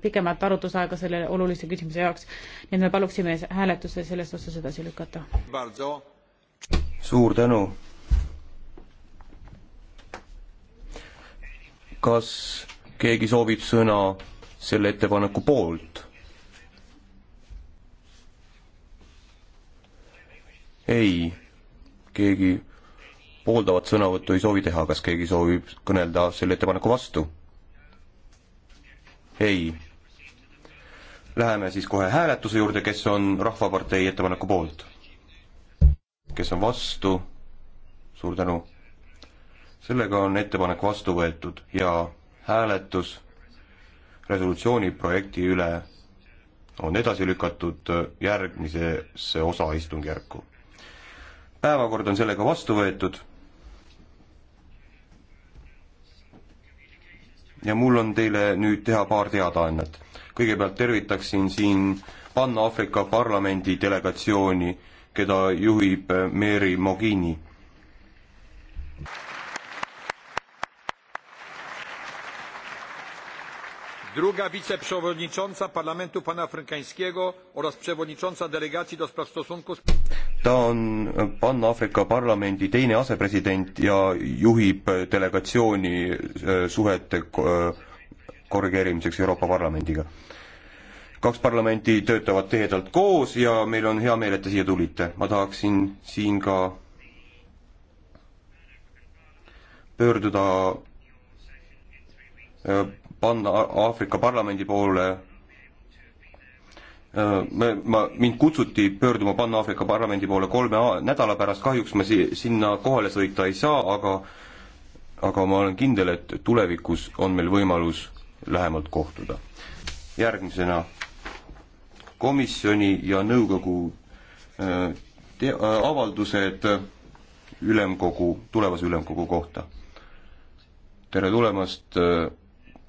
pikemat arutlusaega selle olulise küsimuse jaoks. nii et me paluksime hääletuse selles osas edasi lükata. suur tänu. kas keegi soovib sõna selle ettepaneku poolt? ei, keegi pooldavat sõnavõttu ei soovi teha, kas keegi soovib kõnelda selle ettepaneku vastu? ei. Läheme siis kohe hääletuse juurde, kes on Rahvapartei ettepaneku poolt? kes on vastu? suur tänu. sellega on ettepanek vastu võetud ja hääletus resolutsiooni projekti üle on edasi lükatud järgmisesse osa istungjärku. päevakord on sellega vastu võetud. ja mul on teile nüüd teha paar teadaannet kõigepealt tervitaksin siin Pan-Aafrika Parlamendi delegatsiooni, keda juhib eh, Mary Mogini. druga wiceprzewodnicząca Parlamentu Panafrykańskiego oraz przewodnicząca delegacji do spraw stosunków ta on eh, Pan-Aafrika Parlamendi teine asepresident ja juhib eh, delegatsiooni suhete korrigeerimiseks Euroopa Parlamendiga. kaks parlamenti töötavad tihedalt koos ja meil on hea meel, et te siia tulite. ma tahaksin siin ka pöörduda, äh, panna Aafrika Parlamendi poole äh, me, ma, mind kutsuti pöörduma Pan-Aafrika Parlamendi poole kolme nädala pärast, kahjuks ma si-, sinna kohale sõita ei saa, aga aga ma olen kindel, et tulevikus on meil võimalus lähemalt kohtuda. järgmisena komisjoni ja nõukogu äh, te-, äh, avaldused ülemkogu, tulevase ülemkogu kohta. tere tulemast, äh,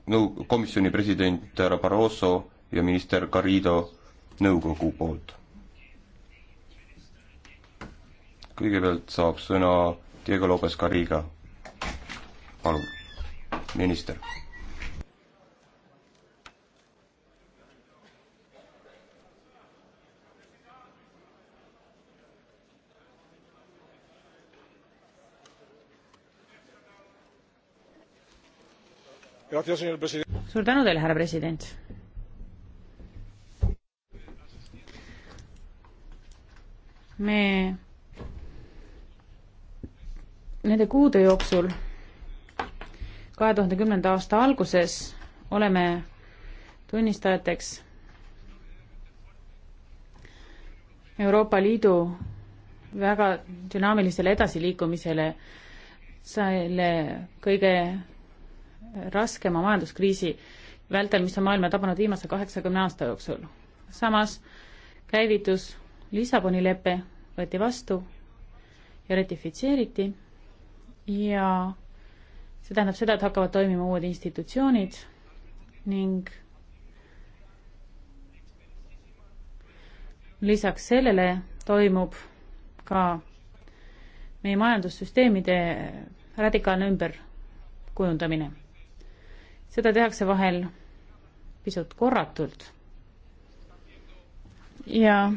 nõu-, komisjoni president härra Barroso ja minister Garrido nõukogu poolt. kõigepealt saab sõna Diego Lopez Garriga. palun, minister suur tänu teile, härra president. me nende kuude jooksul, kahe tuhande kümnenda aasta alguses, oleme tunnistajateks Euroopa Liidu väga dünaamilisele edasiliikumisele, selle kõige raskema majanduskriisi vältel, mis on maailma tabanud viimase kaheksakümne aasta jooksul. samas käivitus Lissaboni lepe võeti vastu ja ratifitseeriti ja see tähendab seda, et hakkavad toimima uued institutsioonid ning lisaks sellele toimub ka meie majandussüsteemide radikaalne ümberkujundamine seda tehakse vahel pisut korratult. ja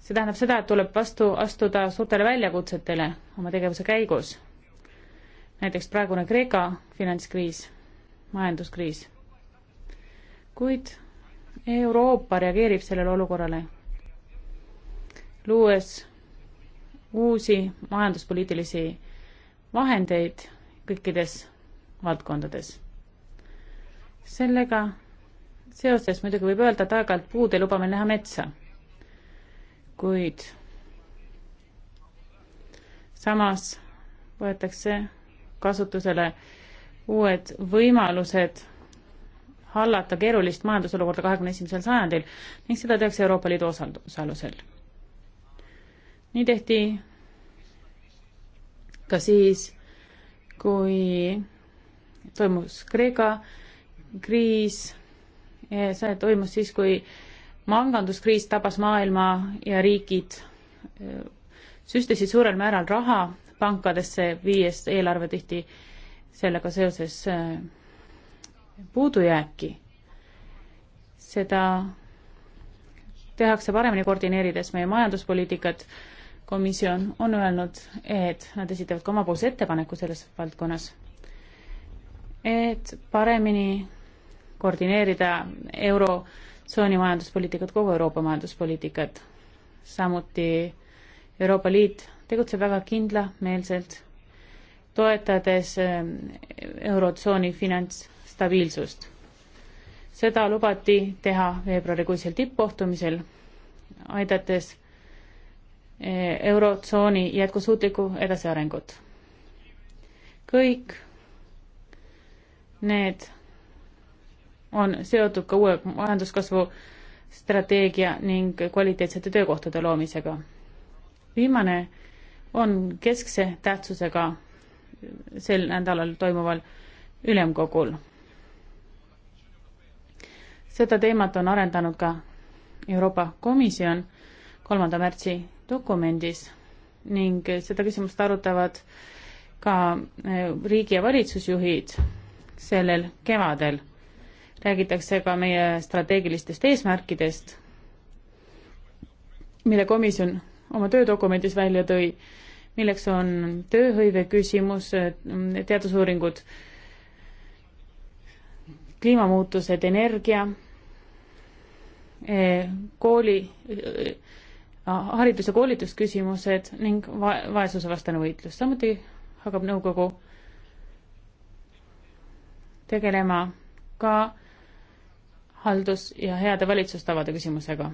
see tähendab seda, et tuleb vastu astuda suurtele väljakutsetele oma tegevuse käigus. näiteks praegune Kreeka finantskriis, majanduskriis. kuid Euroopa reageerib sellele olukorrale, luues uusi majanduspoliitilisi vahendeid kõikides valdkondades. sellega seoses muidugi võib öelda, et aeg-ajalt puud ei luba meil näha metsa. kuid samas võetakse kasutusele uued võimalused hallata keerulist majandusolukorda kahekümne esimesel sajandil ning seda tehakse Euroopa Liidu osalusel. nii tehti ka siis, kui toimus Kreeka kriis, see toimus siis, kui panganduskriis tabas maailma ja riigid äh, süstisid suurel määral raha pankadesse, viies eelarve tihti sellega seoses äh, puudujääki. seda tehakse paremini koordineerides meie majanduspoliitikat komisjon on öelnud, et nad esitavad ka omapoolse ettepaneku selles valdkonnas, et paremini koordineerida eurotsooni majanduspoliitikat, kogu Euroopa majanduspoliitikat. samuti Euroopa Liit tegutseb väga kindlameelselt, toetades eh, eurotsooni finantsstabiilsust. seda lubati teha veebruarikuisel tippkohtumisel, aidates Eh, eurotsooni jätkusuutlikku edasiarengut. kõik need on seotud ka uue majanduskasvu strateegia ning kvaliteetsete töökohtade loomisega. viimane on keskse tähtsusega sel nädalal toimuval ülemkogul. seda teemat on arendanud ka Euroopa Komisjon kolmanda märtsi dokumendis ning seda küsimust arutavad ka äh, riigi- ja valitsusjuhid sellel kevadel. räägitakse ka meie strateegilistest eesmärkidest, mille komisjon oma töödokumendis välja tõi, milleks on tööhõive küsimus, äh, teadusuuringud, kliimamuutused, energia, äh, kooli Ah, haridus- ja koolitusküsimused ning va-, vaesusevastane võitlus. samuti hakkab nõukogu tegelema ka haldus- ja heade valitsustavade küsimusega.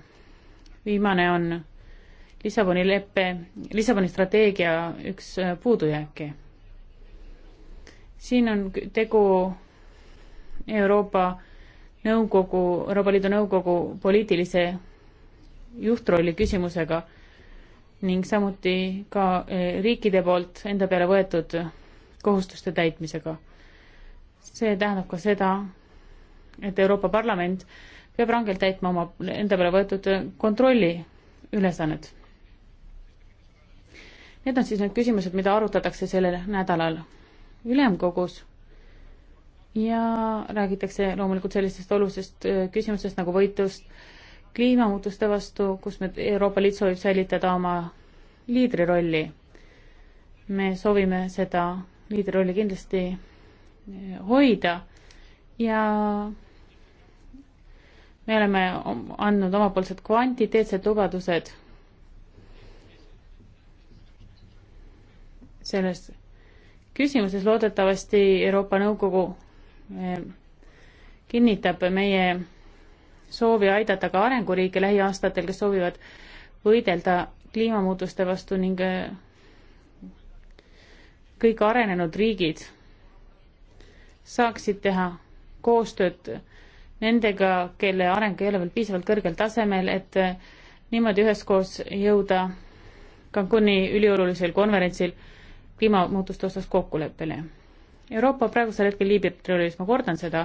viimane on Lissaboni leppe, Lissaboni strateegia üks äh, puudujääki. siin on tegu Euroopa Nõukogu, Euroopa Liidu Nõukogu poliitilise juhtrolli küsimusega ning samuti ka eh, riikide poolt enda peale võetud kohustuste täitmisega. see tähendab ka seda, et Euroopa Parlament peab rangelt täitma oma enda peale võetud kontrolli ülesannet. Need on siis need küsimused, mida arutatakse sellel nädalal ülemkogus ja räägitakse loomulikult sellistest olulisest eh, küsimusest nagu võitlust äh, kliimamuutuste vastu, kus me, Euroopa Liit soovib säilitada oma liidrirolli. me soovime seda liidrirolli kindlasti hoida ja me oleme andnud omapoolsed kvantiteetsed lubadused selles küsimuses loodetavasti Euroopa Nõukogu eh, kinnitab meie soovi aidata ka arenguriike lähiaastatel, kes soovivad võidelda kliimamuutuste vastu ning äh, kõik arenenud riigid saaksid teha koostööd nendega, kelle areng ei ole veel piisavalt kõrgel tasemel, et äh, niimoodi üheskoos jõuda Cancuni üliolulisel konverentsil kliimamuutuste osas kokkuleppele. Euroopa praegusel hetkel liibib terrorism, ma kordan seda,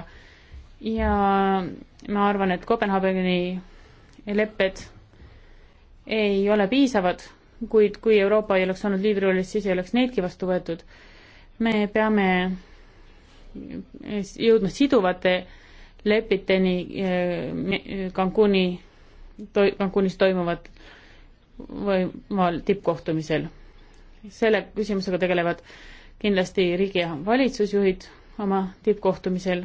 ja ma arvan, et Kopenhaageni lepped ei ole piisavad, kuid kui Euroopa ei oleks olnud liidrirollis, siis ei oleks neidki vastu võetud. me peame jõudma siduvate lepiteni eh, Cancuni, Cancunis toimuvat võimal tippkohtumisel. selle küsimusega tegelevad kindlasti riigi ja valitsusjuhid oma tippkohtumisel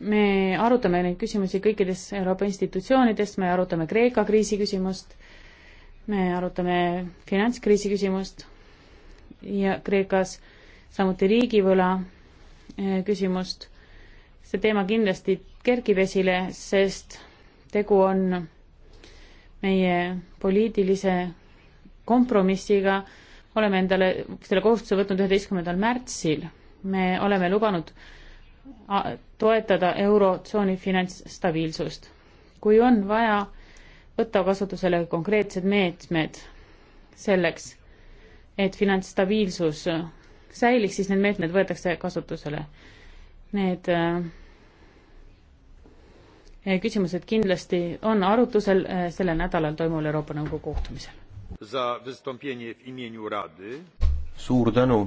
me arutame neid küsimusi kõikides Euroopa institutsioonides, me arutame Kreeka kriisi küsimust, me arutame finantskriisi küsimust ja Kreekas samuti riigivõla eh, küsimust. see teema kindlasti kerkib esile, sest tegu on meie poliitilise kompromissiga, oleme endale selle kohustuse võtnud üheteistkümnendal märtsil, me oleme lubanud äh, toetada eurotsooni finantsstabiilsust. kui on vaja võtta kasutusele konkreetsed meetmed selleks, et finantsstabiilsus säiliks, siis need meetmed võetakse kasutusele. Need äh, küsimused kindlasti on arutusel äh, sellel nädalal toimuval Euroopa Nõukogu kohtumisel. suur tänu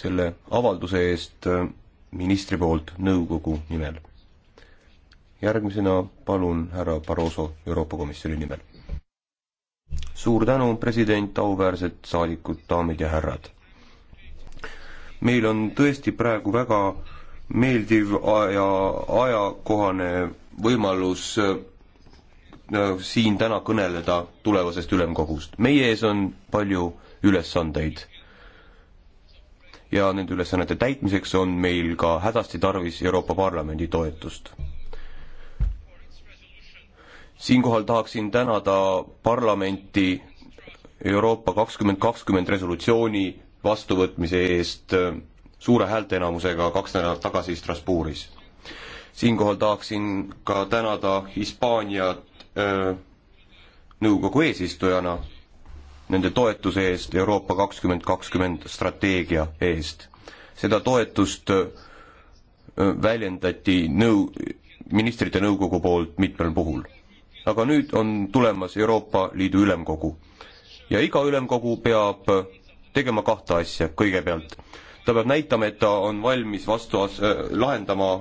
selle avalduse eest äh, ministri poolt nõukogu nimel. järgmisena palun härra Barroso Euroopa Komisjoni nimel. suur tänu, president, auväärsed saadikud, daamid ja härrad. meil on tõesti praegu väga meeldiv ja ajakohane võimalus äh, siin täna kõneleda tulevasest ülemkogust. meie ees on palju ülesandeid ja nende ülesannete täitmiseks on meil ka hädasti tarvis Euroopa Parlamendi toetust. siinkohal tahaksin tänada parlamenti Euroopa kakskümmend kakskümmend resolutsiooni vastuvõtmise eest äh, suure häälteenamusega kaks nädalat tagasi Strasbourgis. siinkohal tahaksin ka tänada Hispaaniat öö, äh, nõukogu eesistujana nende toetuse eest Euroopa kakskümmend kakskümmend strateegia eest. seda toetust väljendati nõu, ministrite nõukogu poolt mitmel puhul. aga nüüd on tulemas Euroopa Liidu ülemkogu ja iga ülemkogu peab tegema kahte asja, kõigepealt ta peab näitama, et ta on valmis vastu as- äh,, lahendama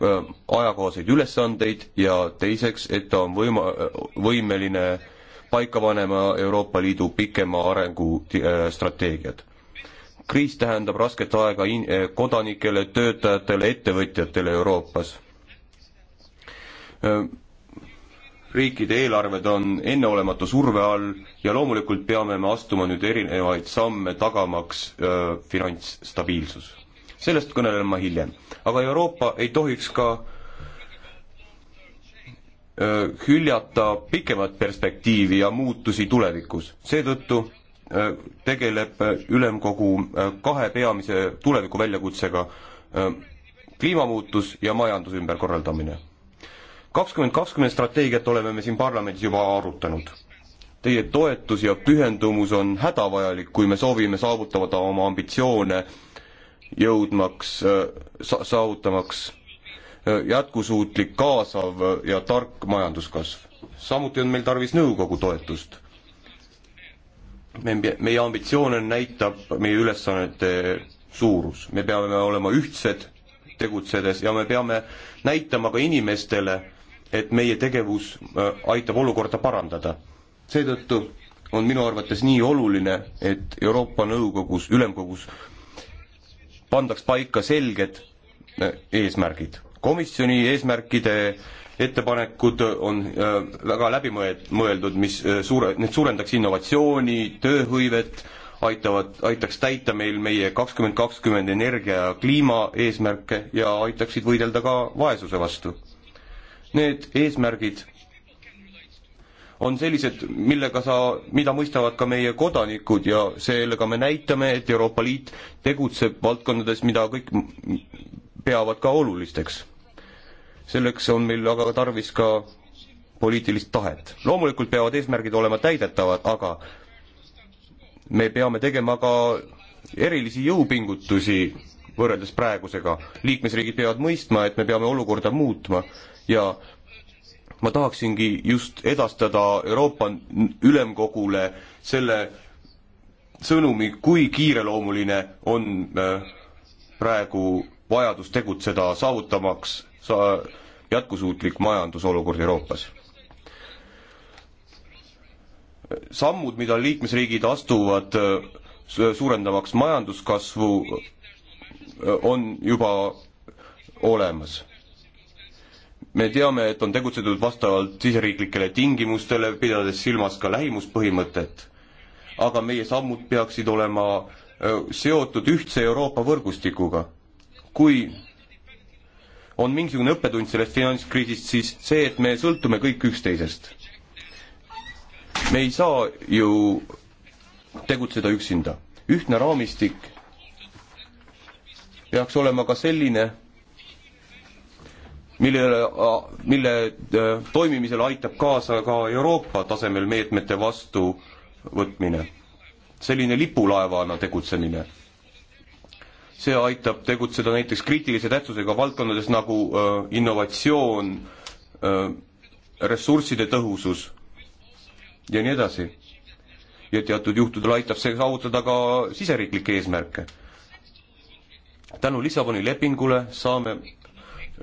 äh, ajakohaseid ülesandeid ja teiseks, et ta on võima-, võimeline äh, paika panema Euroopa Liidu pikema arengustrateegiat. Äh, kriis tähendab rasket aega in-, äh, kodanikele, töötajatele, ettevõtjatele Euroopas. Äh, riikide eelarved on enneolematu surve all ja loomulikult peame me astuma nüüd erinevaid samme, tagamaks finantsstabiilsus. sellest kõnelen ma hiljem. aga Euroopa ei tohiks ka hüljata pikemat perspektiivi ja muutusi tulevikus. seetõttu tegeleb ülemkogu kahe peamise tulevikuväljakutsega, kliimamuutus ja majanduse ümberkorraldamine. kakskümmend kakskümmend strateegiat oleme me siin parlamendis juba arutanud. Teie toetus ja pühendumus on hädavajalik, kui me soovime saavutada oma ambitsioone, jõudmaks, saavutamaks Äh, jätkusuutlik, kaasav ja tark majanduskasv. samuti on meil tarvis nõukogu toetust. me, meie ambitsioone näitab meie ülesannete suurus, me peame olema ühtsed tegutsedes ja me peame näitama ka inimestele, et meie tegevus äh, aitab olukorda parandada. seetõttu on minu arvates nii oluline, et Euroopa Nõukogus, ülemkogus pandaks paika selged äh, eesmärgid komisjoni eesmärkide ettepanekud on äh, väga läbimõeld-, mõeldud, mis äh, suure, need suurendaks innovatsiooni, tööhõivet, aitavad, aitaks täita meil meie kakskümmend kakskümmend energia ja kliimaeesmärke ja aitaksid võidelda ka vaesuse vastu. Need eesmärgid on sellised, millega sa, mida mõistavad ka meie kodanikud ja sellega me näitame, et Euroopa Liit tegutseb valdkondades, mida kõik peavad ka olulisteks selleks on meil aga tarvis ka poliitilist tahet. loomulikult peavad eesmärgid olema täidetavad, aga me peame tegema ka erilisi jõupingutusi võrreldes praegusega. liikmesriigid peavad mõistma, et me peame olukorda muutma ja ma tahaksingi just edastada Euroopa Ülemkogule selle sõnumi, kui kiireloomuline on äh, praegu vajadus tegutseda, saavutamaks sa-, jätkusuutlik majandusolukord Euroopas. sammud, mida liikmesriigid astuvad äh, suurendamaks majanduskasvu, äh, on juba olemas. me teame, et on tegutsetud vastavalt siseriiklikele tingimustele, pidades silmas ka lähimuspõhimõtet, aga meie sammud peaksid olema äh, seotud ühtse Euroopa võrgustikuga. kui on mingisugune õppetund sellest finantskriisist, siis see, et me sõltume kõik üksteisest. me ei saa ju tegutseda üksinda. ühtne raamistik peaks olema ka selline, millele, mille e, toimimisele aitab kaasa ka Euroopa tasemel meetmete vastuvõtmine. selline lipulaevana tegutsemine see aitab tegutseda näiteks kriitilise tähtsusega valdkondades nagu äh, innovatsioon äh,, ressursside tõhusus ja nii edasi. ja teatud juhtudel aitab see saavutada ka siseriiklikke eesmärke. tänu Lissaboni lepingule saame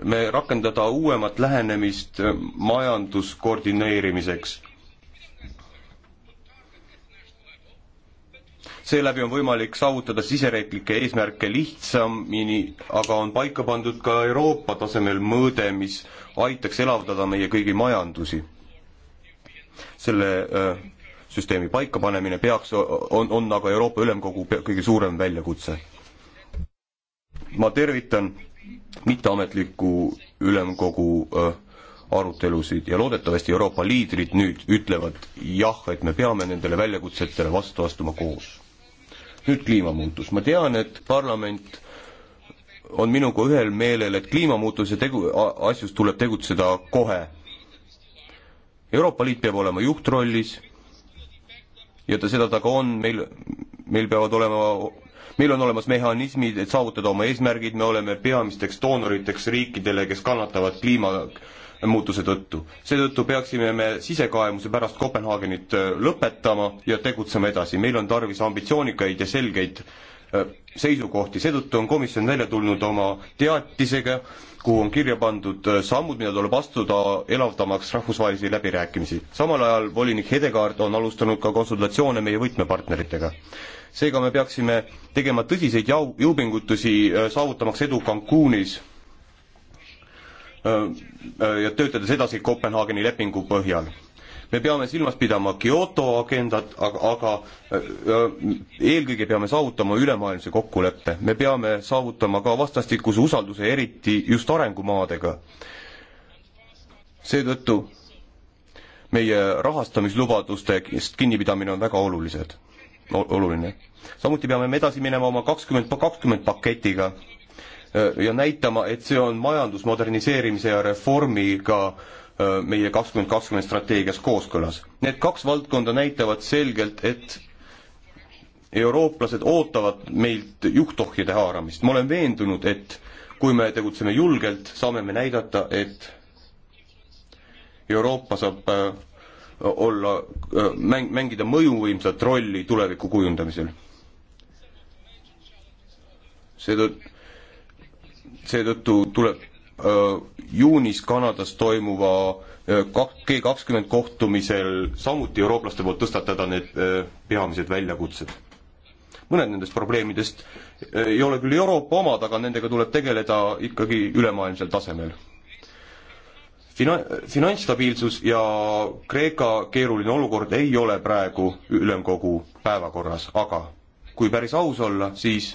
me rakendada uuemat lähenemist äh, majanduskoordineerimiseks seeläbi on võimalik saavutada siseriiklikke eesmärke lihtsamini, aga on paika pandud ka Euroopa tasemel mõõde, mis aitaks elavdada meie kõigi majandusi. selle äh, süsteemi paikapanemine peaks, on, on aga Euroopa Ülemkogu kõige suurem väljakutse. ma tervitan mitteametliku ülemkogu äh, arutelusid ja loodetavasti Euroopa liidrid nüüd ütlevad jah, et me peame nendele väljakutsetele vastu astuma koos nüüd kliimamuutus, ma tean, et parlament on minuga ühel meelel, et kliimamuutuse tegu, asjus tuleb tegutseda kohe. Euroopa Liit peab olema juhtrollis ja ta seda taga on, meil, meil peavad olema, meil on olemas mehhanismid, et saavutada oma eesmärgid, me oleme peamisteks doonoriteks riikidele, kes kannatavad kliima muutuse tõttu. seetõttu peaksime me sisekaemuse pärast Kopenhaagenit äh, lõpetama ja tegutsema edasi, meil on tarvis ambitsioonikaid ja selgeid äh, seisukohti, seetõttu on komisjon välja tulnud oma teatisega, kuhu on kirja pandud äh, sammud, mida tuleb astuda, elavdamaks rahvusvahelisi läbirääkimisi. samal ajal volinik Hedegaard on alustanud ka konsultatsioone meie võtmepartneritega. seega me peaksime tegema tõsiseid jau-, jõupingutusi, saavutamaks edu Cancunis ja töötades edasi Kopenhaageni lepingu põhjal. me peame silmas pidama Kyoto agendat, aga, aga eelkõige peame saavutama ülemaailmse kokkuleppe, me peame saavutama ka vastastikuse usalduse, eriti just arengumaadega. seetõttu meie rahastamislubadustest kinnipidamine on väga olulised, oluline. samuti peame me edasi minema oma kakskümmend, kakskümmend paketiga Äh, ja näitama, et see on majandusmoderniseerimise ja reformiga äh, meie kakskümmend kakskümmend strateegias kooskõlas. Need kaks valdkonda näitavad selgelt, et eurooplased ootavad meilt juhtohjade haaramist. ma olen veendunud, et kui me tegutseme julgelt, saame me näidata, et Euroopa saab äh, olla, mäng, mängida mõjuvõimsat rolli tuleviku kujundamisel. seetõttu seetõttu tuleb juunis Kanadas toimuva G kakskümmend kohtumisel samuti eurooplaste poolt tõstatada need peamised väljakutsed. mõned nendest probleemidest ei ole küll Euroopa omad, aga nendega tuleb tegeleda ikkagi ülemaailmsel tasemel. Fina-, finantsstabiilsus ja Kreeka keeruline olukord ei ole praegu ülemkogu päevakorras, aga kui päris aus olla, siis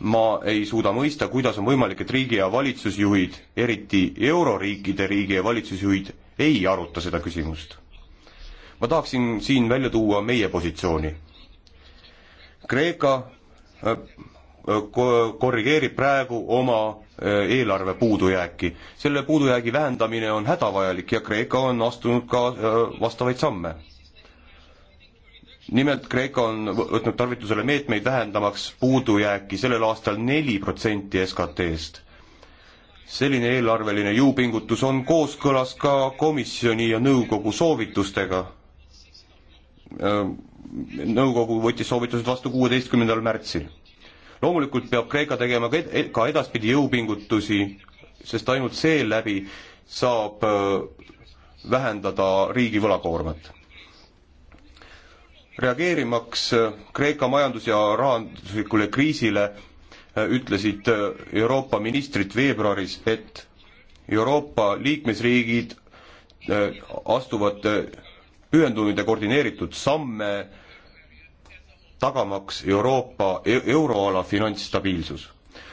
ma ei suuda mõista, kuidas on võimalik, et riigi- ja valitsusjuhid, eriti euroriikide riigi- ja valitsusjuhid, ei aruta seda küsimust. ma tahaksin siin välja tuua meie positsiooni. Kreeka äh, äh, korrigeerib praegu oma äh, eelarve puudujääki. selle puudujäägi vähendamine on hädavajalik ja Kreeka on astunud ka vastavaid samme nimelt Kreeka on võtnud tarvitusele meetmeid vähendamaks puudujääki sellel aastal neli protsenti SKT-st. selline eelarveline jõupingutus on kooskõlas ka komisjoni ja nõukogu soovitustega. Äh, nõukogu võttis soovitused vastu kuueteistkümnendal märtsil. loomulikult peab Kreeka tegema ka e-, edaspidi jõupingutusi, sest ainult seeläbi saab äh, vähendada riigi võlakoormat reageerimaks Kreeka majandus- ja rahanduslikule kriisile, äh, ütlesid äh, Euroopa ministrid veebruaris, et Euroopa liikmesriigid äh, astuvad pühendunud ja koordineeritud samme, tagamaks Euroopa e, euroala finantsstabiilsus.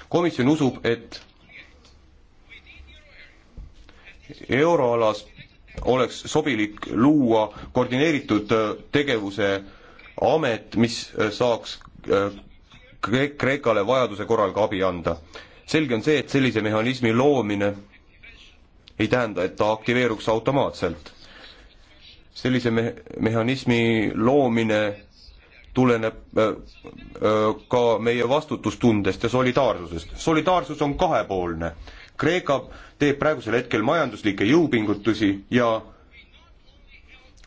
komisjon usub, et euroalas oleks sobilik luua koordineeritud äh, tegevuse amet, mis äh, saaks äh, Kreekale vajaduse korral ka abi anda. selge on see, et sellise mehhanismi loomine ei tähenda, et ta aktiveeruks automaatselt. sellise me-, mehhanismi loomine tuleneb äh, äh, ka meie vastutustundest ja solidaarsusest. solidaarsus on kahepoolne äh, Kreeka teeb praegusel hetkel majanduslikke jõupingutusi ja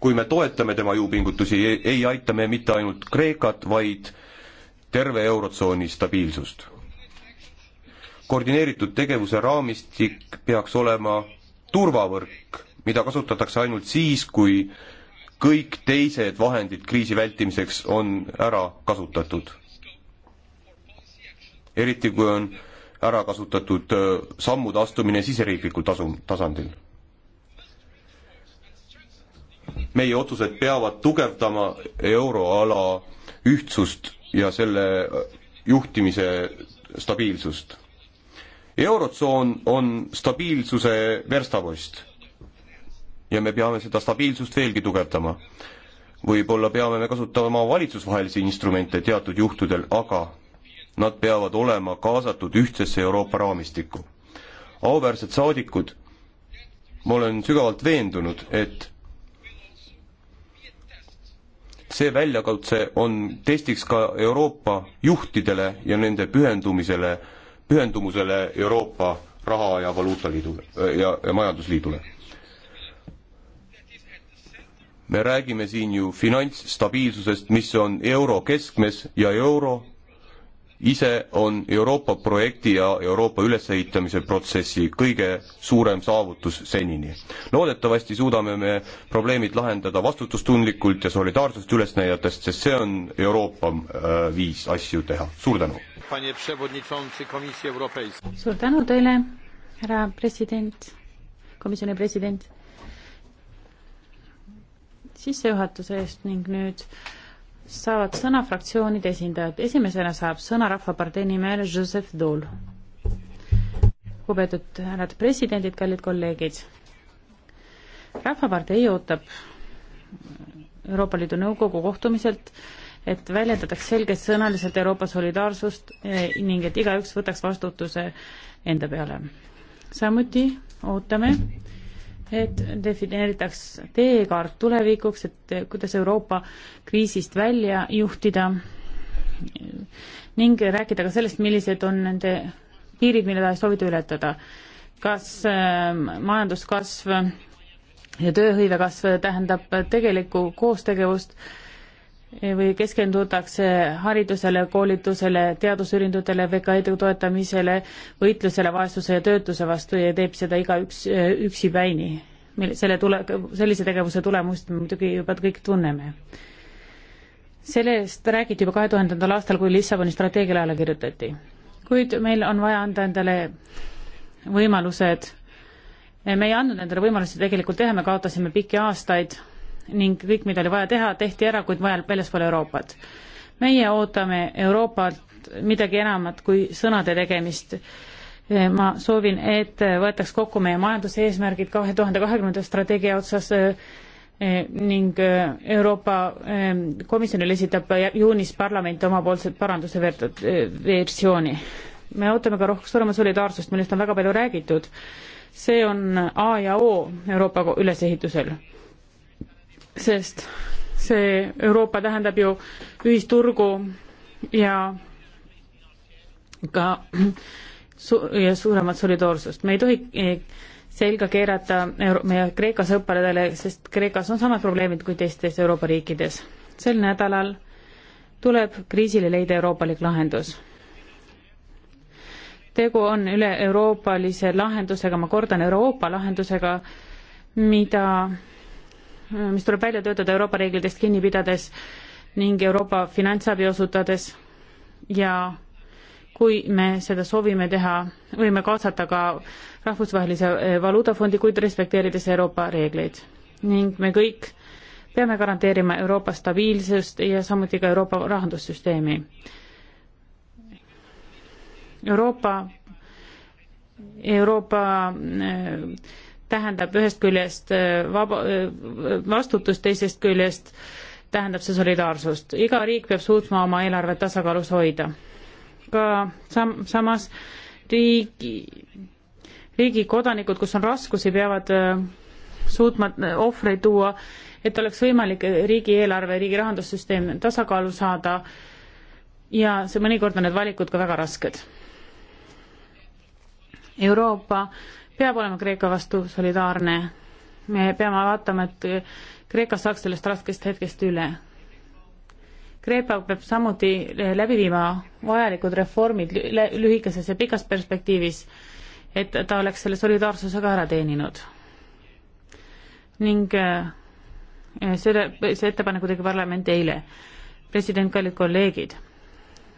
kui me toetame tema jõupingutusi, ei aita me mitte ainult Kreekat, vaid terve Eurotsooni stabiilsust. koordineeritud tegevuse raamistik peaks olema turvavõrk, mida kasutatakse ainult siis, kui kõik teised vahendid kriisi vältimiseks on ära kasutatud. eriti kui on ära kasutatud äh, sammude astumine siseriiklikul tasu, tasandil. meie otsused peavad tugevdama euroala ühtsust ja selle äh, juhtimise stabiilsust. eurotsoon on stabiilsuse verstapost ja me peame seda stabiilsust veelgi tugevdama võib-olla peame me kasutama valitsusvahelisi instrumente teatud juhtudel, aga Nad peavad olema kaasatud ühtsesse Euroopa raamistikku. auväärsed saadikud, ma olen sügavalt veendunud, et see väljakutse on testiks ka Euroopa juhtidele ja nende pühendumisele, pühendumusele Euroopa raha- ja valuutaliidule ja, ja majandusliidule. me räägime siin ju finantsstabiilsusest, mis on euro keskmes ja euro ise on Euroopa projekti ja Euroopa ülesehitamise protsessi kõige suurem saavutus senini. loodetavasti suudame me probleemid lahendada vastutustundlikult ja solidaarsust üles näidates, sest see on Euroopa äh, viis asju teha. suur tänu! suur tänu teile, härra president, komisjoni president, sissejuhatuse eest ning nüüd saavad sõna fraktsioonide esindajad. esimesena saab sõna Rahvapartei nimel Joseph Dool. lugupeetud härrad presidendid, kallid kolleegid. rahvapartei ootab Euroopa Liidu Nõukogu kohtumiselt, et väljendataks selgesõnaliselt Euroopa solidaarsust eh, ning et igaüks võtaks vastutuse enda peale. samuti ootame et defineeritaks teekaart tulevikuks, et kuidas Euroopa kriisist välja juhtida ning rääkida ka sellest, millised on nende piirid, mille tahes soovida ületada. kas ähm, majanduskasv ja tööhõive kasv tähendab tegelikku koostegevust äh, või keskendutakse haridusele, koolitusele, teadusuuringutele, VKI-de toetamisele, võitlusele vaesuse ja töötuse vastu ja teeb seda igaüks eh, üksipäini. selle tule, sellise tegevuse tulemust me muidugi juba kõik tunneme. sellest räägiti juba kahe tuhandendal aastal, kui Lissaboni strateegiale alla kirjutati. kuid meil on vaja anda endale võimalused, me ei andnud endale võimalusi tegelikult teha, me kaotasime pikki aastaid ning kõik, mida oli vaja teha, tehti ära, kuid vajal väljaspool Euroopat. meie ootame Euroopalt midagi enamat kui sõnade tegemist. Eh, ma soovin, et võetaks kokku meie majanduseesmärgid kahe tuhande kahekümnenda strateegia otsas eh, ning eh, Euroopa Komisjonile esitab juunis parlament omapoolset paranduse versiooni. me ootame ka rohkem suuremat solidaarsust, millest on väga palju räägitud. see on A ja O Euroopa ülesehitusel sest see Euroopa tähendab ju ühisturgu ja ka su-, ja suuremat solidaarsust, me ei tohi eh, selga keerata euro-, meie Kreeka sõpradele, sest Kreekas on samad probleemid kui teistes Euroopa riikides. sel nädalal tuleb kriisile leida euroopalik lahendus. tegu on üle-euroopalise lahendusega, ma kordan, Euroopa lahendusega, mida mis tuleb välja töötada Euroopa reeglitest kinni pidades ning Euroopa finantsabi osutades ja kui me seda soovime teha, võime kaasata ka Rahvusvahelise eh, Valuutafondi, kuid respekteerides Euroopa reegleid. ning me kõik peame garanteerima Euroopa stabiilsust ja samuti ka Euroopa rahandussüsteemi. Euroopa, Euroopa äh, tähendab ühest küljest äh, vaba, äh, vastutust, teisest küljest tähendab see solidaarsust. iga riik peab suutma oma eelarvet tasakaalus hoida. ka sam-, samas riigi, riigi kodanikud, kus on raskusi, peavad äh, suutma ohvreid tuua, et oleks võimalik riigieelarve, riigi rahandussüsteem tasakaalu saada ja see mõnikord on need valikud ka väga rasked. Euroopa äh, peab olema Kreeka vastu solidaarne. me peame vaatama, et Kreeka saaks sellest raskest hetkest üle. Kreeka peab samuti eh, läbi viima vajalikud reformid lühikeses ja pikas perspektiivis, et ta oleks selle solidaarsuse ka ära teeninud. ning eh, eh, selle, see ettepaneku tegi parlament eile. president, kallid kolleegid,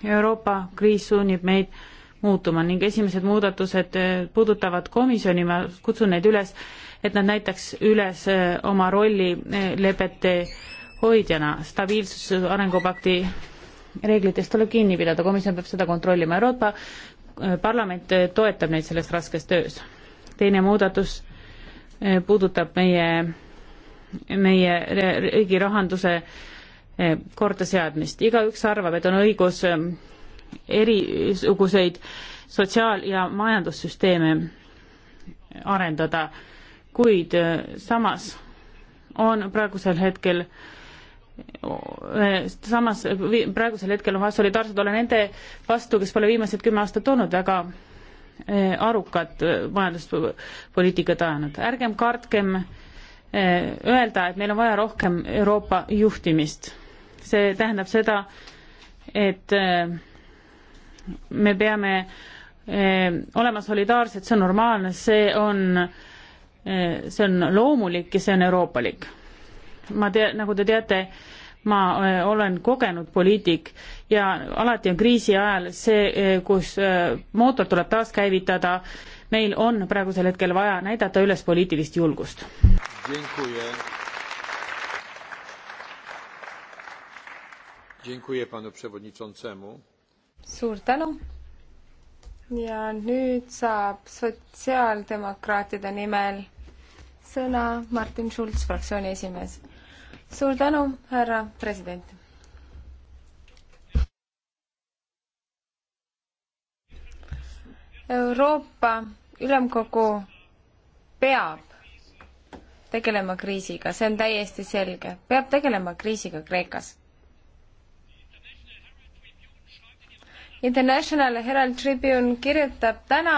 Euroopa kriis sunnib meid äh, muutuma ning esimesed muudatused eh, puudutavad komisjoni, ma kutsun neid üles, et nad näitaks üles eh, oma rolli eh, lepete hoidjana, stabiilsus arengupakti reeglitest tuleb kinni pidada, komisjon peab seda kontrollima, Euroopa Parlament toetab neid selles raskes töös. teine muudatus puudutab meie, meie riigi rahanduse korda seadmist, igaüks arvab, et on õigus erisuguseid sotsiaal- ja majandussüsteeme arendada, kuid äh, samas on praegusel hetkel äh, samas praegusel hetkel on solidaarsed olla nende vastu, kes pole viimased kümme aastat olnud väga äh, arukad majanduspoliitikat ajanud. ärgem kartkem öelda, et meil on vaja rohkem Euroopa juhtimist. see tähendab seda, et me peame eh, olema solidaarsed, see on normaalne, see on, eh, see on loomulik ja see on euroopalik. ma tea, nagu te teate, ma eh, olen kogenud poliitik ja alati on kriisi ajal see, kus mootor tuleb taaskäivitada, meil on praegusel hetkel vaja näidata üles poliitilist julgust. Dziękuję panu przewodniczącemu suur tänu. ja nüüd saab sotsiaaldemokraatide nimel sõna Martin Schulz, fraktsiooni esimees. suur tänu, härra president. Euroopa Ülemkogu peab tegelema kriisiga, see on täiesti selge, peab tegelema kriisiga Kreekas International Herald Tribune kirjutab täna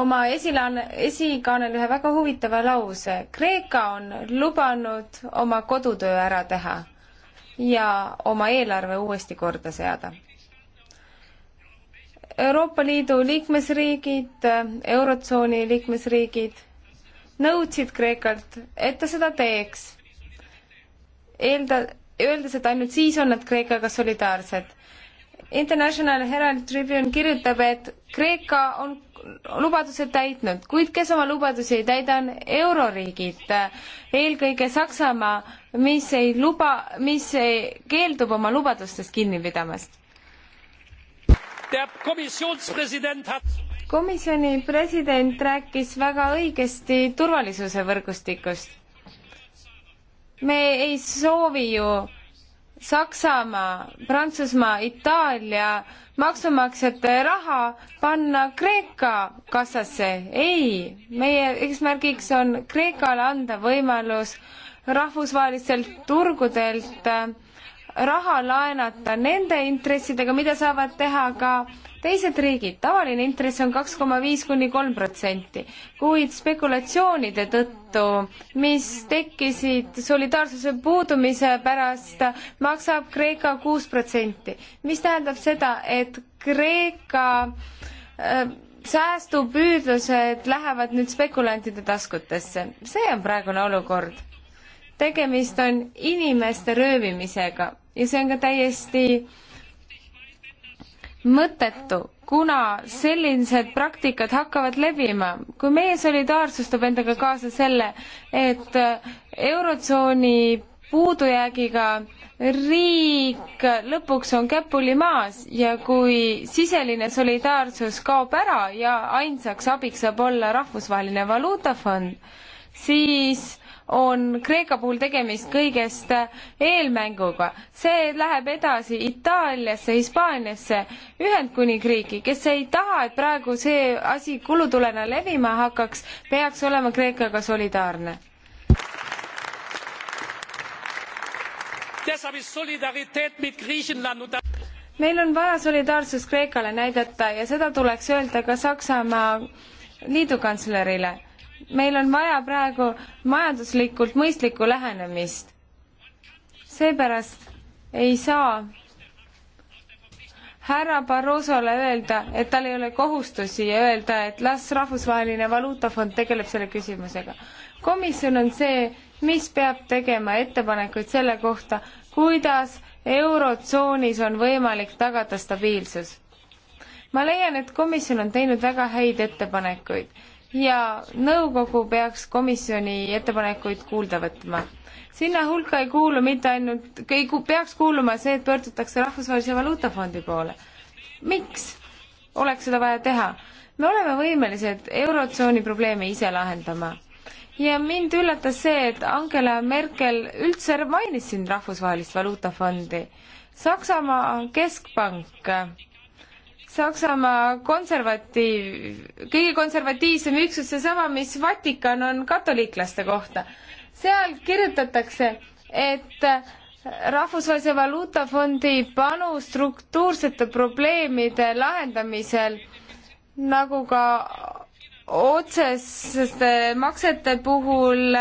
oma esilane, esikaanel ühe väga huvitava lause. Kreeka on lubanud oma kodutöö ära teha ja oma eelarve uuesti korda seada. Euroopa Liidu liikmesriigid, Eurotsooni liikmesriigid nõudsid Kreekalt, et ta seda teeks. Eelda, öeldes, et ainult siis on nad Kreekaga solidaarsed. International Herald Tribune kirjutab, et Kreeka on lubadused täitnud, kuid kes oma lubadusi ei täida, on euroriigid, eelkõige Saksamaa, mis ei luba, mis ei, keeldub oma lubadustest kinni pidamast. komisjoni president rääkis väga õigesti turvalisuse võrgustikust. me ei soovi ju Saksamaa, Prantsusmaa, Itaalia maksumaksjate raha panna Kreeka kassasse. ei, meie eesmärgiks on Kreekale anda võimalus rahvusvahelistelt turgudelt äh, raha laenata nende intressidega, mida saavad teha ka teised riigid, tavaline intress on kaks koma viis kuni kolm protsenti, kuid spekulatsioonide tõttu, mis tekkisid solidaarsuse puudumise pärast, maksab Kreeka kuus protsenti, mis tähendab seda, et Kreeka äh, säästupüüdlused lähevad nüüd spekulantide taskutesse. see on praegune olukord. tegemist on inimeste röövimisega ja see on ka täiesti äh, mõttetu, kuna sellised praktikad hakkavad levima. kui meie solidaarsus toob endaga kaasa selle, et äh, Eurotsooni puudujäägiga riik lõpuks on käpuli maas ja kui siseline solidaarsus kaob ära ja ainsaks abiks saab olla rahvusvaheline valuutafond, siis on Kreeka puhul tegemist kõigest eelmänguga. see läheb edasi Itaaliasse, Hispaaniasse, Ühendkuningriiki, kes ei taha, et praegu see asi kulutulena levima hakkaks, peaks olema Kreekaga solidaarne. Deshalb ist Solidarität mit Griechenland und meil on vaja solidaarsust Kreekale näidata ja seda tuleks öelda ka Saksamaa liidukantslerile meil on vaja praegu majanduslikult mõistlikku lähenemist. seepärast ei saa härra Barrosole öelda, et tal ei ole kohustusi ja öelda, et las Rahvusvaheline Valuutafond tegeleb selle küsimusega. komisjon on see, mis peab tegema ettepanekuid selle kohta, kuidas eurotsoonis on võimalik tagada stabiilsus. ma leian, et komisjon on teinud väga häid ettepanekuid ja nõukogu peaks komisjoni ettepanekuid kuulda võtma. sinna hulka ei kuulu mitte ainult, ei peaks kuuluma see, et pöördutakse Rahvusvahelise Valuutafondi poole. miks oleks seda vaja teha? me oleme võimelised Eurotsooni probleeme ise lahendama ja mind üllatas see, et Angela Merkel üldse mainis siin Rahvusvahelist Valuutafondi. Saksamaa keskpank Saksamaa konservatiiv, kõige konservatiivsem üksus, seesama, mis Vatikan on katoliiklaste kohta. seal kirjutatakse, et rahvusvahelise valuutafondi panus struktuursete probleemide lahendamisel nagu ka otseste maksete puhul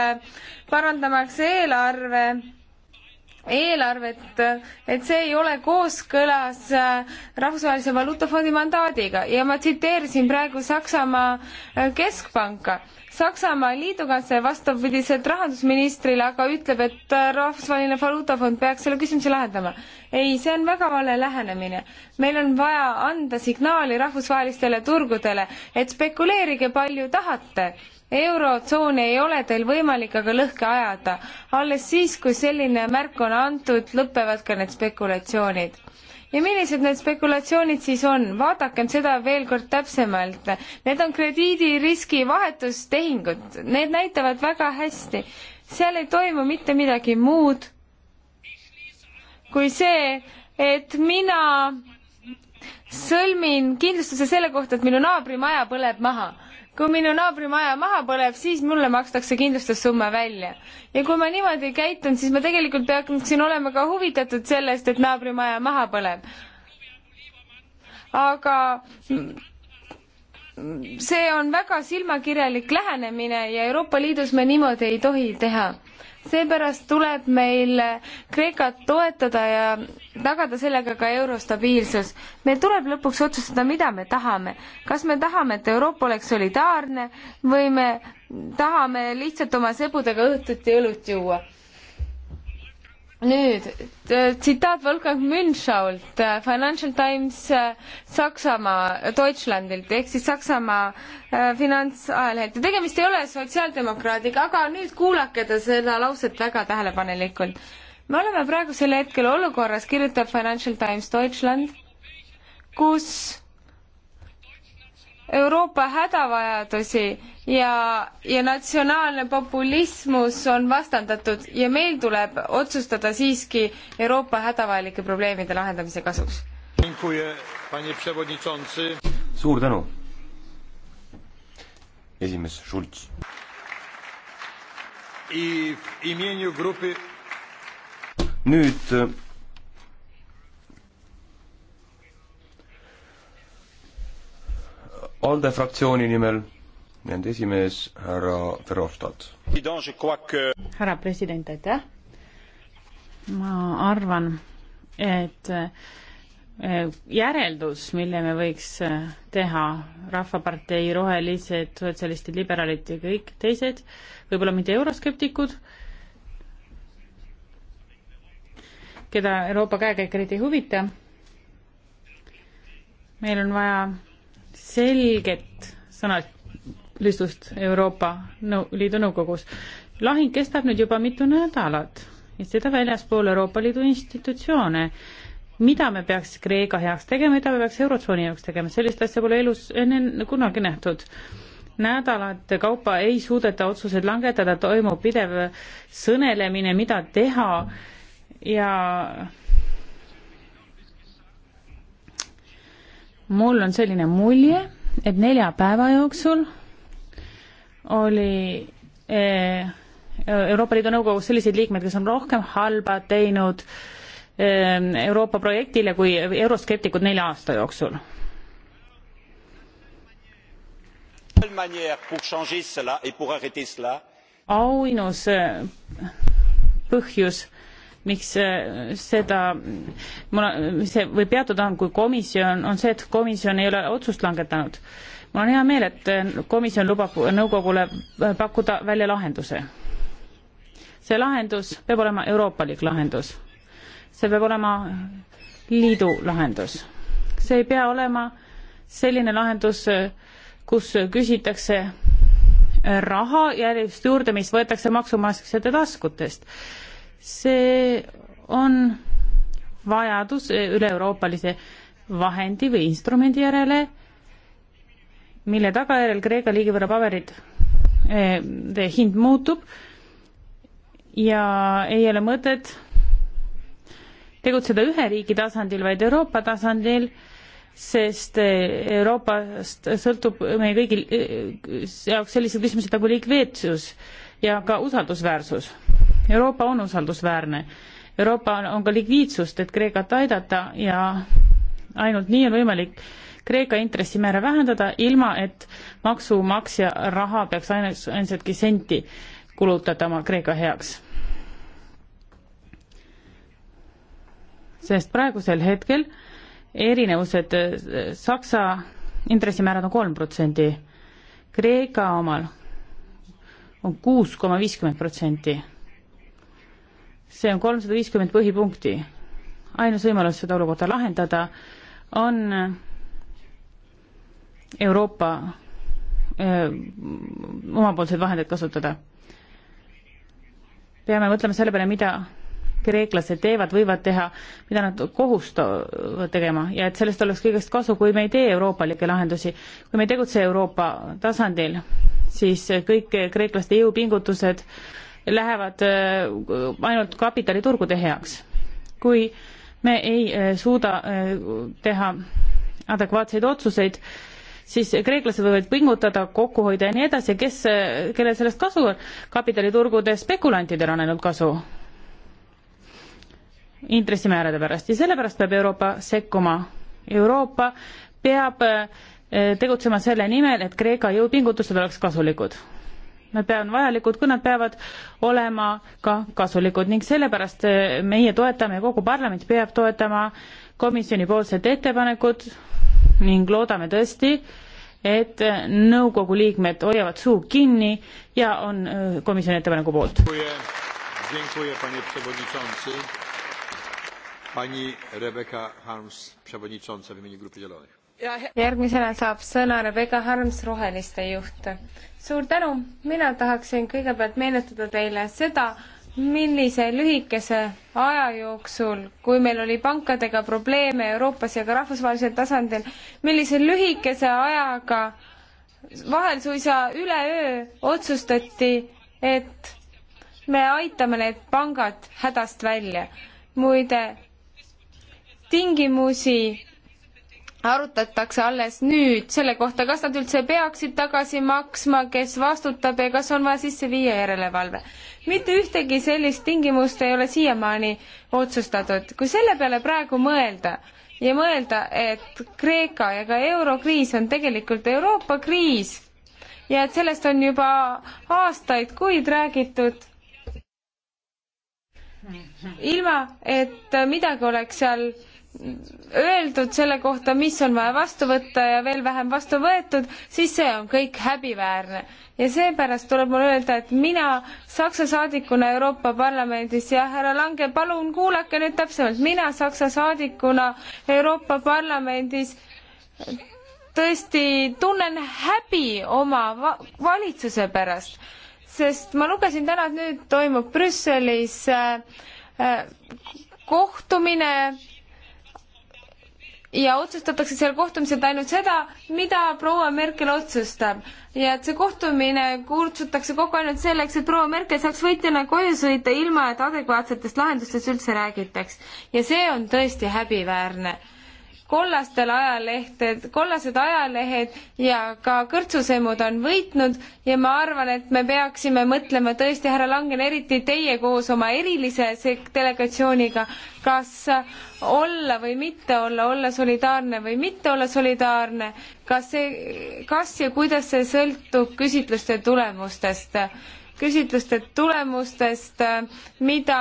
parandamaks eelarve eelarvet, et see ei ole kooskõlas äh, Rahvusvahelise Valuutafondi mandaadiga ja ma tsiteerisin praegu Saksamaa äh, keskpanka. Saksamaa liidukantsler vastupidiselt rahandusministrile aga ütleb, et äh, Rahvusvaheline Valuutafond peaks selle küsimuse lahendama. ei, see on väga vale lähenemine. meil on vaja anda signaali rahvusvahelistele turgudele, et spekuleerige palju tahate eurotsooni ei ole teil võimalik aga lõhki ajada. alles siis, kui selline märk on antud, lõpevad ka need spekulatsioonid ja millised need spekulatsioonid siis on, vaadakem seda veel kord täpsemalt. Need on krediidiriski vahetustehingud, need näitavad väga hästi. seal ei toimu mitte midagi muud kui see, et mina sõlmin kindlustuse selle kohta, et minu naabri maja põleb maha kui minu naabri maja maha põleb, siis mulle makstakse kindlustussumma välja. ja kui ma niimoodi käitun, siis ma tegelikult peaksin olema ka huvitatud sellest, et naabri maja maha põleb. aga see on väga silmakirjalik lähenemine ja Euroopa Liidus me niimoodi ei tohi teha seepärast tuleb meil Kreekat toetada ja tagada sellega ka euro stabiilsus. meil tuleb lõpuks otsustada, mida me tahame. kas me tahame, et Euroopa oleks solidaarne või me tahame lihtsalt oma sebudega õhtut ja õlut juua nüüd tsitaat Wolfgang Münchault äh, Financial Times äh, Saksamaa, Deutschlandilt ehk siis Saksamaa äh, finantsajalehelt ja tegemist ei ole sotsiaaldemokraadiga, aga nüüd kuulake ta seda lauset väga tähelepanelikult. me oleme praegusel hetkel olukorras, kirjutab Financial Times Deutschland, kus Euroopa hädavajadusi ja, ja natsionaalne populismus on vastandatud ja meil tuleb otsustada siiski Euroopa hädavajalike probleemide lahendamise kasuks. suur tänu. esimees Schulz. nüüd ALDE fraktsiooni nimel nende esimees härra Verhofstadt. härra president, aitäh! ma arvan, et äh, järeldus, mille me võiks äh, teha, Rahvapartei, Rohelised, Sotsialistid, Liberaalid ja kõik teised, võib-olla mitte euroskeptikud, keda Euroopa käekäik eriti ei huvita, meil on vaja selget sõnalistust Euroopa Liidu Nõukogus. lahing kestab nüüd juba mitu nädalat ja seda väljaspool Euroopa Liidu institutsioone. mida me peaks Kreeka heaks tegema, mida me peaks Eurotsooni jaoks tegema, sellist asja pole elus enne kunagi nähtud nädalate kaupa ei suudeta otsuseid langetada, toimub pidev sõnelemine, mida teha ja mul on selline mulje, et nelja päeva jooksul oli eh, Euroopa Liidu Nõukogus selliseid liikmeid, kes on rohkem halba teinud eh, Euroopa projektile kui euroskeptikud nelja aasta jooksul. ainus eh, põhjus miks äh, seda, see või peatuda on, kui komisjon, on see, et komisjon ei ole otsust langetanud. mul on hea meel, et äh, komisjon lubab nõukogule äh, pakkuda välja lahenduse. see lahendus peab olema euroopalik lahendus. see peab olema liidu lahendus. see ei pea olema selline lahendus, kus küsitakse raha järjest juurde, mis võetakse maksumaksjate taskutest see on vajadus üle-euroopalise vahendi või instrumendi järele, mille tagajärjel Kreeka liigivõrra paberite eh, hind muutub ja ei ole mõtet tegutseda ühe riigi tasandil, vaid Euroopa tasandil, sest eh, Euroopast sõltub meie kõigi eh, jaoks sellised küsimused nagu liikveetsus ja ka usaldusväärsus Euroopa on usaldusväärne. Euroopa on ka likviidsust, et Kreekat aidata ja ainult nii on võimalik Kreeka intressimäära vähendada, ilma et maksumaksja raha peaks ainult, ainsatki senti kulutatama Kreeka heaks. sest praegusel hetkel erinevused Saksa intressimäärad on kolm protsendi, Kreeka omal on kuus koma viiskümmend protsenti see on kolmsada viiskümmend põhipunkti. ainus võimalus seda olukorda lahendada on Euroopa öö, omapoolseid vahendeid kasutada. peame mõtlema selle peale, mida kreeklased teevad, võivad teha, mida nad kohustavad tegema ja et sellest oleks kõigest kasu, kui me ei tee euroopalikke lahendusi, kui me ei tegutse Euroopa tasandil, siis kõik kreeklaste jõupingutused äh, lähevad äh, ainult kapitaliturgude heaks. kui me ei äh, suuda äh, teha adekvaatseid otsuseid, siis kreeklased võivad pingutada, kokku hoida ja nii edasi, kes, kellel sellest kasu on? kapitaliturgude spekulantidel on ainult kasu intressimäärade pärast ja sellepärast peab Euroopa sekkuma. Euroopa peab tegutsema selle nimel, et Kreeka jõupingutused oleks kasulikud nad peavad vajalikud, kui nad peavad olema ka kasulikud ning sellepärast eh, meie toetame, kogu parlament peab toetama komisjonipoolset ettepanekut ning loodame tõesti, et nõukogu liikmed hoiavad suu kinni ja on eh, komisjoni ettepaneku poolt. Pani Rebecca Harms, przewodnicząca w imieniu Grupy Zielonych järgmisena saab sõna Rebecca Harms, Roheliste juht. suur tänu, mina tahaksin kõigepealt meenutada teile seda, millise lühikese aja jooksul, kui meil oli pankadega probleeme Euroopas ja ka rahvusvahelisel tasandil, millise lühikese ajaga vahel suisa üleöö otsustati, et me aitame need pangad hädast välja. muide, tingimusi arutatakse alles nüüd selle kohta, kas nad üldse peaksid tagasi maksma, kes vastutab ja kas on vaja sisse viia järelevalve. mitte ühtegi sellist tingimust ei ole siiamaani otsustatud. kui selle peale praegu mõelda ja mõelda, et Kreeka ja ka eurokriis on tegelikult Euroopa kriis ja et sellest on juba aastaid, kuid räägitud, ilma et midagi oleks seal öeldud selle kohta, mis on vaja vastu võtta ja veel vähem vastu võetud, siis see on kõik häbiväärne. ja seepärast tuleb mul öelda, et mina Saksa saadikuna Euroopa Parlamendis ja härra Lange, palun kuulake nüüd täpsemalt, mina Saksa saadikuna Euroopa Parlamendis tõesti tunnen häbi oma va valitsuse pärast, sest ma lugesin täna, et nüüd toimub Brüsselis äh, äh, kohtumine äh, ja otsustatakse seal kohtumiselt ainult seda, mida proua Merkel otsustab. ja et see kohtumine kutsutakse kokku ainult selleks, et proua Merkel saaks võitjana koju sõita, ilma et adekvaatsetest lahendustest üldse räägitaks. ja see on tõesti häbiväärne kollastel ajalehted, kollased ajalehed ja ka kõrtsusemud on võitnud ja ma arvan, et me peaksime mõtlema tõesti, härra Langen, eriti teie koos oma erilise delegatsiooniga, kas olla või mitte olla, olla solidaarne või mitte olla solidaarne, kas see, kas ja kuidas see sõltub küsitluste tulemustest küsitluste tulemustest, mida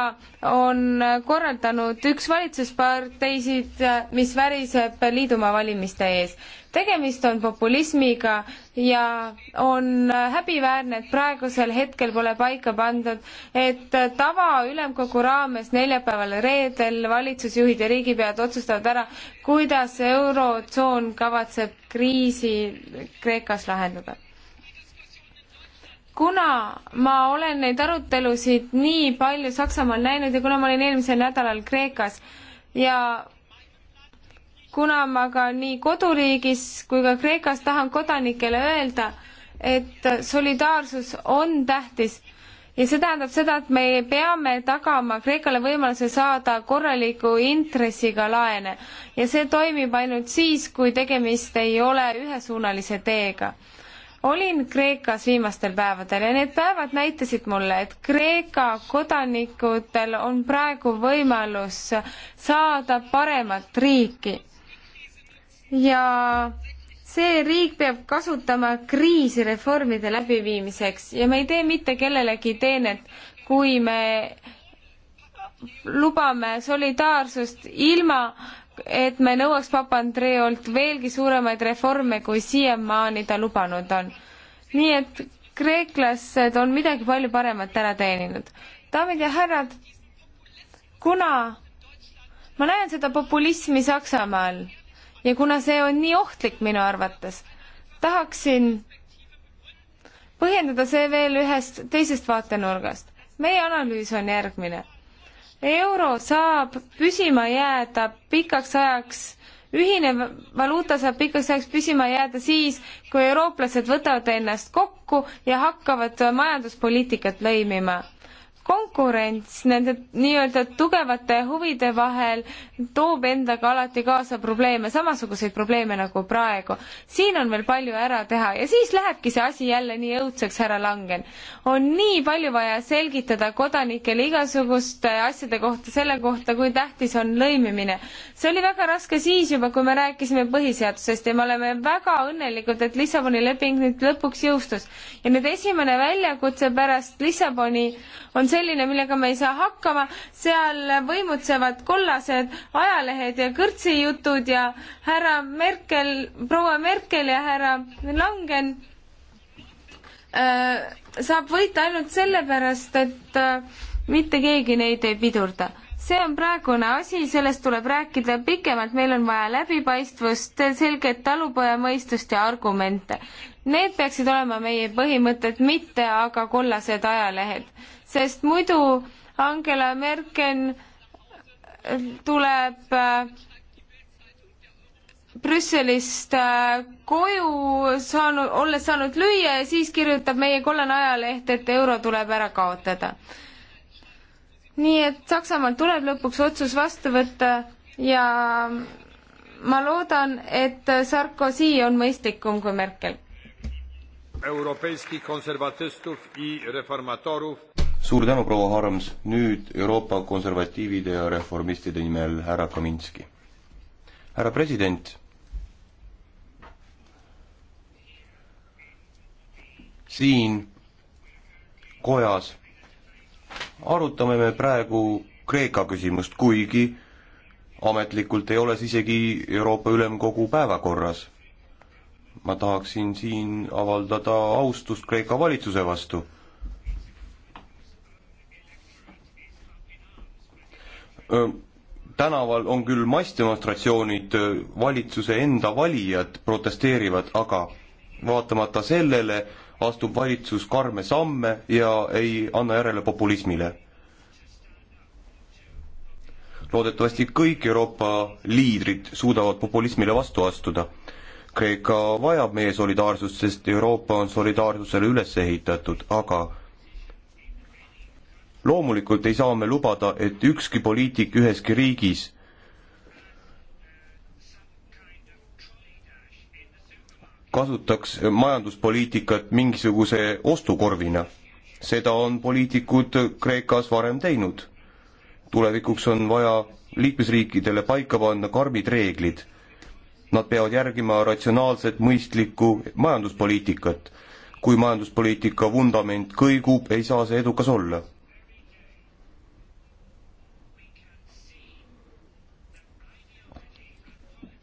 on korraldanud üks valitsusparteisid, mis väriseb liidumaa valimiste ees. tegemist on populismiga ja on häbiväärne, et praegusel hetkel pole paika pandud, et tavaülemkogu raames neljapäeval ja reedel valitsusjuhid ja riigipead otsustavad ära, kuidas Eurotsoon kavatseb kriisi Kreekas lahendada kuna ma olen neid arutelusid nii palju Saksamaal näinud ja kuna ma olin eelmisel nädalal Kreekas ja kuna ma ka nii koduriigis kui ka Kreekas tahan kodanikele öelda, et solidaarsus on tähtis ja see tähendab seda, et me peame tagama Kreekale võimaluse saada korraliku intressiga laene ja see toimib ainult siis, kui tegemist ei ole ühesuunalise teega olin Kreekas viimastel päevadel ja need päevad näitasid mulle, et Kreeka kodanikutel on praegu võimalus saada paremat riiki. ja see riik peab kasutama kriisi reformide läbiviimiseks ja me ei tee mitte kellelegi teenet, kui me lubame solidaarsust ilma, et me nõuaks Papandreolt veelgi suuremaid reforme, kui siiamaani ta lubanud on. nii et kreeklased on midagi palju paremat ära teeninud. daamid ja härrad, kuna ma näen seda populismi Saksamaal ja kuna see on nii ohtlik minu arvates, tahaksin põhjendada see veel ühest teisest vaatenurgast. meie analüüs on järgmine euro saab püsima jääda pikaks ajaks ühine valuuta saab pikaks ajaks püsima jääda siis, kui eurooplased võtavad ennast kokku ja hakkavad majanduspoliitikat lõimima konkurents nende nii-öelda tugevate huvide vahel toob endaga alati kaasa probleeme, samasuguseid probleeme nagu praegu. siin on veel palju ära teha ja siis lähebki see asi jälle nii õudseks, härra Langen. on nii palju vaja selgitada kodanikele igasuguste asjade kohta, selle kohta, kui tähtis on lõimimine. see oli väga raske siis juba, kui me rääkisime põhiseadusest ja me oleme väga õnnelikud, et Lissaboni leping nüüd lõpuks jõustus. ja nüüd esimene väljakutse pärast Lissaboni on see, selline, millega me ei saa hakkama, seal võimutsevad kollased ajalehed ja kõrtsijutud ja härra Merkel, proua Merkel ja härra Langen äh, saab võita ainult sellepärast, et äh, mitte keegi neid ei pidurda see on praegune asi, sellest tuleb rääkida pikemalt, meil on vaja läbipaistvust, selget talupojamõistust ja argumente. Need peaksid olema meie põhimõtted, mitte aga kollased ajalehed, sest muidu Angela Merkel tuleb äh, Brüsselist äh, koju saanud, olles saanud lüüa ja siis kirjutab meie kollane ajaleht, et euro tuleb ära kaotada nii et Saksamaal tuleb lõpuks otsus vastu võtta ja ma loodan, et Sarkozy on mõistlikum kui Merkel. suur tänu, proua Harms, nüüd Euroopa konservatiivide ja reformistide nimel härra Kaminski. härra president, siin kojas arutame me praegu Kreeka küsimust, kuigi ametlikult ei ole see isegi Euroopa Ülemkogu päevakorras. ma tahaksin siin avaldada austust Kreeka valitsuse vastu. tänaval on küll massdemonstratsioonid, valitsuse enda valijad protesteerivad, aga vaatamata sellele astub valitsus karme samme ja ei anna järele populismile. loodetavasti kõik Euroopa liidrid suudavad populismile vastu astuda. Kreeka vajab meie solidaarsust, sest Euroopa on solidaarsusele üles ehitatud, aga loomulikult ei saa me lubada, et ükski poliitik üheski riigis kasutaks majanduspoliitikat mingisuguse ostukorvina. seda on poliitikud Kreekas varem teinud. tulevikuks on vaja liikmesriikidele paika panna karmid reeglid. Nad peavad järgima ratsionaalset, mõistlikku majanduspoliitikat. kui majanduspoliitika vundament kõigub, ei saa see edukas olla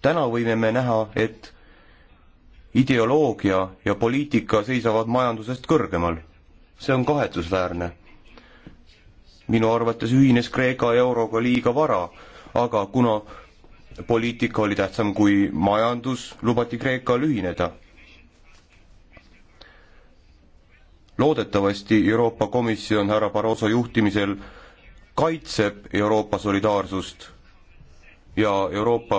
täna võime me näha, et ideoloogia ja poliitika seisavad majandusest kõrgemal. see on kahetsusväärne. minu arvates ühines Kreeka euroga liiga vara, aga kuna poliitika oli tähtsam kui majandus, lubati Kreekal ühineda. loodetavasti Euroopa Komisjon härra Barroso juhtimisel kaitseb Euroopa solidaarsust ja Euroopa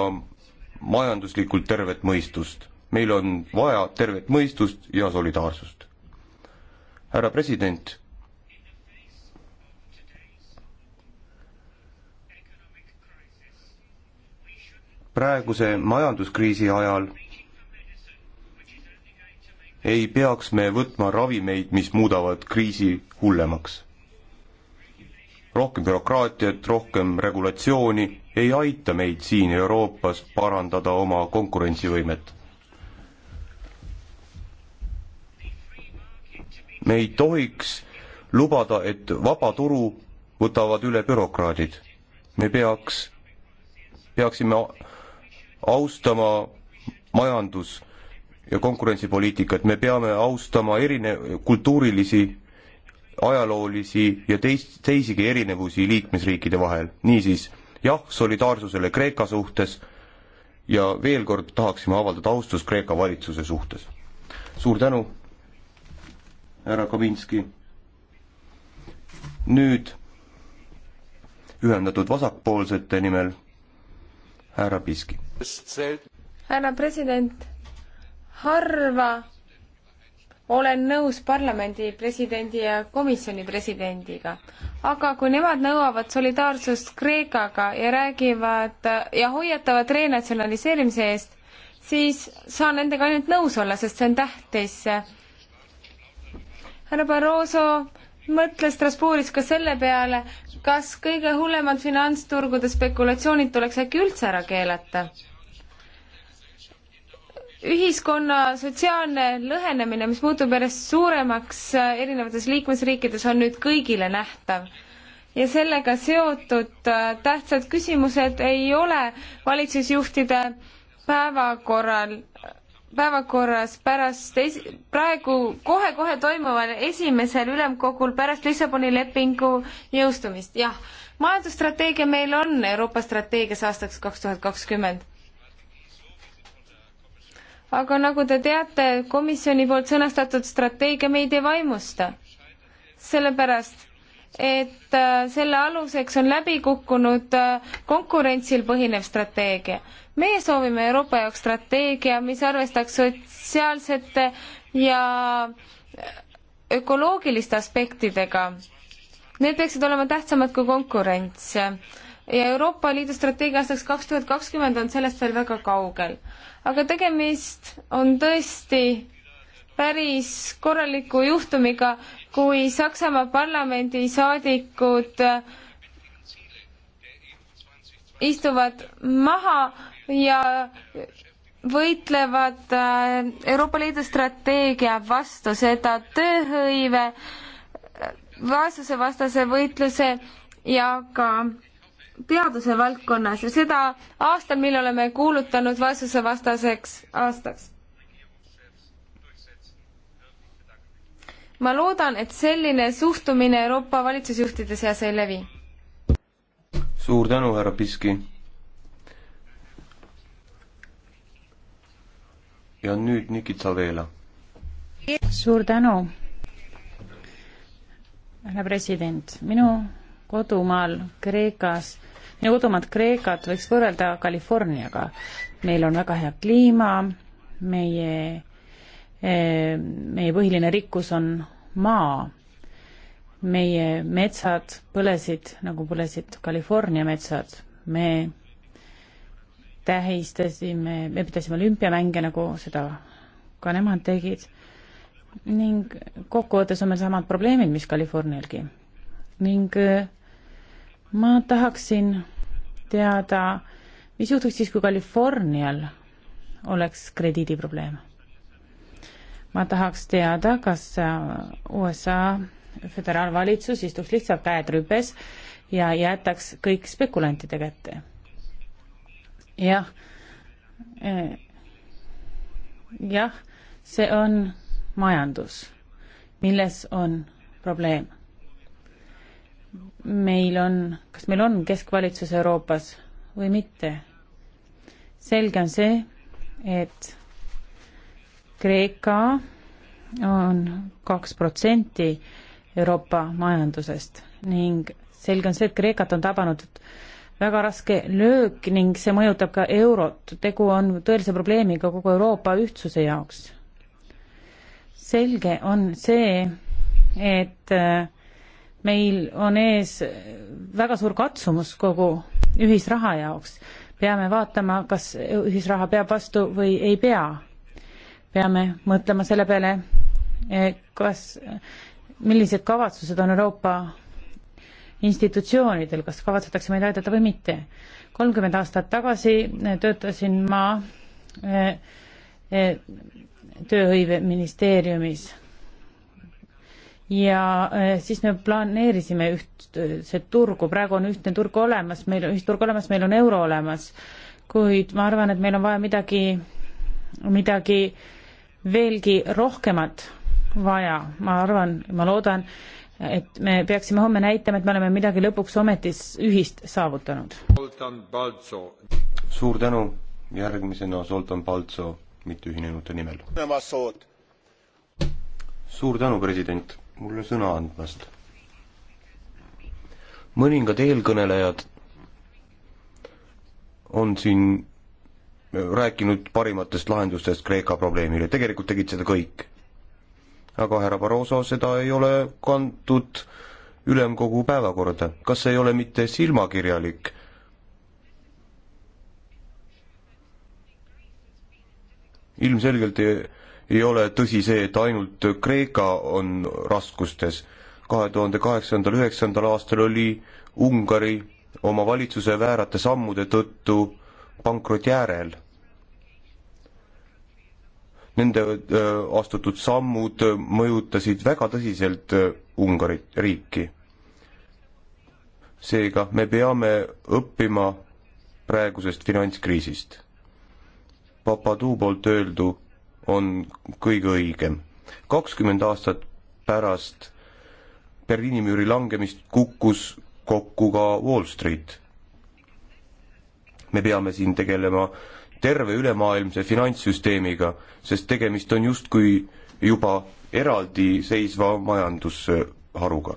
majanduslikult tervet mõistust meil on vaja tervet mõistust ja solidaarsust. härra president, praeguse majanduskriisi ajal ei peaks me võtma ravimeid, mis muudavad kriisi hullemaks. rohkem bürokraatiat, rohkem regulatsiooni ei aita meid siin Euroopas parandada oma konkurentsivõimet me ei tohiks lubada, et vaba turu võtavad üle bürokraadid. me peaks, peaksime austama majandus- ja konkurentsipoliitikat, me peame austama erine-, kultuurilisi, ajaloolisi ja teist, teisigi erinevusi liikmesriikide vahel. niisiis, jah solidaarsusele Kreeka suhtes ja veel kord tahaksime avaldada austust Kreeka valitsuse suhtes. suur tänu! härra Kaminski. nüüd ühendatud vasakpoolsete nimel härra Piski. härra president, harva olen nõus parlamendi presidendi ja komisjoni presidendiga. aga kui nemad nõuavad solidaarsust Kreekaga ja räägivad ja hoiatavad renatsionaliseerimise eest, siis saan nendega ainult nõus olla, sest see on tähtis härra Barroso mõtles Strasbourgis ka selle peale, kas kõige hullemad finantsturgude spekulatsioonid tuleks äkki üldse ära keelata ühiskonna sotsiaalne lõhenemine, mis muutub järjest suuremaks erinevates liikmesriikides, on nüüd kõigile nähtav. ja sellega seotud äh, tähtsad küsimused ei ole valitsusjuhtide päevakorral päevakorras pärast esi-, praegu kohe-kohe toimuval esimesel ülemkogul pärast Lissaboni lepingu jõustumist, jah. majandusstrateegia meil on Euroopa strateegias aastaks kaks tuhat kakskümmend. aga nagu te teate, komisjoni poolt sõnastatud strateegia meid ei vaimusta. sellepärast, et äh, selle aluseks on läbi kukkunud äh, konkurentsil põhinev strateegia meie soovime Euroopa jaoks strateegia, mis arvestaks sotsiaalsete ja ökoloogiliste aspektidega. Need peaksid olema tähtsamad kui konkurents. ja Euroopa Liidu strateegia aastaks kaks tuhat kakskümmend on sellest veel väga kaugel. aga tegemist on tõesti päris korraliku juhtumiga, kui Saksamaa parlamendi saadikud istuvad maha ja võitlevad äh, Euroopa Liidu strateegia vastu seda tööhõive, vaesusevastase võitluse ja ka teaduse valdkonnas ja seda aastal, mil oleme kuulutanud vaesusevastaseks aastaks. ma loodan, et selline suhtumine Euroopa valitsusjuhtide seas ei levi. suur tänu, härra Piski ja nüüd Nikita Veela. suur tänu, härra president. minu kodumaal Kreekas, minu kodumaad Kreekat võiks võrrelda Californiaga. meil on väga hea kliima, meie, eh, meie põhiline rikkus on maa. meie metsad põlesid, nagu põlesid California metsad. me tähistasime, me pidasime olümpiamänge, nagu seda ka nemad tegid ning kokkuvõttes on meil samad probleemid, mis Californialgi. ning äh, ma tahaksin teada, mis juhtuks siis, kui Californial oleks krediidiprobleem? ma tahaks teada, kas äh, USA föderaalvalitsus istuks lihtsalt käed rüpes ja jätaks kõik spekulantide kätte jah, e, jah, see on majandus, milles on probleem. meil on, kas meil on keskvalitsus Euroopas või mitte? selge on see, et Kreeka on kaks protsenti Euroopa majandusest ning selge on see, et Kreekat on tabanud väga raske löök ning see mõjutab ka eurot. tegu on tõelise probleemiga kogu Euroopa ühtsuse jaoks. selge on see, et äh, meil on ees väga suur katsumus kogu ühisraha jaoks. peame vaatama, kas ühisraha peab vastu või ei pea. peame mõtlema selle peale, eh, kas, millised kavatsused on Euroopa institutsioonidel, kas kavatsetakse meid aidata või mitte. kolmkümmend aastat tagasi eh, töötasin ma eh, eh, tööhõiveministeeriumis ja siis me planeerisime ühtset turgu, praegu on ühtne turg olemas, meil on ühisturg olemas, meil on euro olemas, kuid ma arvan, et meil on vaja midagi, midagi veelgi rohkemat vaja, ma arvan, ma loodan, et me peaksime homme näitama, et me oleme midagi lõpuks ometi ühist saavutanud. suur tänu, järgmisena Zoltan Baltso mitteühinenute nimel. suur tänu, president, mulle sõna andmast. mõningad eelkõnelejad on siin äh, rääkinud parimatest lahendustest Kreeka probleemile, tegelikult tegid seda kõik aga härra Barroso, seda ei ole kantud ülemkogu päevakorda. kas see ei ole mitte silmakirjalik? ilmselgelt ei, ei ole tõsi see, et ainult Kreeka on raskustes. kahe tuhande kaheksandal, üheksandal aastal oli Ungari oma valitsuse väärate sammude tõttu pankroti äärel Nende äh, astutud sammud äh, mõjutasid väga tõsiselt äh, Ungarit, riiki. seega me peame õppima praegusest finantskriisist. Papaduu poolt öeldu on kõige õigem. kakskümmend aastat pärast Berliini müüri langemist kukkus kokku ka Wall Street. me peame siin tegelema äh, terve ülemaailmse finantssüsteemiga, sest tegemist on justkui juba eraldiseisva majandusharuga.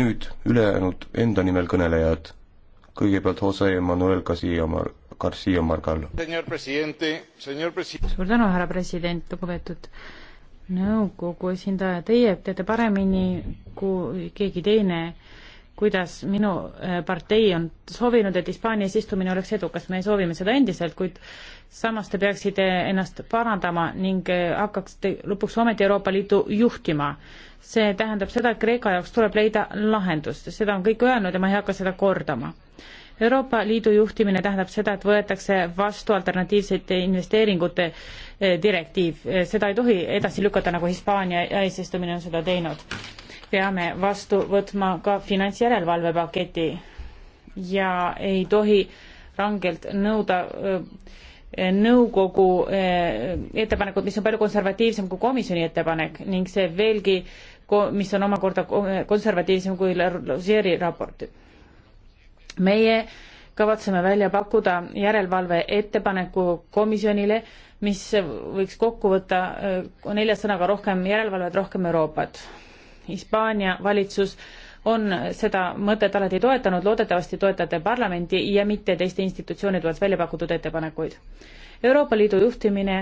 nüüd ülejäänud enda nimel kõnelejad. kõigepealt Jose Manuel Garcia Mar-, Garcia Margallo. suur tänu, härra president, lugupeetud nõukogu esindaja, teie teate paremini kui keegi teine kuidas minu äh, partei on soovinud, et Hispaania eesistumine oleks edukas, me soovime seda endiselt, kuid samas te peaksite ennast parandama ning äh, hakkaksite lõpuks ometi Euroopa Liitu juhtima. see tähendab seda, et Kreeka jaoks tuleb leida lahendust, seda on kõik öelnud ja ma ei hakka seda kordama. Euroopa Liidu juhtimine tähendab seda, et võetakse vastu alternatiivsete investeeringute äh, direktiiv, seda ei tohi edasi lükata, nagu Hispaania eesistumine on seda teinud peame vastu võtma ka finantsjärelevalve paketi ja ei tohi rangelt nõuda nõukogu ettepanekut, mis on palju konservatiivsem kui komisjoni ettepanek ning see veelgi, mis on omakorda konservatiivsem kui Losieri raport. meie kavatseme välja pakkuda järelevalve ettepaneku komisjonile, mis võiks kokku võtta nelja sõnaga rohkem järelevalvet, rohkem Euroopat Hispaania valitsus on seda mõtet alati toetanud, loodetavasti toetate parlamendi ja mitte teiste institutsioonide poolt välja pakutud ettepanekuid. Euroopa Liidu juhtimine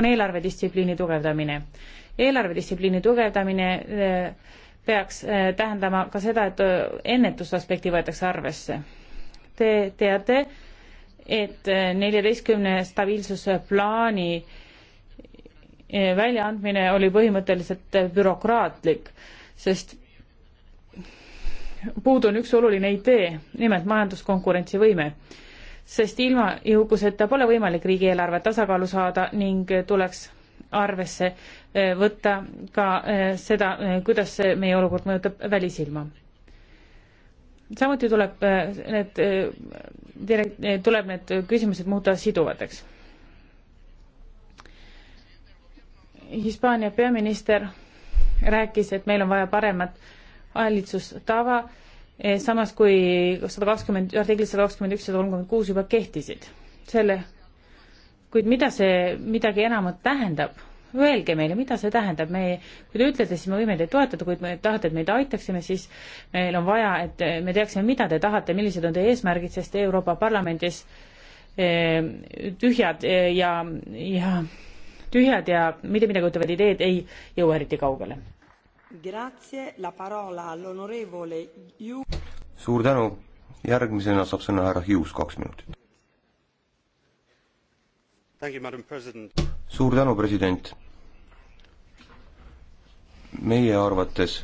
on eelarvedistsipliini tugevdamine. eelarvedistsipliini tugevdamine eh, peaks eh, tähendama ka seda, et eh, ennetusaspekti võetakse arvesse. Te teate, et neljateistkümne stabiilsusplaani Eh, väljaandmine oli põhimõtteliselt bürokraatlik, sest puudu on üks oluline idee, nimelt majanduskonkurentsivõime. sest ilma jõukuseta pole võimalik riigieelarve tasakaalu saada ning tuleks arvesse eh, võtta ka eh, seda, kuidas see meie olukord mõjutab välisilma. samuti tuleb need, tuleb need küsimused muuta siduvateks Hispaania peaminister rääkis, et meil on vaja paremat valitsustava, eh, samas kui sada kakskümmend, artiklid sada kakskümmend üks, sada kolmkümmend kuus juba kehtisid. selle, kuid mida see midagi enamat tähendab? Öelge meile, mida see tähendab, me, kui te ütlete, siis me võime teid toetada, kui te tahate, et meid aitaksime, siis meil on vaja, et me teaksime, mida te tahate, millised on teie eesmärgid, sest Euroopa Parlamendis eh, tühjad eh, ja, ja tühjad ja mitte midagi ütlevad ideed ei jõua eriti kaugele. suur tänu, järgmisena saab sõna härra Hughes, kaks minutit. suur tänu, president. meie arvates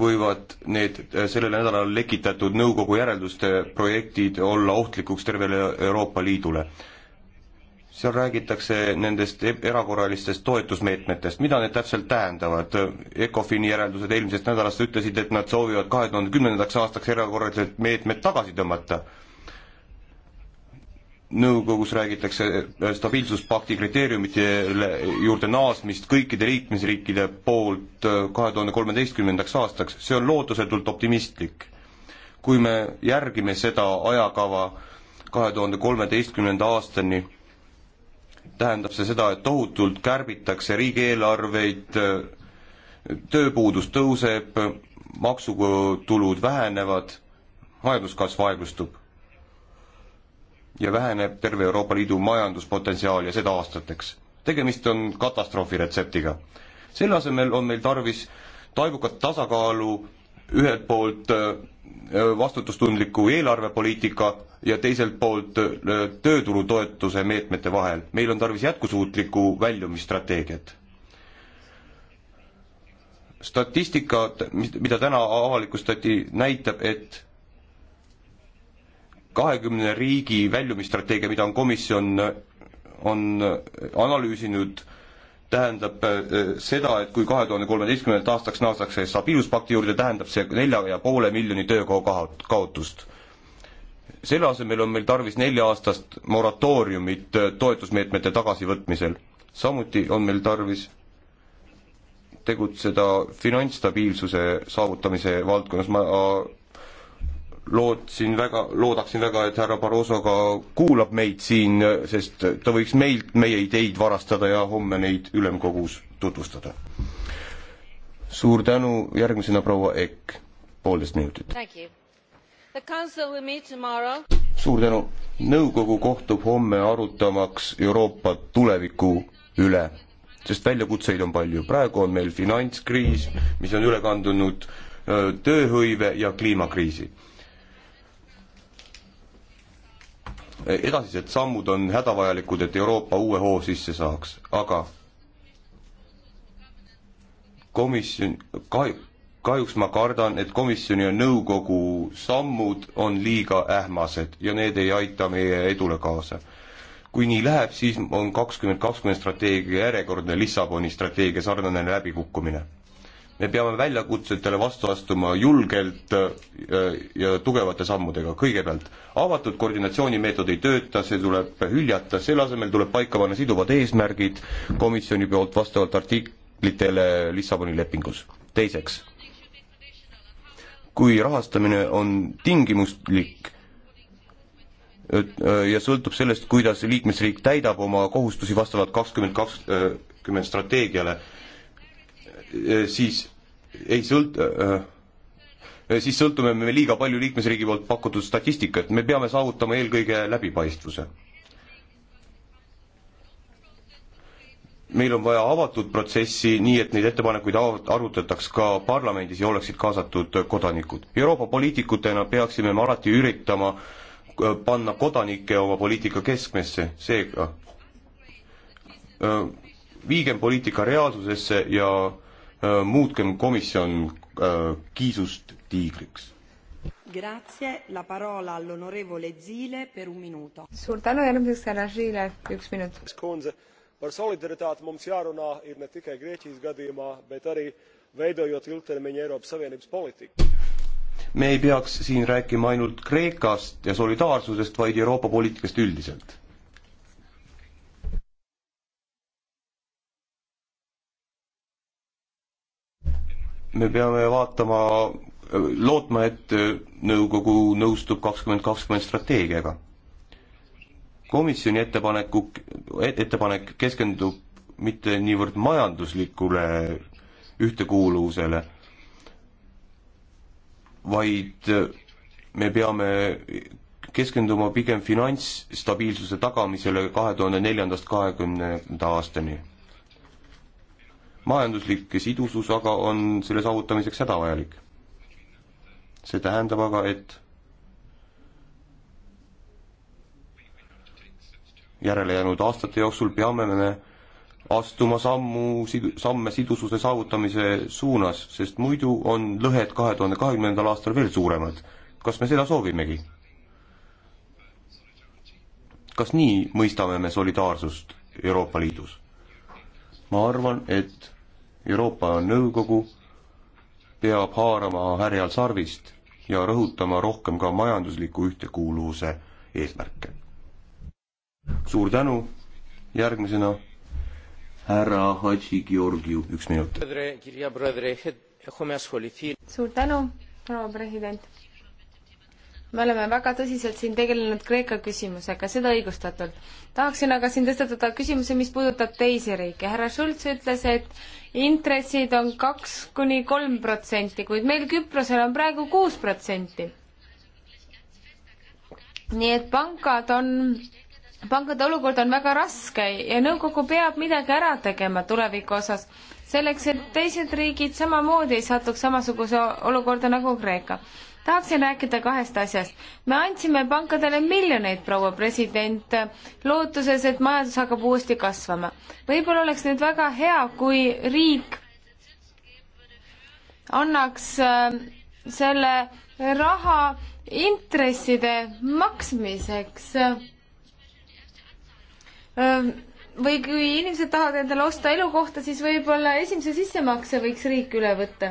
võivad need äh, sellel nädalal lekitatud nõukogu järelduste projektid olla ohtlikuks tervele Euroopa Liidule seal räägitakse nendest e-, erakorralistest toetusmeetmetest, mida need täpselt tähendavad? Ecofini järeldused eelmisest nädalast ütlesid, et nad soovivad kahe tuhande kümnendaks aastaks erakorralised meetmed tagasi tõmmata. nõukogus räägitakse äh, stabiilsuspakti kriteeriumitele juurde naasmist kõikide liikmesriikide poolt äh, kahe tuhande kolmeteistkümnendaks aastaks, see on lootusetult optimistlik. kui me järgime seda ajakava kahe tuhande kolmeteistkümnenda aastani tähendab see seda, et tohutult kärbitakse riigieelarveid, tööpuudus tõuseb, maksutulud vähenevad, majanduskasv aeglustub. ja väheneb terve Euroopa Liidu majanduspotentsiaal ja seda aastateks. tegemist on katastroofi retseptiga. selle asemel on meil tarvis taibukat tasakaalu ühelt poolt äh, vastutustundliku eelarvepoliitika ja teiselt poolt äh, tööturutoetuse meetmete vahel. meil on tarvis jätkusuutlikku väljumisstrateegiat. statistika, mida täna avalikustati, näitab, et kahekümne riigi väljumisstrateegia, mida on komisjon, äh, on analüüsinud tähendab äh, seda, et kui kahe tuhande kolmeteistkümnendast aastaks naastakse stabiilsuspakti juurde, tähendab see nelja ja poole miljoni töökoha kaotust. selle asemel on meil tarvis nelja-aastast moratooriumit äh, toetusmeetmete tagasivõtmisel. samuti on meil tarvis tegutseda finantsstabiilsuse saavutamise valdkonnas, ma lootsin väga, loodaksin väga, et härra Barroso ka kuulab meid siin, sest ta võiks meilt meie ideid varastada ja homme neid ülemkogus tutvustada. suur tänu, järgmisena proua Ekk, poolteist minutit. suur tänu, nõukogu kohtub homme arutamaks Euroopa tuleviku üle, sest väljakutseid on palju, praegu on meil finantskriis, mis on üle kandunud tööhõive ja kliimakriisi Eh, edasised sammud on hädavajalikud, et Euroopa uue hoo sisse saaks, aga komisjon, kahju, kahjuks ma kardan, et komisjoni ja nõukogu sammud on liiga ähmased ja need ei aita meie edule kaasa. kui nii läheb, siis on kakskümmend kakskümmend strateegia järjekordne Lissaboni strateegia sarnane läbikukkumine me peame väljakutsetele vastu astuma julgelt äh, ja tugevate sammudega. kõigepealt, avatud koordinatsioonimeetod ei tööta, see tuleb hüljata, selle asemel tuleb paika panna siduvad eesmärgid komisjoni poolt vastavalt artiklitele Lissaboni lepingus. teiseks, kui rahastamine on tingimuslik, äh, ja sõltub sellest, kuidas liikmesriik täidab oma kohustusi vastavalt kakskümmend äh, kakskümmend strateegiale, siis ei sõlt- äh, äh, äh,, siis sõltume me liiga palju liikmesriigi poolt pakutud statistikat, me peame saavutama eelkõige läbipaistvuse. meil on vaja avatud protsessi, nii et neid ettepanekuid arutataks ka parlamendis ja oleksid kaasatud kodanikud. Euroopa poliitikutena peaksime me alati üritama äh, panna kodanikke oma poliitika keskmesse, seega viigem poliitika reaalsusesse ja äh, Äh, muutkem komisjon äh, kiisust tiigriks. suur tänu, järgmiseks härra Zile, üks minut. Par solidaritāti mums jārunā ir ne tikai Grieķijas gadījumā, bet arī veidojot ilgtermiņa Eiropas Savienības politiku. me ei peaks siin rääkima ainult Kreekast ja solidaarsusest, vaid Euroopa poliitikast üldiselt me peame vaatama, lootma, et nõukogu nõustub kakskümmend kakskümmend strateegiaga. komisjoni ettepaneku, ettepanek keskendub mitte niivõrd majanduslikule ühtekuuluvusele, vaid me peame keskenduma pigem finantsstabiilsuse tagamisele kahe tuhande neljandast kahekümnenda aastani majanduslik sidusus aga on selle saavutamiseks hädavajalik. see tähendab aga, et järelejäänud aastate jooksul peame me astuma sammu, samme sidususe saavutamise suunas, sest muidu on lõhed kahe tuhande kahekümnendal aastal veel suuremad. kas me seda soovimegi? kas nii mõistame me solidaarsust Euroopa Liidus? ma arvan, et Euroopa Nõukogu peab haarama härjal sarvist ja rõhutama rohkem ka majandusliku ühtekuuluvuse eesmärke. suur tänu, järgmisena härra Hadži Georgiu, üks minut. suur tänu, proua president me oleme väga tõsiselt siin tegelenud Kreeka küsimusega, seda õigustatult. tahaksin aga siin tõstatada küsimuse, mis puudutab teisi riike. härra Schulz ütles, et intressid on kaks kuni kolm protsenti, kuid meil Küprosel on praegu kuus protsenti. nii et pangad on, pankade olukord on väga raske ja nõukogu peab midagi ära tegema tuleviku osas, selleks et teised riigid samamoodi ei satuks samasuguse olukorda nagu Kreeka tahaksin rääkida kahest asjast. me andsime pankadele miljoneid, proua president, lootuses, et majandus hakkab uuesti kasvama. võib-olla oleks nüüd väga hea, kui riik annaks äh, selle raha intresside maksmiseks ähm, või kui inimesed tahavad endale osta elukohta, siis võib-olla esimese sissemakse võiks riik üle võtta.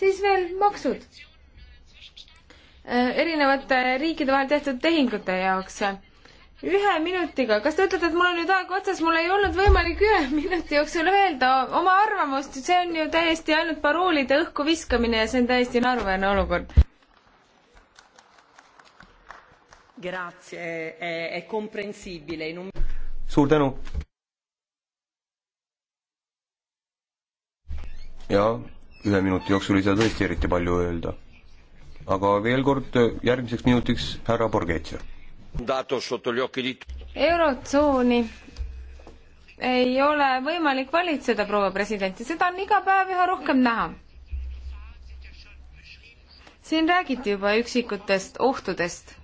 siis veel maksud. Äh, erinevate riikide vahel tehtud tehingute jaoks. ühe minutiga, kas te ütlete, et mul on nüüd aeg otsas, mul ei olnud võimalik ühe minuti jooksul öelda oma arvamust, see on ju täiesti ainult paroolide õhku viskamine ja see on täiesti naeruväärne olukord. suur tänu. ja ühe minuti jooksul ei saa tõesti eriti palju öelda aga veel kord järgmiseks minutiks härra Borgetša. eurotsooni ei ole võimalik valitseda, proua president, ja seda on iga päev üha rohkem näha. siin räägiti juba üksikutest ohtudest,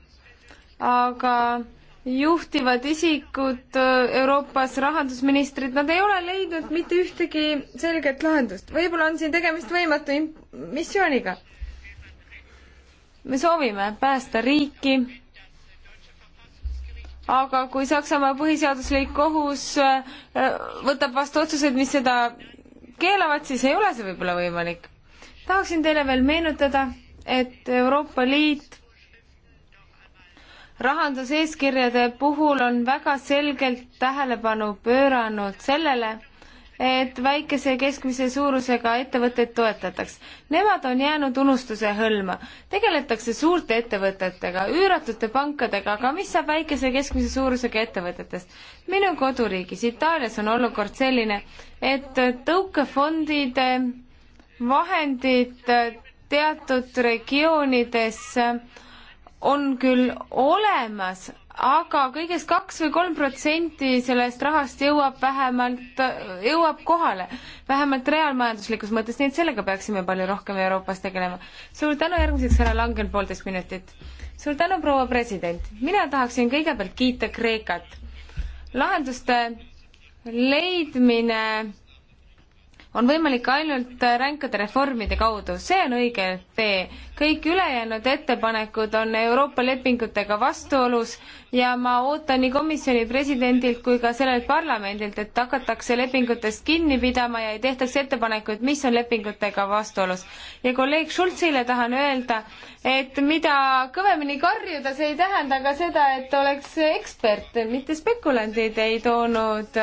aga juhtivad isikud Euroopas, rahandusministrid, nad ei ole leidnud mitte ühtegi selget lahendust. võib-olla on siin tegemist võimatu missiooniga me soovime päästa riiki, aga kui Saksamaa põhiseaduslik kohus äh, võtab vastu otsuseid, mis seda keelavad, siis ei ole see võib-olla võimalik. tahaksin teile veel meenutada, et Euroopa Liit rahanduseeskirjade puhul on väga selgelt tähelepanu pööranud sellele, et väikese ja keskmise suurusega ettevõtteid toetataks. Nemad on jäänud unustuse hõlma. tegeletakse suurte ettevõtetega, üüratute pankadega, aga mis saab väikese ja keskmise suurusega ettevõtetest? minu koduriigis Itaalias on olukord selline, et tõukefondide vahendid teatud regioonides on küll olemas, aga kõigest kaks või kolm protsenti sellest rahast jõuab vähemalt, jõuab kohale, vähemalt reaalmajanduslikus mõttes, nii et sellega peaksime palju rohkem Euroopas tegelema. suur tänu, järgmiseks härra Langen, poolteist minutit. suur tänu, proua president. mina tahaksin kõigepealt kiita Kreekat. lahenduste leidmine on võimalik ainult ränkade reformide kaudu, see on õige tee. kõik ülejäänud ettepanekud on Euroopa lepingutega vastuolus ja ma ootan nii komisjoni presidendilt kui ka sellelt parlamendilt, et hakatakse lepingutest kinni pidama ja ei tehtaks ettepanekuid, mis on lepingutega vastuolus. ja kolleeg Schultzile tahan öelda, et mida kõvemini karjuda, see ei tähenda ka seda, et oleks ekspert, mitte spekulandid ei toonud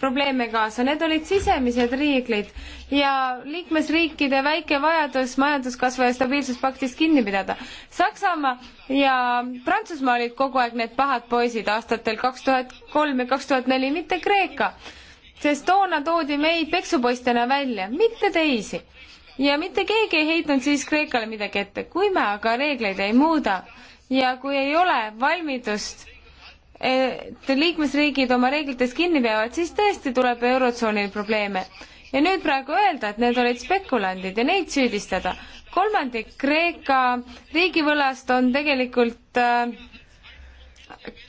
probleeme kaasa, need olid sisemised riigid ja liikmesriikide väike vajadus majanduskasvu ja stabiilsuspaktist kinni pidada. Saksamaa ja Prantsusmaa olid kogu aeg need pahad poisid aastatel kaks tuhat kolm ja kaks tuhat neli, mitte Kreeka. sest toona toodi meid peksupoistena välja, mitte teisi. ja mitte keegi ei heitnud siis Kreekale midagi ette, kui me aga reegleid ei muuda ja kui ei ole valmidust et liikmesriigid oma reeglitest kinni peavad, siis tõesti tuleb Eurotsoonil probleeme ja nüüd praegu öelda, et need olid spekulandid ja neid süüdistada. kolmandik Kreeka riigivõlast on tegelikult äh,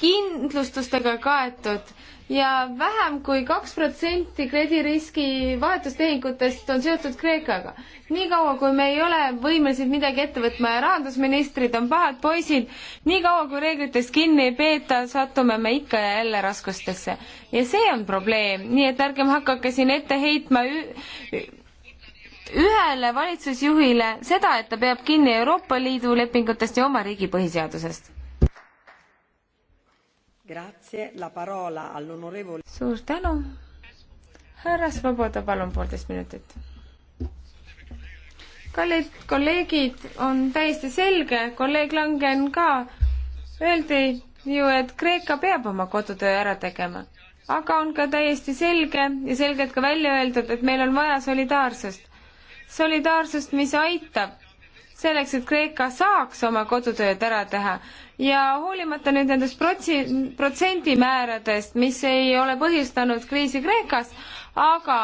kindlustustega kaetud ja vähem kui kaks protsenti krediriski vahetustehingutest on seotud Kreekaga. niikaua, kui me ei ole võimelised midagi ette võtma ja rahandusministrid on pahad poisid, niikaua kui reeglitest kinni ei peeta, satume me ikka ja jälle raskustesse. ja see on probleem, nii et ärgem hakake siin ette heitma ühele valitsusjuhile seda, et ta peab kinni Euroopa Liidu lepingutest ja oma riigi põhiseadusest suur tänu. härra Svoboda, palun poolteist minutit. kallid kolleegid, on täiesti selge, kolleeg Langen ka, öeldi ju, et Kreeka peab oma kodutöö ära tegema. aga on ka täiesti selge ja selgelt ka välja öeldud, et meil on vaja solidaarsust. solidaarsust, mis aitab selleks, et Kreeka saaks oma kodutööd ära teha. ja hoolimata nüüd nendest protsi-, protsendimääradest, mis ei ole põhjustanud kriisi Kreekas, aga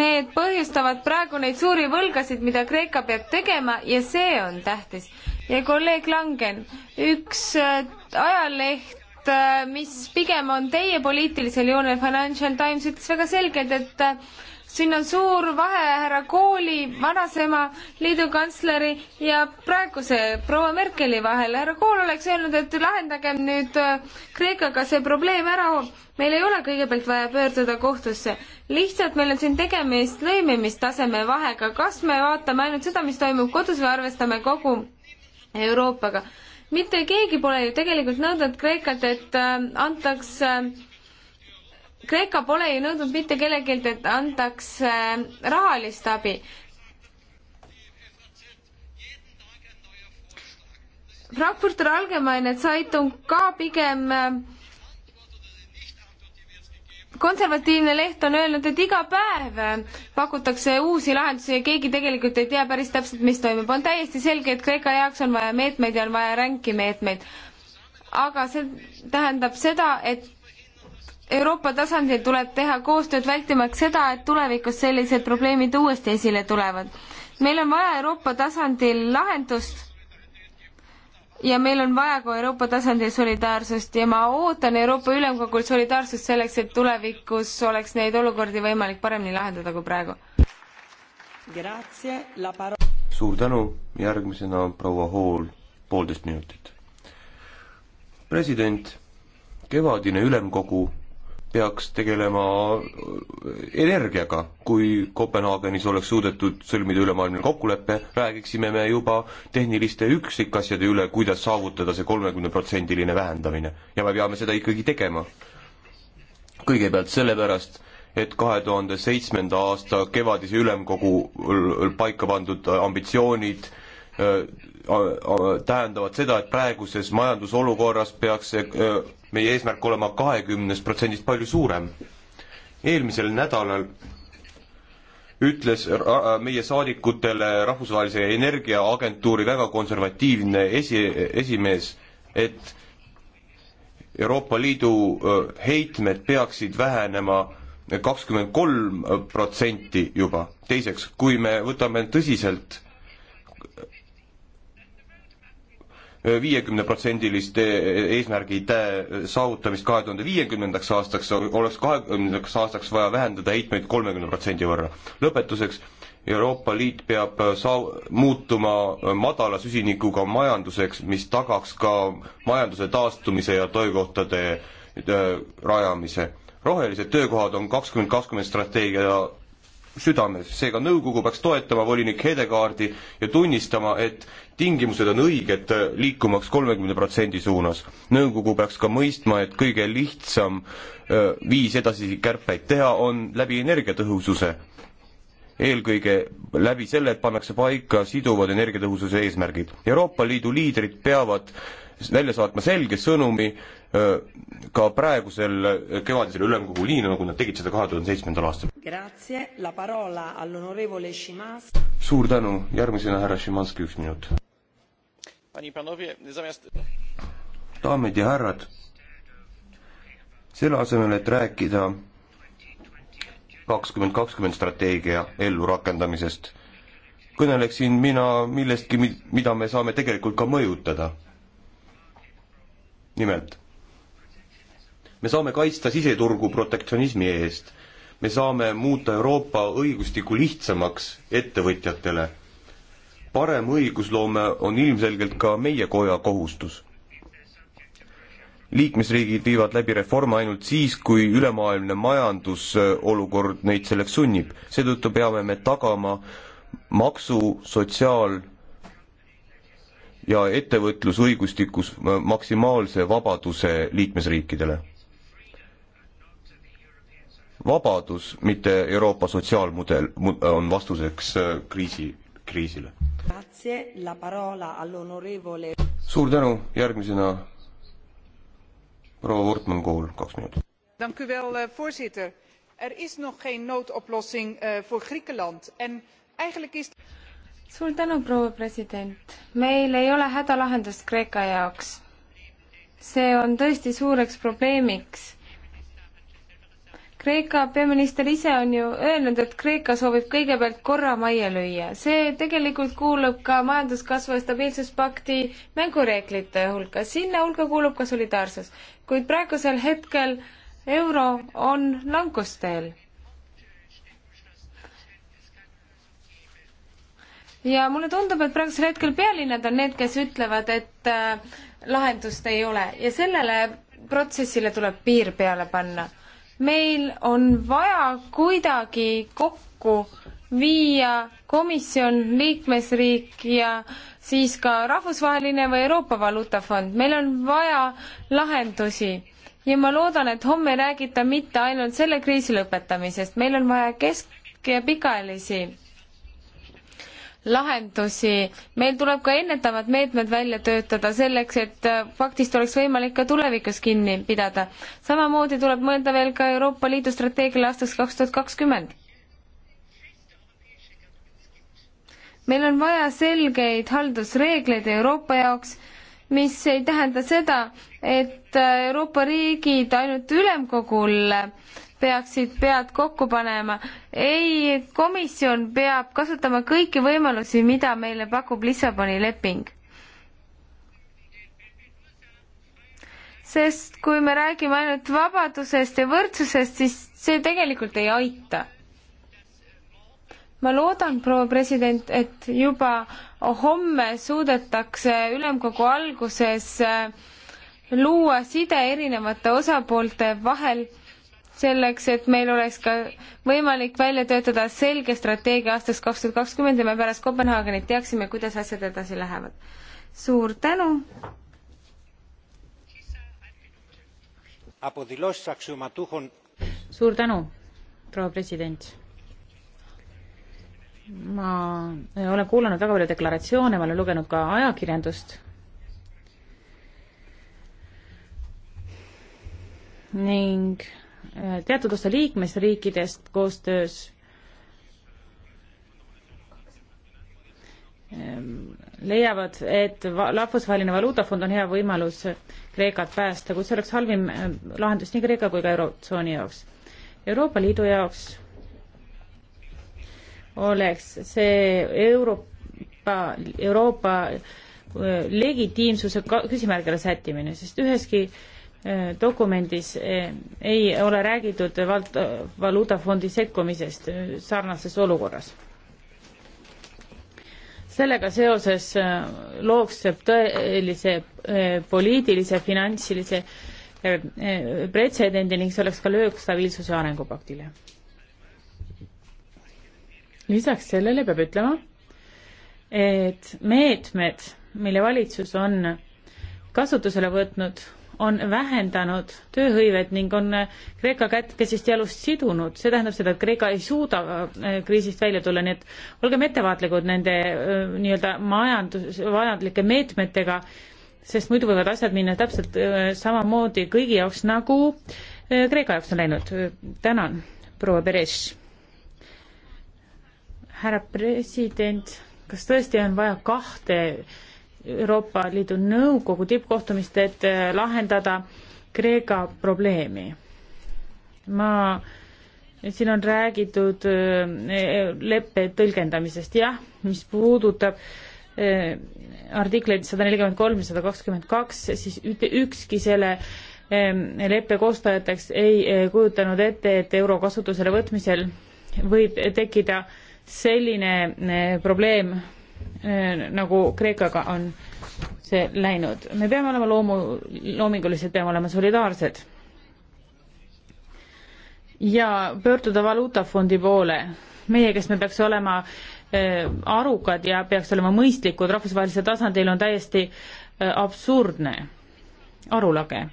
need põhjustavad praegu neid suuri võlgasid, mida Kreeka peab tegema ja see on tähtis. ja kolleeg Langen, üks äh, ajaleht, äh, mis pigem on teie poliitilisel joonel, Financial Times ütles väga selgelt, et äh, siin on suur vahe härra Kooli vanasema liidukantsleri ja praeguse proua Merkeli vahel. härra Kool oleks öelnud, et lahendagem nüüd äh, Kreekaga see probleem ära. meil ei ole kõigepealt vaja pöörduda kohtusse. lihtsalt meil on siin tegemist lõimimistaseme vahega. kas me vaatame ainult seda, mis toimub kodus või arvestame kogu Euroopaga? mitte keegi pole ju tegelikult nõudnud Kreekat, et äh, antaks äh, Kreeka pole ju nõudnud mitte kellelgi, et antaks äh, rahalist abi. Frankfurter Allgemeine Zeitung ka pigem äh, konservatiivne leht on öelnud, et iga päev äh, pakutakse uusi lahendusi ja keegi tegelikult ei tea päris täpselt, mis toimub. on täiesti selge, et Kreeka jaoks on vaja meetmeid ja on vaja ränki meetmeid. aga see tähendab seda, et Euroopa tasandil tuleb teha koostööd, vältimaks seda, et tulevikus sellised probleemid uuesti esile tulevad. meil on vaja Euroopa tasandil lahendust ja meil on vaja ka Euroopa tasandil solidaarsust ja ma ootan Euroopa Ülemkogul solidaarsust selleks, et tulevikus oleks neid olukordi võimalik paremini lahendada kui praegu. suur tänu, järgmisena proua Hall, poolteist minutit. president kevadine ülemkogu peaks tegelema energiaga. kui Kopenhaagenis oleks suudetud sõlmida ülemaailmne kokkulepe, räägiksime me juba tehniliste üksikasjade üle, kuidas saavutada see kolmekümneprotsendiline vähendamine ja me peame seda ikkagi tegema. kõigepealt sellepärast, et kahe tuhande seitsmenda aasta kevadise ülemkogu paika pandud ambitsioonid tähendavad seda, et praeguses majandusolukorras peaks see meie eesmärk olema kahekümnest protsendist palju suurem. eelmisel nädalal ütles meie saadikutele Rahvusvahelise Energiaagentuuri väga konservatiivne esi, esimees, et Euroopa Liidu heitmed peaksid vähenema kakskümmend kolm protsenti juba. teiseks, kui me võtame tõsiselt viiekümneprotsendilist eesmärgid saavutamist kahe tuhande viiekümnendaks aastaks, oleks kahekümnendaks aastaks vaja vähendada heitmeid kolmekümne protsendi võrra. lõpetuseks, Euroopa Liit peab saa-, muutuma madala süsinikuga majanduseks, mis tagaks ka majanduse taastumise ja töökohtade äh, rajamise. rohelised töökohad on kakskümmend kakskümmend strateegia südames, seega nõukogu peaks toetama volinik Hedegaardi ja tunnistama, et tingimused on õiged äh, liikumaks kolmekümne protsendi suunas. nõukogu peaks ka mõistma, et kõige lihtsam öö, äh, viis edasi kärpeid teha on läbi energiatõhususe. eelkõige läbi selle, et pannakse paika siduvad energiatõhususe eesmärgid. Euroopa Liidu liidrid peavad välja saatma selge sõnumi öö, äh, ka praegusel kevadisel ülemkogul, nii nagu nad tegid seda kahe tuhande seitsmendal aastal suur tänu, järgmisena härra Šimanski, üks minut. daamid ja härrad, selle asemel, et rääkida kakskümmend kakskümmend strateegia ellurakendamisest, kõneleksin mina millestki, mida me saame tegelikult ka mõjutada. nimelt, me saame kaitsta siseturgu protektsionismi eest me saame muuta Euroopa õigustiku lihtsamaks ettevõtjatele. parem õigusloome on ilmselgelt ka meie koja kohustus. liikmesriigid viivad läbi reforme ainult siis, kui ülemaailmne majandusolukord neid selleks sunnib, seetõttu peame me tagama maksu, sotsiaal- ja ettevõtlusõigustikus maksimaalse vabaduse liikmesriikidele vabadus, mitte Euroopa sotsiaalmudel, on vastuseks äh, kriisi, kriisile. suur tänu, järgmisena proua Wortmann Kool, kaks minutit. Dank u wel, eh, voorzitter. Er is nog geen noodoplossing eh, voor Griekenland en eigenlijk is suur tänu, proua president. meil ei ole hädalahendust Kreeka jaoks. see on tõesti suureks probleemiks Kreeka peaminister ise on ju öelnud, et Kreeka soovib kõigepealt korra majja lüüa. see tegelikult kuulub ka majanduskasvu ja stabiilsuspakti mängureeglite hulka, sinna hulka kuulub ka solidaarsus. kuid praegusel hetkel euro on langusteel. ja mulle tundub, et praegusel hetkel pealinnad on need, kes ütlevad, et äh, lahendust ei ole ja sellele protsessile tuleb piir peale panna meil on vaja kuidagi kokku viia komisjon, liikmesriik ja siis ka rahvusvaheline või Euroopa Valuutafond, meil on vaja lahendusi ja ma loodan, et homme ei räägita mitte ainult selle kriisi lõpetamisest, meil on vaja kesk- ja pikaajalisi lahendusi. meil tuleb ka ennetavad meetmed välja töötada selleks, et äh, faktist oleks võimalik ka tulevikus kinni pidada. samamoodi tuleb mõelda veel ka Euroopa Liidu strateegiale aastaks kaks tuhat kakskümmend. meil on vaja selgeid haldusreegleid Euroopa jaoks, mis ei tähenda seda, et äh, Euroopa riigid ainult ülemkogul äh, peaksid pead kokku panema. ei, komisjon peab kasutama kõiki võimalusi, mida meile pakub Lissaboni leping. sest kui me räägime ainult vabadusest ja võrdsusest, siis see tegelikult ei aita. ma loodan, proua president, et juba homme suudetakse ülemkogu alguses äh, luua side erinevate osapoolte vahel selleks, et meil oleks ka võimalik välja töötada selge strateegia aastast kaks tuhat kakskümmend ja me pärast Kopenhaagenit teaksime, kuidas asjad edasi lähevad. suur tänu! suur tänu, proua president! ma olen kuulanud väga palju deklaratsioone, ma olen lugenud ka ajakirjandust ning teatud osa liikmesriikidest koostöös ehm, leiavad, et rahvusvaheline valuutafond on hea võimalus Kreekat päästa, kuid see oleks halvim ehm, lahendus nii Kreeka kui ka Eurotsooni jaoks. Euroopa Liidu jaoks oleks see Euroopa, Euroopa ehm, legitiimsuse küsimärgile sättimine, sest üheski äh, dokumendis eh, ei ole räägitud vald-, valuutafondi sekkumisest eh, sarnases olukorras. sellega seoses eh, looks tõelise poliitilise, finantsilise pretsedendi ning see oleks ka löök stabiilsuse arengupaktile. lisaks sellele peab ütlema, et meetmed, mille valitsus on kasutusele võtnud, on vähendanud tööhõivet ning on äh, Kreeka kätkesest jalust sidunud. see tähendab seda, et Kreeka ei suuda äh, kriisist välja tulla, nii et olgem ettevaatlikud nende äh, nii-öelda majandus, vajalike meetmetega, sest muidu võivad asjad minna täpselt samamoodi kõigi jaoks, nagu Kreeka jaoks on läinud. tänan, proua Peres. härra president, kas tõesti on vaja kahte Euroopa Liidu Nõukogu tippkohtumist, et äh, lahendada Kreeka probleemi. ma, siin on räägitud äh, e-, leppe tõlgendamisest, jah, mis puudutab äh, artikleid sada nelikümmend kolm ja sada kakskümmend kaks, siis mitte ükski selle ähm, leppe koostajateks ei kujutanud ette, et euro kasutusele võtmisel võib tekkida selline probleem, Äh, nagu Kreekaga on see läinud. me peame olema loomu, loomingulised, peame olema solidaarsed. ja pöörduda Valuutafondi poole. meie, kes me peaks olema äh, arukad ja peaks olema mõistlikud rahvusvahelisel tasandil, on täiesti äh, absurdne, arulage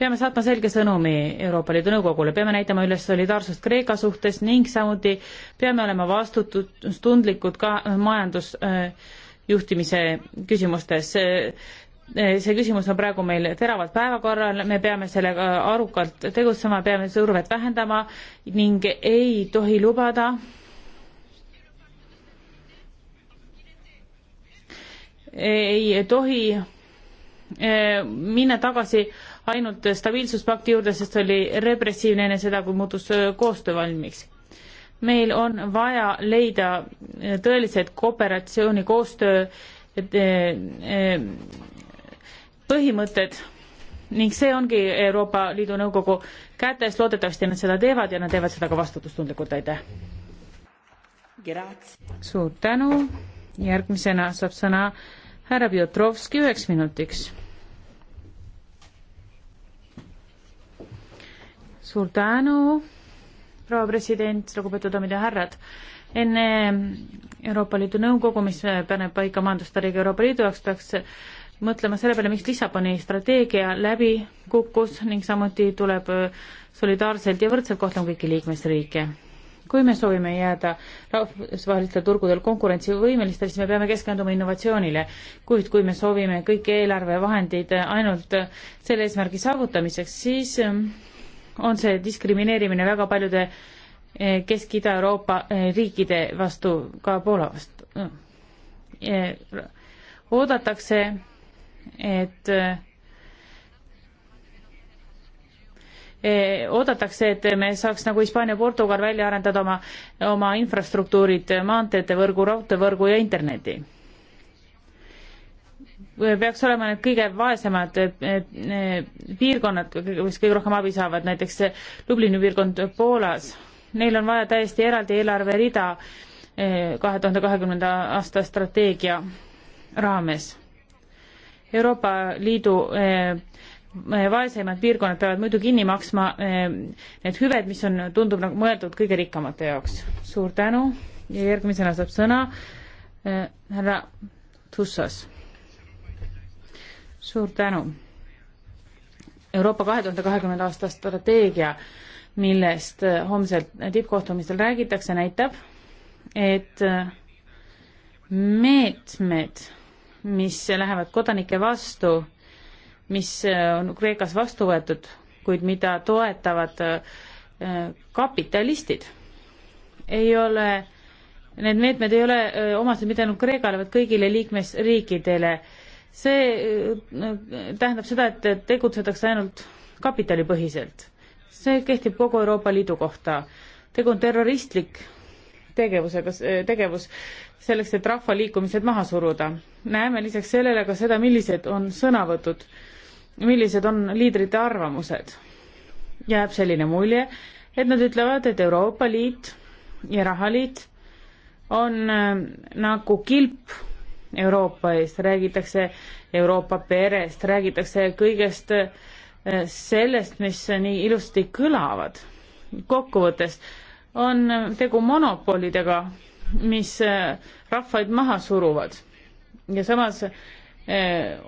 peame saatma selge sõnumi Euroopa Liidu Nõukogule, peame näitama üles solidaarsust Kreeka suhtes ning samuti peame olema vastutustundlikud ka majandusjuhtimise küsimustes. see küsimus on praegu meil teravalt päevakorral, me peame sellega arukalt tegutsema, peame survet vähendama ning ei tohi lubada ei tohi eh, minna tagasi ainult stabiilsuspakti juurde, sest see oli repressiivne enne seda, kui muutus koostöö valmiks. meil on vaja leida tõelised kooperatsiooni koostöö eh, eh, põhimõtted ning see ongi Euroopa Liidu Nõukogu kätes, loodetavasti nad seda teevad ja nad teevad seda ka vastutustundlikult, aitäh! suur tänu, järgmisena saab sõna härra Pjotrovski üheks minutiks suur tänu, proua president, lugupeetud daamid ja härrad. enne Euroopa Liidu Nõukogu, mis paneb paika majandustariigi Euroopa Liidu jaoks, peaks mõtlema selle peale, miks Lissaboni strateegia läbi kukkus ning samuti tuleb solidaarselt ja võrdselt kohtlema kõiki liikmesriike. kui me soovime jääda rahvusvahelistel turgudel konkurentsivõimelistel, siis me peame keskenduma innovatsioonile. kuid kui me soovime kõik eelarvevahendid ainult selle eesmärgi saavutamiseks, siis on see diskrimineerimine väga paljude eh, Kesk-Ida-Euroopa eh, riikide vastu, ka Poola vastu. Eh, oodatakse, et oodatakse, et me saaks nagu Hispaania, Portugal välja arendada oma, oma infrastruktuurid, maanteede võrgu, raudteevõrgu ja interneti peaks olema need kõige vaesemad piirkonnad, mis kõige rohkem abi saavad, näiteks Lublini piirkond Poolas. Neil on vaja täiesti eraldi eelarverida eh, kahe tuhande kahekümnenda aasta strateegia raames. Euroopa Liidu eh, vaesemad piirkonnad peavad muidu kinni maksma eh, need hüved, mis on, tundub nagu mõeldud kõige rikkamate jaoks. suur tänu ja järgmisena saab sõna härra Tussas suur tänu. Euroopa kahe tuhande kahekümnenda aasta strateegia, millest äh, homsel tippkohtumisel räägitakse, näitab, et äh, meetmed, mis lähevad kodanike vastu, mis äh, on Kreekas vastu võetud, kuid mida toetavad kapitalistid, ei ole, need meetmed ei ole omased mitte ainult Kreekale, vaid kõigile liikmesriikidele see äh, tähendab seda, et tegutsetakse ainult kapitalipõhiselt. see kehtib kogu Euroopa Liidu kohta. tegu on terroristlik tegevusega, äh, tegevus selleks, et rahvaliikumised maha suruda. näeme lisaks sellele ka seda, millised on sõnavõtud, millised on liidrite arvamused. jääb selline mulje, et nad ütlevad, et Euroopa Liit ja rahaliit on äh, nagu kilp Euroopa eest, räägitakse Euroopa perest, räägitakse kõigest eh, sellest, mis nii ilusti kõlavad. kokkuvõttes on tegu monopolidega, mis eh, rahvaid maha suruvad ja samas eh,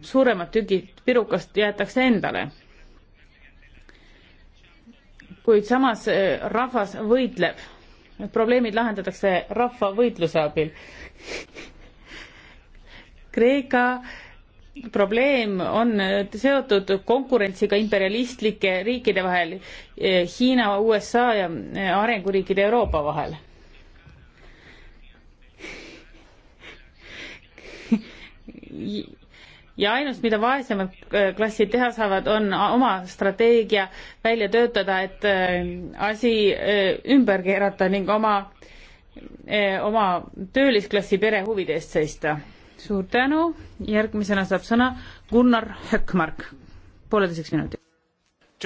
suuremad tükid pirukast jäetakse endale. kuid samas rahvas võitleb, probleemid lahendatakse rahva võitluse abil Kreeka probleem on äh, seotud konkurentsiga imperialistlike riikide vahel, äh, Hiina, USA ja äh, arenguriikide Euroopa vahel. ja ainus, mida vaesemad klassid teha saavad, on oma strateegia välja töötada, et asi ümber keerata ning oma, oma töölisklassi pere huvide eest seista suur tänu, järgmisena saab sõna Gunnar Höckmark, pooleteiseks minutiks.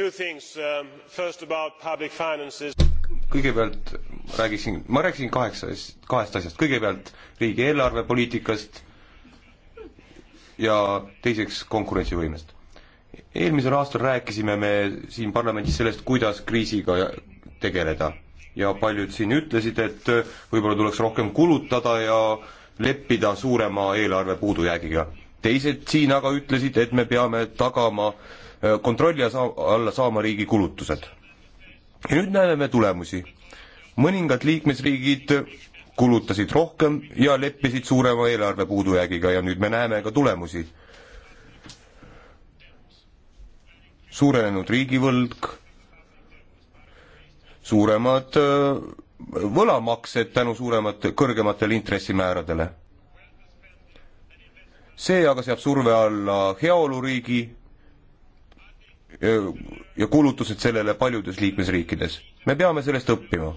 Um, kõigepealt räägiksin, ma rääkisin kaheksa, kahest asjast, kõigepealt riigi eelarvepoliitikast ja teiseks konkurentsivõimest. eelmisel aastal rääkisime me siin parlamendis sellest, kuidas kriisiga tegeleda ja paljud siin ütlesid, et võib-olla tuleks rohkem kulutada ja äh, leppida suurema eelarve puudujäägiga. teised siin aga ütlesid, et me peame tagama äh, kontrolli alla saama riigi kulutused. ja nüüd näeme me tulemusi. mõningad liikmesriigid kulutasid rohkem ja leppisid suurema eelarve puudujäägiga ja nüüd me näeme ka tulemusi. suurenenud riigivõlg, suuremad öö, äh, võlamaksed tänu suuremat, kõrgematele intressimääradele. see aga seab surve alla heaoluriigi ja kulutused sellele paljudes liikmesriikides. me peame sellest õppima.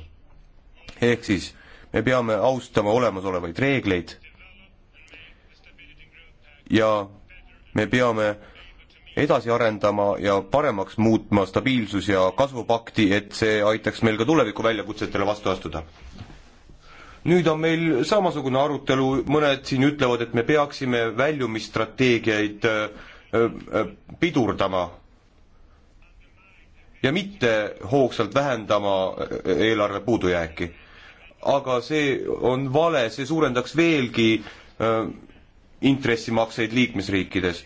ehk siis me peame austama olemasolevaid reegleid ja me peame edasi arendama ja paremaks muutma stabiilsus- ja kasvupakti, et see aitaks meil ka tuleviku väljakutsetele vastu astuda. nüüd on meil samasugune arutelu, mõned siin ütlevad, et me peaksime väljumisstrateegiaid äh, äh, pidurdama ja mitte hoogsalt vähendama äh, eelarve puudujääki. aga see on vale, see suurendaks veelgi intressimakseid liikmesriikides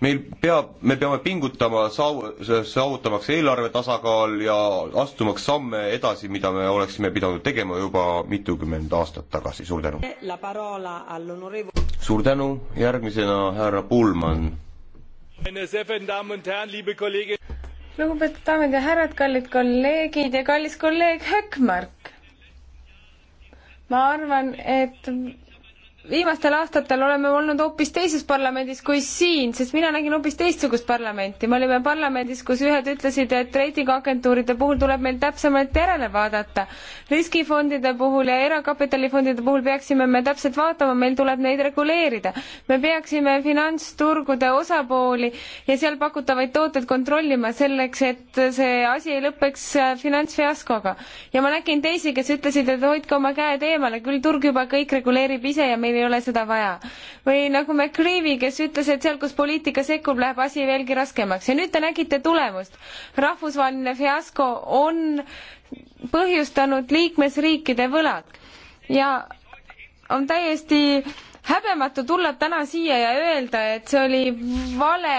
meil peab, me peame pingutama saav-, saavutamaks eelarve tasakaal ja astumaks samme edasi, mida me oleksime pidanud tegema juba mitukümmend aastat tagasi, suur tänu. suur tänu, järgmisena härra Pullmann. lugupeetud daamid ja härrad, kallid kolleegid ja kallis kolleeg Hökmark. ma arvan, et viimastel aastatel oleme olnud hoopis teises parlamendis kui siin, sest mina nägin hoopis teistsugust parlamenti. me olime parlamendis, kus ühed ütlesid, et reitinguagentuuride puhul tuleb meil täpsemalt järele vaadata. riskifondide puhul ja erakapitalifondide puhul peaksime me täpselt vaatama, meil tuleb neid reguleerida. me peaksime finantsturgude osapooli ja seal pakutavaid tooteid kontrollima selleks, et see asi ei lõpeks finantsfiaskoga. ja ma nägin teisi, kes ütlesid, et hoidke oma käed eemale, küll turg juba kõik reguleerib ise ja meil meil ei ole seda vaja. või nagu McCreevy, kes ütles, et seal, kus poliitika sekkub, läheb asi veelgi raskemaks ja nüüd te nägite tulemust. rahvusvaheline fiasko on põhjustanud liikmesriikide võlad ja on täiesti häbematu tulla täna siia ja öelda, et see oli vale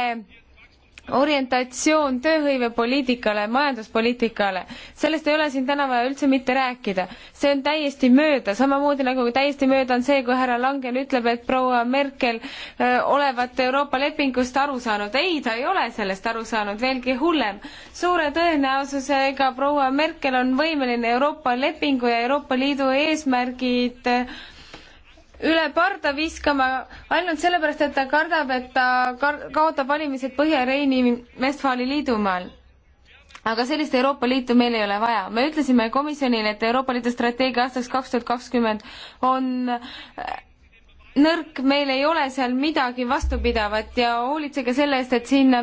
orientatsioon tööhõivepoliitikale, majanduspoliitikale, sellest ei ole siin täna vaja üldse mitte rääkida. see on täiesti mööda, samamoodi nagu täiesti mööda on see, kui härra Langen ütleb, et proua Merkel öö, äh, olevat Euroopa lepingust aru saanud. ei, ta ei ole sellest aru saanud, veelgi hullem. suure tõenäosusega proua Merkel on võimeline Euroopa lepingu ja Euroopa Liidu eesmärgid öö, äh, üle parda viskama ainult sellepärast, et ta kardab, et ta kaotab valimised Põhja-Reini Vestfaali liidumaal. aga sellist Euroopa Liitu meil ei ole vaja. me ütlesime komisjonile, et Euroopa Liidu strateegia aastaks kaks tuhat kakskümmend on nõrk, meil ei ole seal midagi vastupidavat ja hoolitsege selle eest, et sinna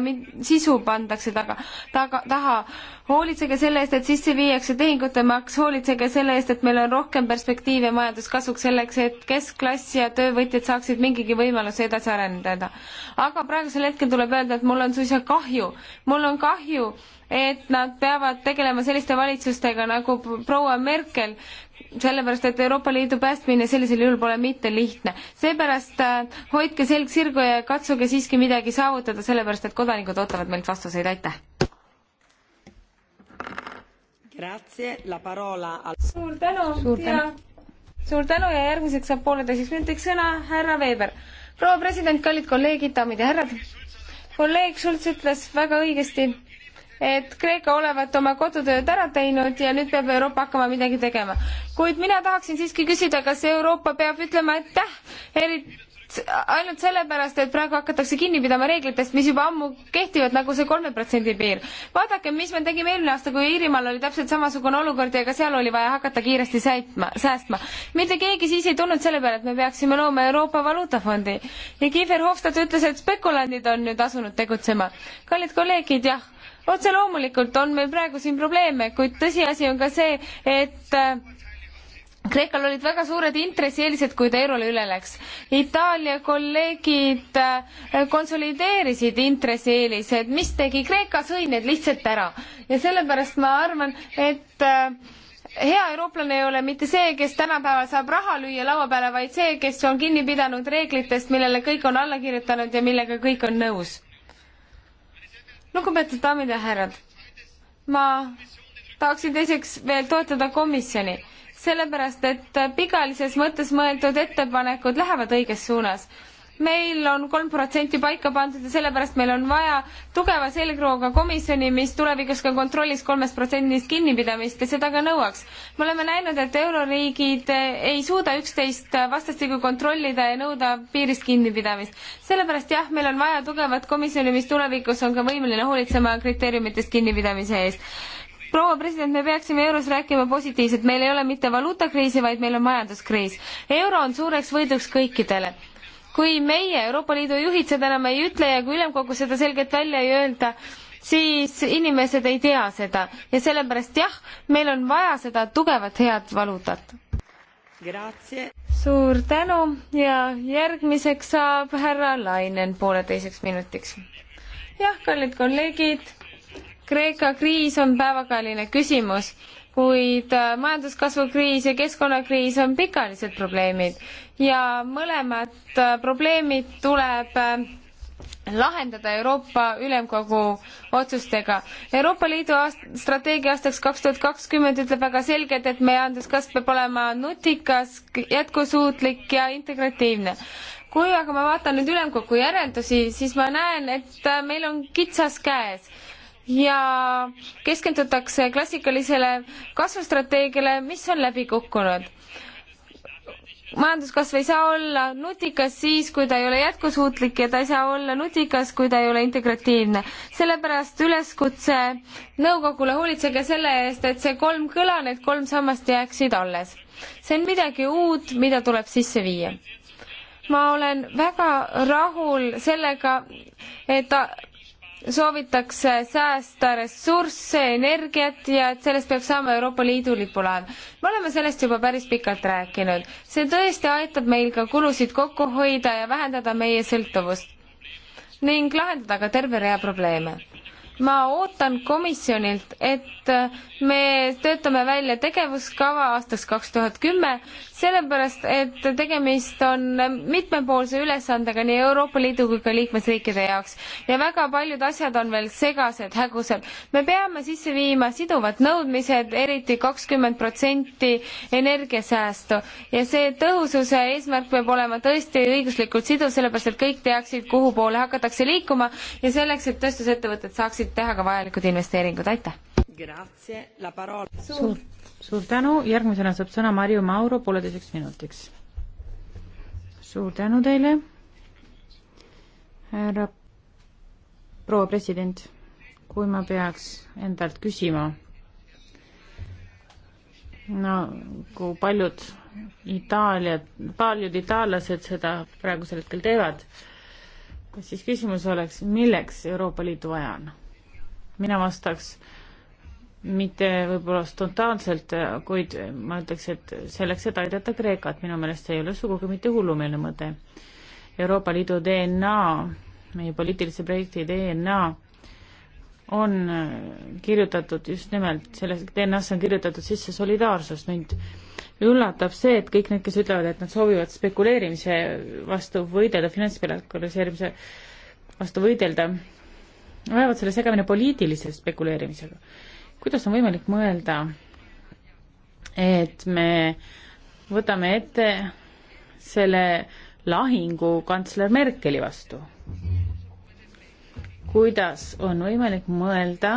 sisu pandakse taga, taga, taha. hoolitsege selle eest, et sisse viiakse tehingute maks, hoolitsege selle eest, et meil on rohkem perspektiive majanduskasvuks selleks, et keskklass ja töövõtjad saaksid mingigi võimaluse edasi arendada. aga praegusel hetkel tuleb öelda, et mul on suisa kahju, mul on kahju, et nad peavad tegelema selliste valitsustega nagu proua Merkel, sellepärast et Euroopa Liidu päästmine sellisel juhul pole mitte lihtne. seepärast äh, hoidke selg sirgu ja katsuge siiski midagi saavutada, sellepärast et kodanikud ootavad meilt vastuseid, aitäh! suur tänu suur ja suur tänu ja järgmiseks saab pooleteiseks minutiks sõna härra Veber. proua president, kallid kolleegid, daamid ja härrad, kolleeg Schulz ütles väga õigesti, et Kreeka olevat oma kodutööd ära teinud ja nüüd peab Euroopa hakkama midagi tegema. kuid mina tahaksin siiski küsida, kas Euroopa peab ütlema aitäh, eriti ainult sellepärast, et praegu hakatakse kinni pidama reeglitest, mis juba ammu kehtivad, nagu see kolme protsendi piir. vaadake, mis me tegime eelmine aasta, kui Iirimaal oli täpselt samasugune olukord ja ka seal oli vaja hakata kiiresti säitma, säästma. mitte keegi siis ei tulnud selle peale, et me peaksime looma Euroopa Valuutafondi. ja Kiefer Hofstad ütles, et spekulandid on nüüd asunud tegutsema. kallid kolleegid, jah otse loomulikult on meil praegu siin probleeme, kuid tõsiasi on ka see, et äh, Kreekal olid väga suured intressieelised, kui ta eurole üle läks. Itaalia kolleegid äh, konsolideerisid intressieelised, mis tegi, Kreeka sõi need lihtsalt ära ja sellepärast ma arvan, et äh, hea eurooplane ei ole mitte see, kes tänapäeval saab raha lüüa laua peale, vaid see, kes on kinni pidanud reeglitest, millele kõik on alla kirjutanud ja millega kõik on nõus lugupeetud daamid ja härrad, ma tahaksin teiseks veel toetada komisjoni, sellepärast et pikaajalises mõttes mõeldud ettepanekud lähevad õiges suunas meil on kolm protsenti paika pandud ja sellepärast meil on vaja tugeva selgrooga komisjoni, mis tulevikus ka kontrollis kolmest protsendist kinnipidamist ja seda ka nõuaks. me oleme näinud, et euroriigid ei suuda üksteist vastastikku kontrollida ja nõuda piirist kinnipidamist. sellepärast jah, meil on vaja tugevat komisjoni, mis tulevikus on ka võimeline hoolitsema kriteeriumitest kinnipidamise eest proua president, me peaksime euros rääkima positiivselt, meil ei ole mitte valuutakriisi, vaid meil on majanduskriis. euro on suureks võiduks kõikidele kui meie, Euroopa Liidu juhid, seda enam ei ütle ja kui ülemkogu seda selgelt välja ei öelda, siis inimesed ei tea seda ja sellepärast jah, meil on vaja seda tugevat head valuutat. suur tänu ja järgmiseks saab härra Lainen pooleteiseks minutiks. jah, kallid kolleegid, Kreeka kriis on päevakajaline küsimus kuid äh, majanduskasvu kriis ja keskkonnakriis on pikaajalised probleemid ja mõlemad äh, probleemid tuleb äh, lahendada Euroopa Ülemkogu otsustega. Euroopa Liidu aast strateegia aastaks kaks tuhat kakskümmend ütleb väga selgelt, et majanduskasv peab olema nutikas, jätkusuutlik ja integratiivne. kui aga ma vaatan nüüd Ülemkogu järeldusi, siis ma näen, et äh, meil on kitsas käes ja keskendutakse klassikalisele kasvustrateegiale, mis on läbi kukkunud majanduskasv ei saa olla nutikas siis, kui ta ei ole jätkusuutlik ja ta ei saa olla nutikas, kui ta ei ole integratiivne. sellepärast üleskutse nõukogule hoolitsege selle eest, et see kolm kõla, need kolm sammast jääksid alles. see on midagi uut, mida tuleb sisse viia. ma olen väga rahul sellega, et soovitakse säästa ressursse, energiat ja et sellest peab saama Euroopa Liidu lipulaev. me oleme sellest juba päris pikalt rääkinud. see tõesti aitab meil ka kulusid kokku hoida ja vähendada meie sõltuvust ning lahendada ka terve rea probleeme. ma ootan komisjonilt, et me töötame välja tegevuskava aastast kaks tuhat kümme sellepärast, et tegemist on mitmepoolse ülesandega nii Euroopa Liidu kui ka liikmesriikide jaoks ja väga paljud asjad on veel segased, hägusad. me peame sisse viima siduvad nõudmised eriti, eriti kakskümmend protsenti energiasäästu ja see tõhususe eesmärk peab olema tõesti õiguslikult siduv, sellepärast et kõik teaksid, kuhu poole hakatakse liikuma ja selleks, et tööstusettevõtted saaksid teha ka vajalikud investeeringud, aitäh! suur suur tänu, järgmisena saab sõna Marju Mauro pooleteiseks minutiks. suur tänu teile, härra proua president, kui ma peaks endalt küsima, no nagu kui paljud Itaaliad, paljud itaallased seda praegusel hetkel teevad, siis küsimus oleks, milleks Euroopa Liitu vaja on? mina vastaks mitte võib-olla spontaanselt, kuid ma ütleks, et selleks, et aidata Kreekat, minu meelest see ei ole sugugi mitte hullumeelne mõte. Euroopa Liidu DNA, meie poliitilise projekti DNA on kirjutatud just nimelt, selles DNA-sse on kirjutatud sisse solidaarsus, mind üllatab see, et kõik need, kes ütlevad, et nad soovivad spekuleerimise vastu võidelda, finantsspekuleerimise vastu võidelda, ajavad selle segamini poliitilise spekuleerimisega kuidas on võimalik mõelda, et me võtame ette selle lahingu kantsler Merkeli vastu? kuidas on võimalik mõelda,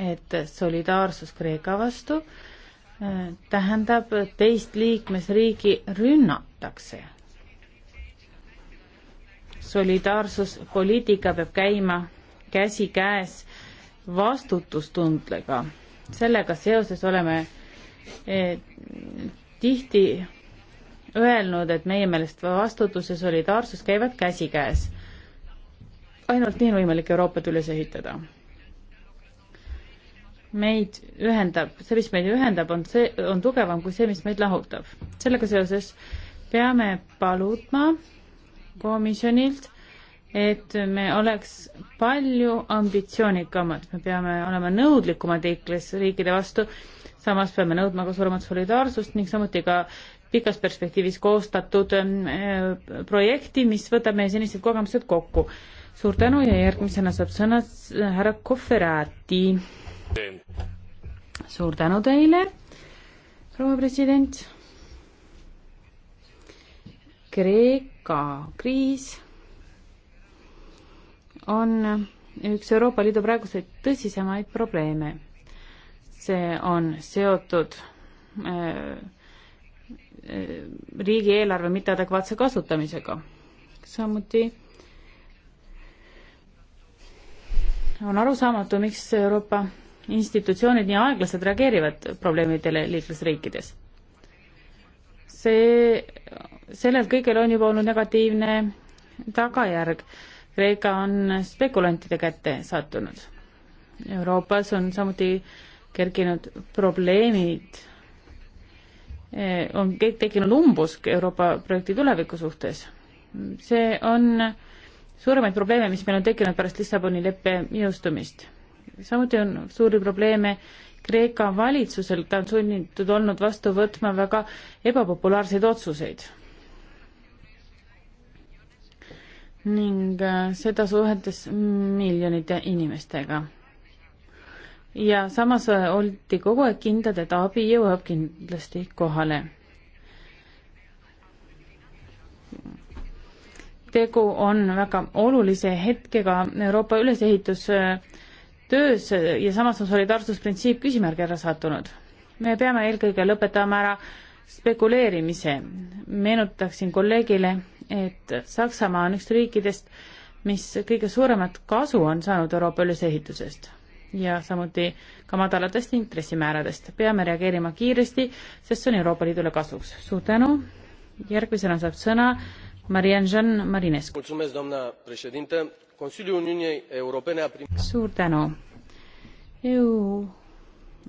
et solidaarsus Kreeka vastu äh, tähendab, teist liikmesriigi rünnatakse. solidaarsuspoliitika peab käima käsikäes vastutustundega sellega seoses oleme e, tihti öelnud, et meie meelest vastutus ja solidaarsus käivad käsikäes. ainult nii on võimalik Euroopat üles ehitada. meid ühendab, see, mis meid ühendab, on see, on tugevam kui see, mis meid lahutab. sellega seoses peame palutma komisjonilt et me oleks palju ambitsioonikamad, me peame olema nõudlikumad liiklusriikide vastu, samas peame nõudma ka suuremat solidaarsust ning samuti ka pikas perspektiivis koostatud ähm, äh, projekti, mis võtab meie senised kogemused kokku. suur tänu ja järgmisena saab sõna härra Kohverati. suur tänu teile, proua president. Kreeka kriis on üks Euroopa Liidu praeguseid tõsisemaid probleeme. see on seotud äh, äh, riigieelarve mitteadekvaatse kasutamisega. samuti on arusaamatu, miks Euroopa institutsioonid nii aeglaselt reageerivad probleemidele liiklusriikides. see, sellel kõigel on juba olnud negatiivne tagajärg Kreeka on spekulantide kätte sattunud. Euroopas on samuti kerkinud probleemid, on tekkinud umbusk Euroopa projekti tuleviku suhtes. see on suuremaid probleeme, mis meil on tekkinud pärast Lissaboni leppe jõustumist. samuti on suuri probleeme Kreeka valitsusel, ta on sunnitud olnud vastu võtma väga ebapopulaarseid otsuseid ning äh, seda suhetes miljonite inimestega. ja samas äh, oldi kogu aeg kindlad, et abi jõuab kindlasti kohale. tegu on väga olulise hetkega Euroopa ülesehitustöös ja samas on solidaarsusprintsiip küsimärgi ära sattunud. me peame eelkõige lõpetama ära spekuleerimise. meenutaksin kolleegile, et Saksamaa on üks riikidest, mis kõige suuremat kasu on saanud Euroopa ülesehitusest ja samuti ka madalatest intressimääradest. peame reageerima kiiresti, sest see on Euroopa Liidule kasuks. suur tänu, järgmisena saab sõna Marianne Jean Marinescu. suur tänu.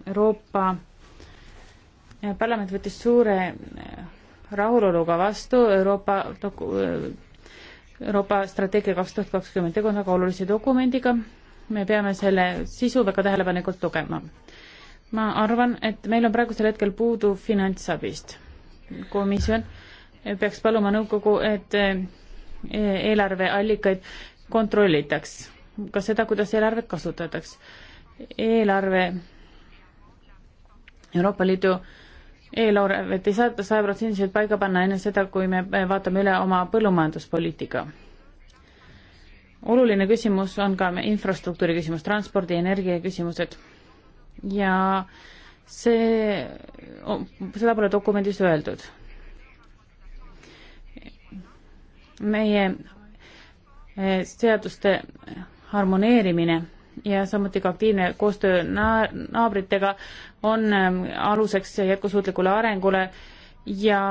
Euroopa parlament võttis suure eh, rahuloluga vastu Euroopa doku-, eh, Euroopa strateegia kaks tuhat kakskümmend, tegu on väga olulise dokumendiga, me peame selle sisu väga tähelepanelikult lugema. ma arvan, et meil on praegusel hetkel puudu finantsabist. komisjon peaks paluma nõukogu, et eh, eelarveallikaid kontrollitaks, ka seda, kuidas eelarvet kasutatakse. eelarve Euroopa Liidu äh, eelarvet ei saa sajaprotsendiliselt paika panna enne seda, kui me vaatame üle oma põllumajanduspoliitika. oluline küsimus on ka infrastruktuuri küsimus, transpordi, energia küsimused ja see, seda pole dokumendis öeldud. meie eh, seaduste harmoneerimine ja samuti ka aktiivne koostöö naabritega on ähm, aluseks jätkusuutlikule arengule ja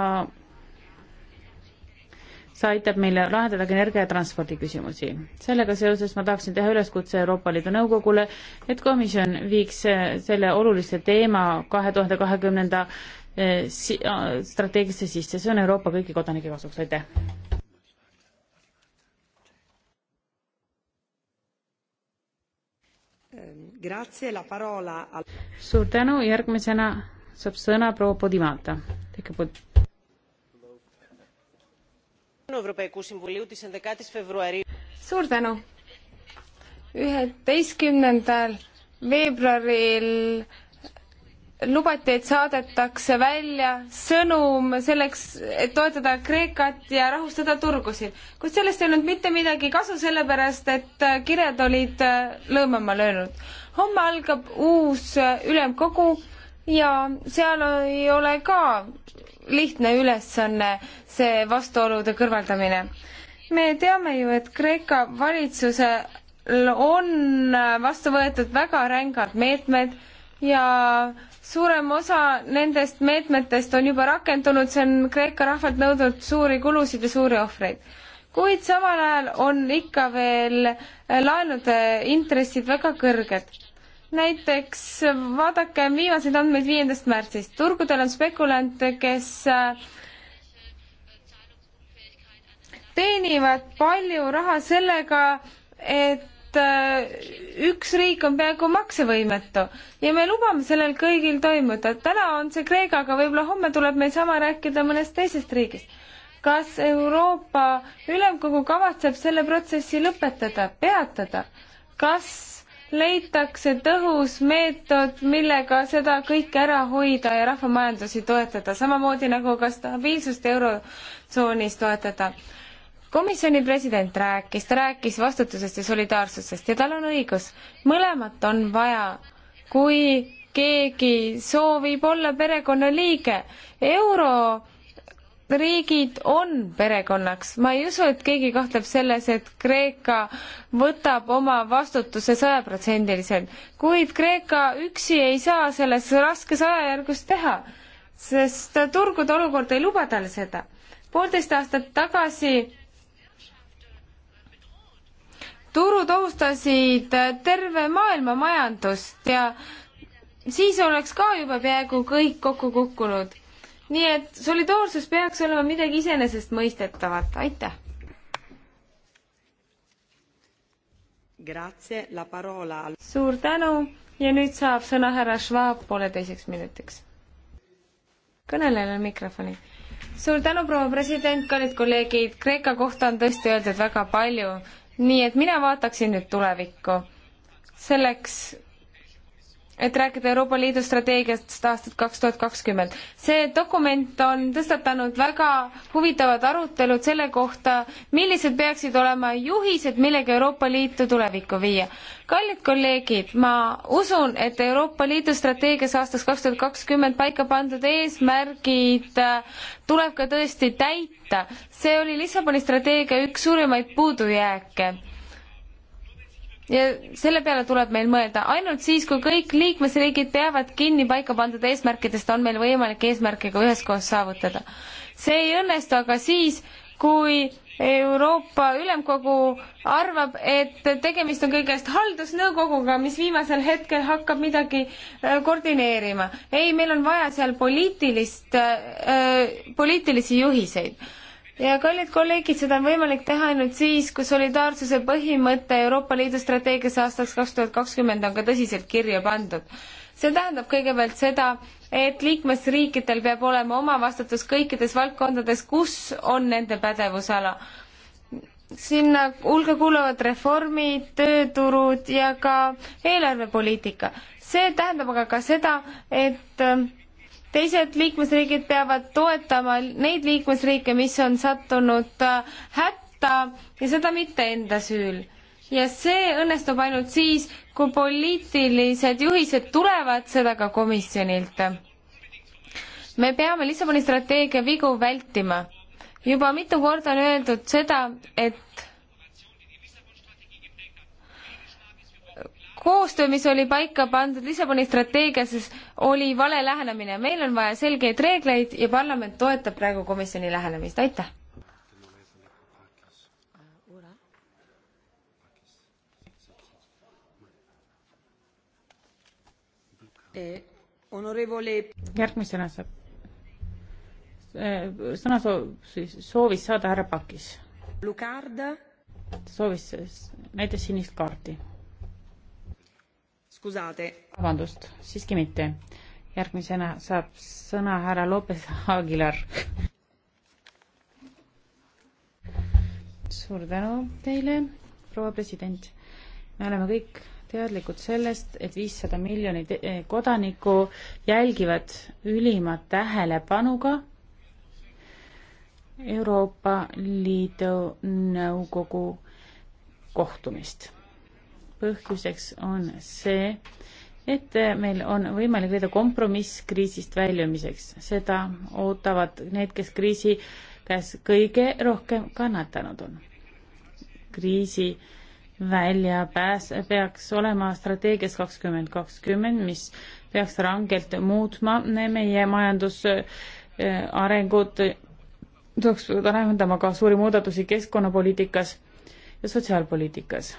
see aitab meil lahendada ka energia ja transpordi küsimusi. sellega seoses ma tahaksin teha üleskutse Euroopa Liidu Nõukogule, et komisjon viiks äh, selle olulise teema kahe tuhande kahekümnenda äh, äh, strateegiasse sisse, see on Euroopa kõigi kodanike kasuks, aitäh! suur tänu, järgmisena saab sõna proua Podimata. tehke pod-. suur tänu. üheteistkümnendal veebruaril lubati, et saadetakse välja sõnum selleks, et toetada Kreekat ja rahustada turgusid. kuid sellest ei olnud mitte midagi kasu, sellepärast et kirjad olid äh, lõõmama löönud homme algab uus äh, ülemkogu ja seal ei ole ka lihtne ülesanne see vastuolude kõrvaldamine. me teame ju, et Kreeka valitsuse on äh, vastu võetud väga rängad meetmed ja suurem osa nendest meetmetest on juba rakendunud, see on Kreeka rahvalt nõudnud suuri kulusid ja suuri ohvreid kuid samal ajal on ikka veel eh, laenude intressid väga kõrged näiteks vaadake viimaseid andmeid viiendast märtsist. turgudel on spekulante, kes eh, teenivad palju raha sellega, et eh, üks riik on peaaegu maksevõimetu ja me lubame sellel kõigil toimuda. täna on see Kreeka, aga võib-olla homme tuleb meil sama rääkida mõnest teisest riigist kas Euroopa Ülemkogu kavatseb selle protsessi lõpetada, peatada? kas leitakse tõhus meetod, millega seda kõike ära hoida ja rahvamajandusi toetada, samamoodi nagu ka stabiilsust Eurotsoonis toetada? komisjoni president rääkis, ta rääkis vastutusest ja solidaarsusest ja tal on õigus, mõlemat on vaja. kui keegi soovib olla perekonnaliige, euro riigid on perekonnaks, ma ei usu, et keegi kahtleb selles, et Kreeka võtab oma vastutuse sajaprotsendiliselt, kuid Kreeka üksi ei saa selles raskes ajajärgus teha, sest turgude olukord ei luba tal seda. poolteist aastat tagasi turud ohustasid terve maailma majandust ja siis oleks ka juba peaaegu kõik kokku kukkunud nii et solidaarsus peaks olema midagi iseenesestmõistetavat, aitäh. suur tänu ja nüüd saab sõna härra Schwab pooleteiseks minutiks. kõnelejal on mikrofoni. suur tänu, proua president, kallid kolleegid, Kreeka kohta on tõesti öeldud väga palju, nii et mina vaataksin nüüd tulevikku. selleks et rääkida Euroopa Liidu strateegiast aastat kaks tuhat kakskümmend. see dokument on tõstatanud väga huvitavad arutelud selle kohta, millised peaksid olema juhised, millega Euroopa Liitu tulevikku viia. kallid kolleegid, ma usun, et Euroopa Liidu strateegias aastast kaks tuhat kakskümmend paika pandud eesmärgid äh, tuleb ka tõesti täita. see oli Lissaboni strateegia üks suurimaid puudujääke ja selle peale tuleb meil mõelda, ainult siis, kui kõik liikmesriigid peavad kinni paika pandud eesmärkidest, on meil võimalik eesmärke ka üheskoos saavutada. see ei õnnestu aga siis, kui Euroopa Ülemkogu arvab, et tegemist on kõigest haldusnõukoguga, mis viimasel hetkel hakkab midagi äh, koordineerima. ei, meil on vaja seal poliitilist äh,, äh poliitilisi juhiseid ja kallid kolleegid, seda on võimalik teha ainult siis, kui solidaarsuse põhimõte Euroopa Liidu strateegias aastaks kaks tuhat kakskümmend on ka tõsiselt kirja pandud. see tähendab kõigepealt seda, et liikmesriikidel peab olema omavastutus kõikides valdkondades, kus on nende pädevusala. sinna hulga kuuluvad reformid, tööturud ja ka eelarvepoliitika. see tähendab aga ka seda, et teised liikmesriigid peavad toetama neid liikmesriike, mis on sattunud äh, hätta ja seda mitte enda süül. ja see õnnestub ainult siis, kui poliitilised juhised tulevad, seda ka komisjonilt. me peame Lissaboni strateegia vigu vältima. juba mitu korda on öeldud seda, et koostöö, mis oli paika pandud Lissaboni strateegias, oli vale lähenemine. meil on vaja selgeid reegleid ja parlament toetab praegu komisjoni lähenemist, aitäh! järgmisena saab eh, sõnasoov, siis soovis saada härra Pakis. soovis eh, näiteks sinist kaarti vabandust, siiski mitte. järgmisena saab sõna härra Lopez Aguilar. suur tänu teile, proua president. me oleme kõik teadlikud sellest, et viissada miljonit eh, kodanikku jälgivad ülima tähelepanuga Euroopa Liidu Nõukogu kohtumist põhjuseks on see, et meil on võimalik leida kompromiss kriisist väljumiseks. seda ootavad need, kes kriisi käes kõige rohkem kannatanud on. kriisi väljapääs peaks olema strateegias kakskümmend kakskümmend, mis peaks rangelt muutma meie majandusarengut, tuleks arendama ka suuri muudatusi keskkonnapoliitikas ja sotsiaalpoliitikas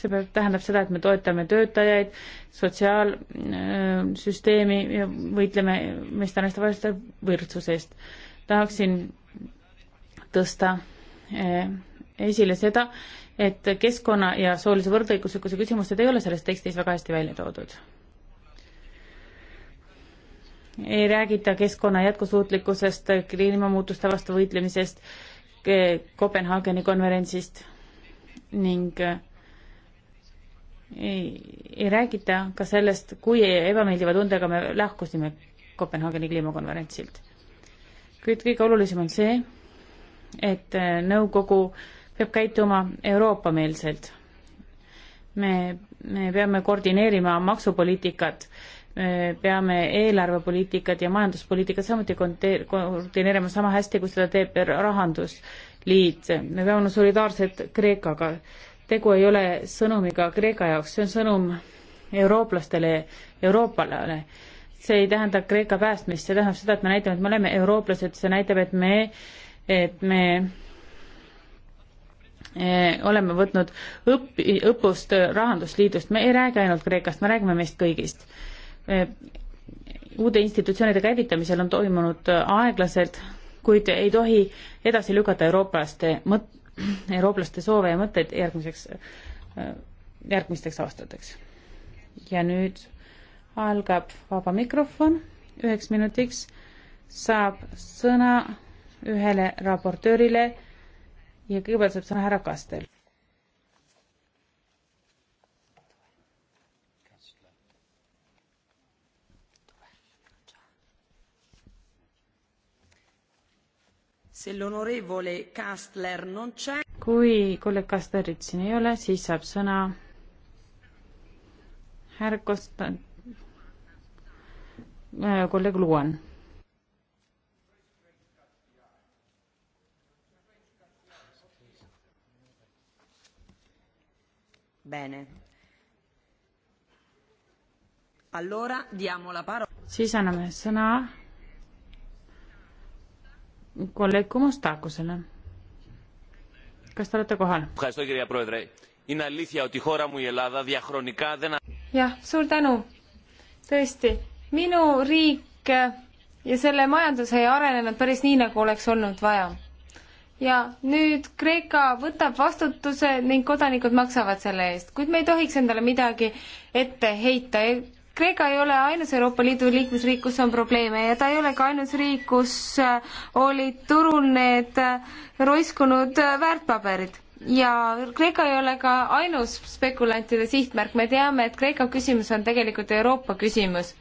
see peab, tähendab seda, et me toetame töötajaid, sotsiaalsüsteemi ja võitleme meeste ja naiste vahelise võrdsuse eest. tahaksin tõsta eh, esile seda, et keskkonna ja soolise võrdõiguslikkuse küsimused ei ole selles tekstis väga hästi välja toodud. ei räägita keskkonna jätkusuutlikkusest, kliimamuutuste vastu võitlemisest, Kopenhaageni konverentsist ning ei, ei räägita ka sellest, kui ebameeldiva tundega me lahkusime Kopenhaageni kliimakonverentsilt. kuid kõige olulisem on see, et äh, nõukogu peab käituma Euroopa-meelselt. me, me peame koordineerima maksupoliitikat, peame eelarvepoliitikat ja majanduspoliitikat samuti koordineerima sama hästi, kui seda teeb Rahandusliit. me peame olema solidaarsed Kreekaga tegu ei ole sõnumiga Kreeka jaoks, see on sõnum eurooplastele, Euroopale. see ei tähenda Kreeka päästmist, see tähendab seda, et me näitame, et me oleme eurooplased, see näitab, et me, et me e, oleme võtnud õpp-, õppust Rahandusliidust, me ei räägi ainult Kreekast, me räägime meist kõigist. E, uude institutsioonide käivitamisel on toimunud aeglaselt, kuid ei tohi edasi lükata eurooplaste mõt-, eurooplaste soove ja mõtteid järgmiseks, järgmisteks aastateks. ja nüüd algab vaba mikrofon, üheks minutiks saab sõna ühele raportöörile ja kõigepealt saab sõna härra Kastel. Se l'onorevole Kastler non c'è. kui kolleeg Kastlerit siin ei ole, siis saab sõna härra Kostan-, äh, kolleeg Luan Allora, siis anname sõna kolleeg Kumostakusele. kas te olete kohal? jah, suur tänu. tõesti, minu riik ja selle majandus ei arenenud päris nii, nagu oleks olnud vaja. ja nüüd Kreeka võtab vastutuse ning kodanikud maksavad selle eest, kuid me ei tohiks endale midagi ette heita Kreeka ei ole ainus Euroopa Liidu liikmesriik, kus on probleeme ja ta ei ole ka ainus riik, kus äh, olid turul need äh, roiskunud äh, väärtpaberid ja Kreeka ei ole ka ainus spekulantide sihtmärk, me teame, et Kreeka küsimus on tegelikult Euroopa küsimus.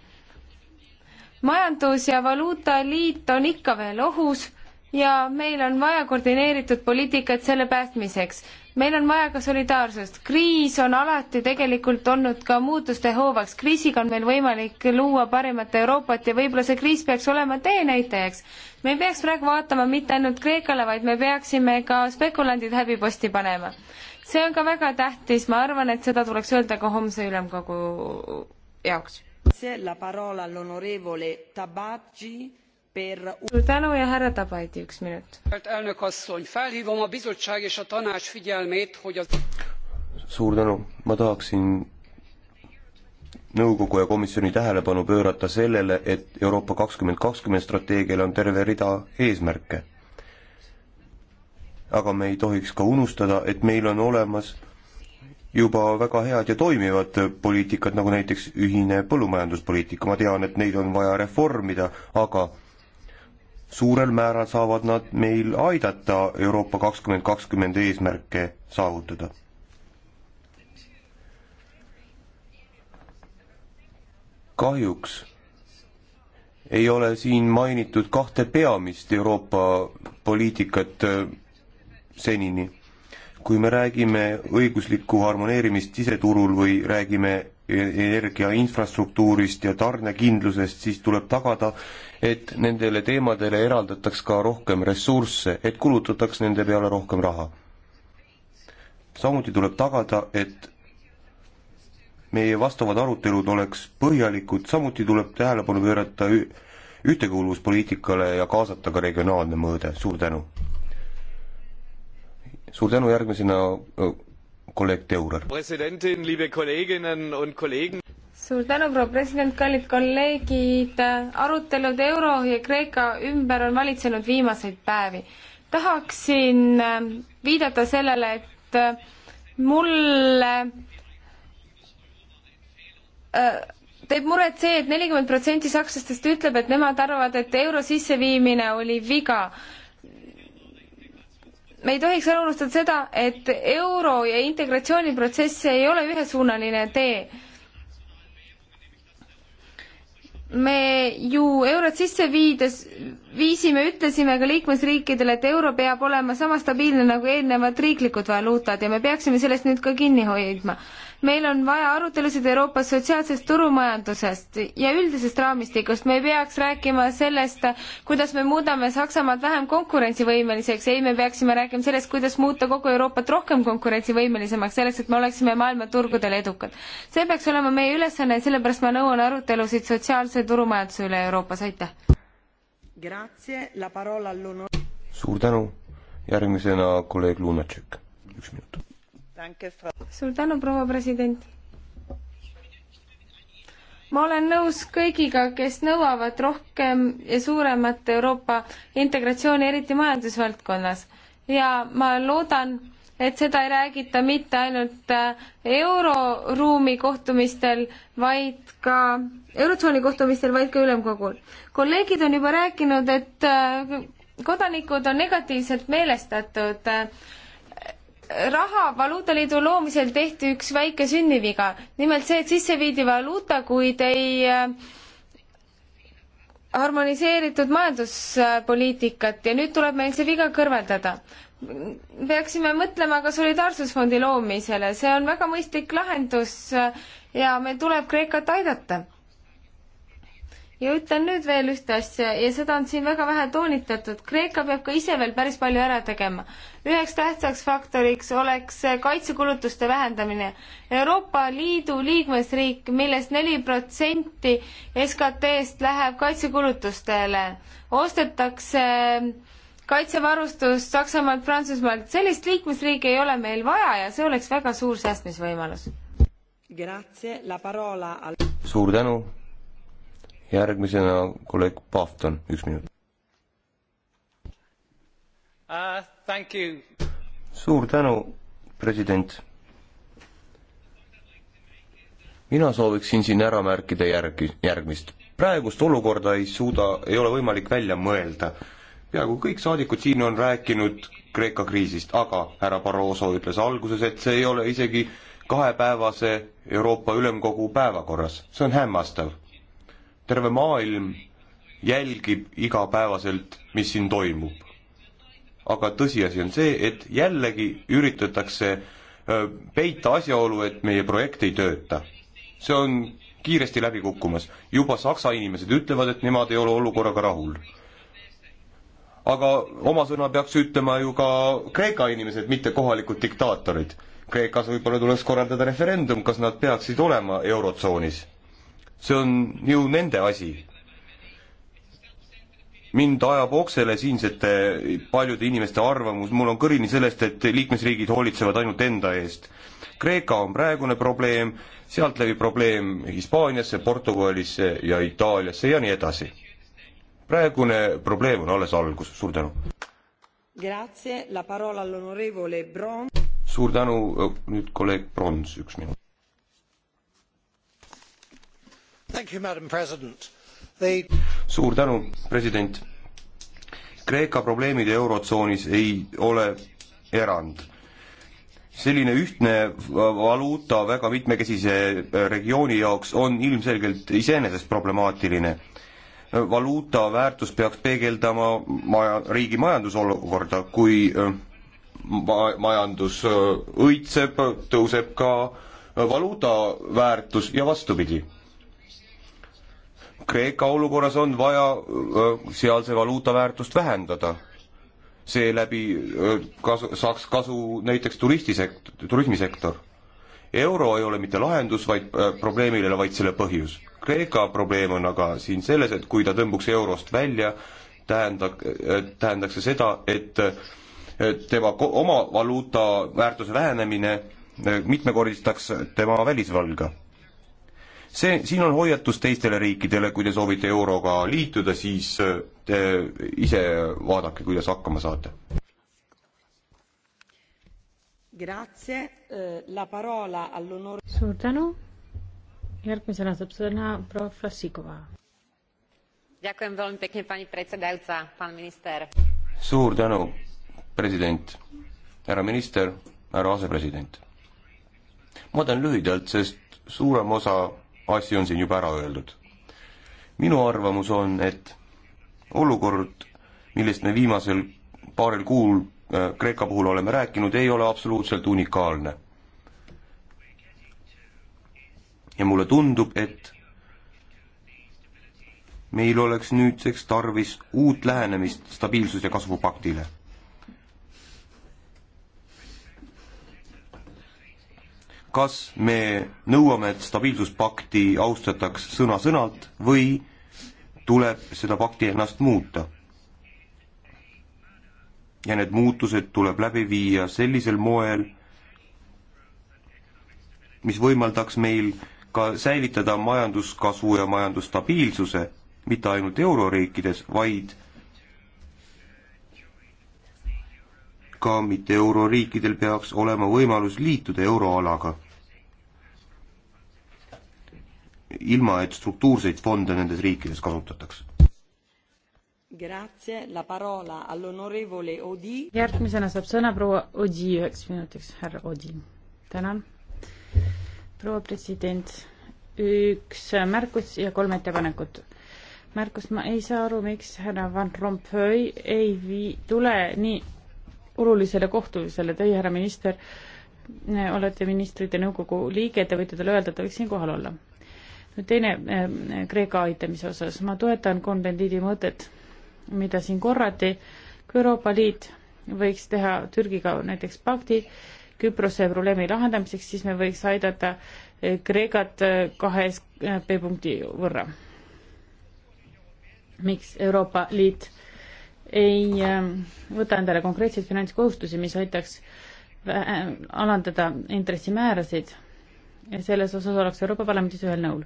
majandus- ja valuutaliit on ikka veel ohus ja meil on vaja koordineeritud poliitikat selle päästmiseks meil on vaja ka solidaarsust. kriis on alati tegelikult olnud ka muutuste hoovaks. kriisiga on meil võimalik luua parimat Euroopat ja võib-olla see kriis peaks olema teenäitajaks. me ei peaks praegu vaatama mitte ainult Kreekale, vaid me peaksime ka spekulandid häbiposti panema. see on ka väga tähtis, ma arvan, et seda tuleks öelda ka homse ülemkogu jaoks. la parola all'onorevole Tabagi per... Suur tänu ja härra Tabaidi, üks minut. elnök asszony, felhívom a bizottság és a tanács figyelmét, hogy az... suur tänu, ma tahaksin nõukogu ja komisjoni tähelepanu pöörata sellele, et Euroopa kakskümmend kakskümmend strateegial on terve rida eesmärke. aga me ei tohiks ka unustada, et meil on olemas juba väga head ja toimivad poliitikad, nagu näiteks ühine põllumajanduspoliitika, ma tean, et neid on vaja reformida, aga suurel määral saavad nad meil aidata Euroopa kakskümmend kakskümmend eesmärke saavutada. kahjuks ei ole siin mainitud kahte peamist Euroopa poliitikat äh, senini. kui me räägime õiguslikku harmoneerimist siseturul või räägime energia infrastruktuurist ja tarnekindlusest, siis tuleb tagada, et nendele teemadele eraldataks ka rohkem ressursse, et kulutataks nende peale rohkem raha. samuti tuleb tagada, et meie vastavad arutelud oleks põhjalikud, samuti tuleb tähelepanu pöörata ühtekuuluvuspoliitikale ja kaasata ka regionaalne mõõde, suur tänu! suur tänu, järgmisena kolleeg Teurer. suur tänu, proua president, kallid kolleegid, arutelud euro ja Kreeka ümber on valitsenud viimaseid päevi. tahaksin ähm, viidata sellele, et äh, mulle äh, teeb muret see et, et nelikümmend protsenti sakslastest ütleb, et nemad arvavad, et euro sisseviimine oli viga me ei tohiks ära unustada seda, et euro ja integratsiooniprotsess ei ole ühesuunaline tee. me ju eurot sisse viides, viisime, ütlesime ka liikmesriikidele, et euro peab olema sama stabiilne nagu eelnevad riiklikud valuutad ja me peaksime sellest nüüd ka kinni hoidma meil on vaja arutelusid Euroopas sotsiaalsest turumajandusest ja üldisest raamistikust, me ei peaks rääkima sellest, kuidas me muudame Saksamaad vähem konkurentsivõimeliseks, ei, me peaksime rääkima sellest, kuidas muuta kogu Euroopat rohkem konkurentsivõimelisemaks, selleks et me oleksime maailma turgudel edukad. see peaks olema meie ülesanne ja sellepärast ma nõuan arutelusid sotsiaalse turumajanduse üle Euroopas, aitäh! suur tänu, järgmisena kolleeg Lunatšek, üks minut suur tänu, proua president. ma olen nõus kõigiga, kes nõuavad rohkem ja suuremat Euroopa integratsiooni, eriti majandusvaldkonnas. ja ma loodan, et seda ei räägita mitte ainult äh, euroruumi kohtumistel, vaid ka eurotsooni kohtumistel, vaid ka ülemkogul. kolleegid on juba rääkinud, et äh, kodanikud on negatiivselt meelestatud äh, raha valuutaliidu loomisel tehti üks väike sünniviga, nimelt see, et sisse viidi valuuta, kuid ei äh, harmoniseeritud majanduspoliitikat ja nüüd tuleb meil see viga kõrvaldada. peaksime mõtlema ka solidaarsusfondi loomisele, see on väga mõistlik lahendus äh, ja meil tuleb Kreekat aidata ja ütlen nüüd veel ühte asja ja seda on siin väga vähe toonitatud. Kreeka peab ka ise veel päris palju ära tegema. üheks tähtsaks faktoriks oleks kaitsekulutuste vähendamine. Euroopa Liidu liikmesriik millest, millest neli protsenti SKT-st läheb kaitsekulutustele, ostetakse kaitsevarustust Saksamaalt, Prantsusmaalt, sellist liikmesriiki ei ole meil vaja ja see oleks väga suur säästmisvõimalus. suur tänu järgmisena kolleeg Pahvton, üks minut uh,. suur tänu, president. mina sooviksin siin ära märkida järgi, järgmist. praegust olukorda ei suuda, ei ole võimalik välja mõelda. peaaegu kõik saadikud siin on rääkinud Kreeka kriisist, aga härra Barroso ütles alguses, et see ei ole isegi kahepäevase Euroopa Ülemkogu päevakorras, see on hämmastav terve maailm jälgib igapäevaselt, mis siin toimub. aga tõsiasi on see, et jällegi üritatakse peita asjaolu, et meie projekt ei tööta. see on kiiresti läbi kukkumas, juba Saksa inimesed ütlevad, et nemad ei ole olukorraga rahul. aga oma sõna peaks ütlema ju ka Kreeka inimesed, mitte kohalikud diktaatorid. Kreekas võib-olla tuleks korraldada referendum, kas nad peaksid olema Eurotsoonis see on ju nende asi. mind ajab oksele siinsete paljude inimeste arvamus, mul on kõrini sellest, et liikmesriigid hoolitsevad ainult enda eest. Kreeka on praegune probleem, sealt läbi probleem Hispaaniasse, Portugalisse ja Itaaliasse ja nii edasi. praegune probleem on alles algus, suur tänu. suur tänu, nüüd kolleeg Brons, üks minut They... suur tänu, president. Kreeka probleemid Eurotsoonis ei ole erand. selline ühtne valuuta väga mitmekesise regiooni jaoks on ilmselgelt iseenesest problemaatiline. valuuta väärtus peaks peegeldama maja, riigi majandusolukorda, kui äh, ma-, majandus äh, õitseb, tõuseb ka valuuta väärtus ja vastupidi Kreeka olukorras on vaja sealse valuuta väärtust vähendada. seeläbi kasu, saaks kasu näiteks turistisekt-, turismisektor. euro ei ole mitte lahendus, vaid probleemile, vaid selle põhjus. Kreeka probleem on aga siin selles, et kui ta tõmbuks eurost välja, tähenda-, tähendaks see seda, et tema oma valuuta väärtuse vähenemine mitmekordistaks tema välisvalga see, siin on hoiatus teistele riikidele, kui te soovite euroga liituda, siis te ise vaadake, kuidas hakkama saate. Eh, suur tänu, järgmisena saab sõna proua Flassikova. suur tänu, president, härra minister, härra asepresident. ma teen lühidalt, sest suurem osa asi on siin juba ära öeldud. minu arvamus on, et olukord, millest me viimasel paaril kuul äh, Kreeka puhul oleme rääkinud, ei ole absoluutselt unikaalne. ja mulle tundub, et meil oleks nüüdseks tarvis uut lähenemist stabiilsus- ja kasvupaktile kas me nõuame, et stabiilsuspakti austataks sõna-sõnalt või tuleb seda pakti ennast muuta? ja need muutused tuleb läbi viia sellisel moel, mis võimaldaks meil ka säilitada majanduskasvu ja majandusstabiilsuse, mitte ainult euroriikides, vaid ka mitte euroriikidel peaks olema võimalus liituda euroalaga, ilma et struktuurseid fonde nendes riikides kasutataks. järgmisena saab sõna proua Odi üheks minutiks, härra Odi. tänan. proua president, üks märkus ja kolm ettepanekut märkus, ma ei saa aru, miks härra Van Rompuy ei vii, tule nii olulisele kohtumisele. Teie, härra minister, olete ministrite nõukogu liige, te võite talle öelda, et ta võiks siin kohal olla. nüüd teine äh, Kreeka aitamise osas, ma toetan konvendiidi mõtet, mida siin korrati, kui Euroopa Liit võiks teha Türgiga näiteks pakti Küprose probleemi lahendamiseks, siis me võiks aidata eh, Kreekat eh, kahe SKP punkti võrra. miks Euroopa Liit äh, ei ähm, võta endale konkreetseid finantskohustusi, mis aitaks alandada intressimäärasid. selles osas oleks Euroopa Parlamendis ühel nõul.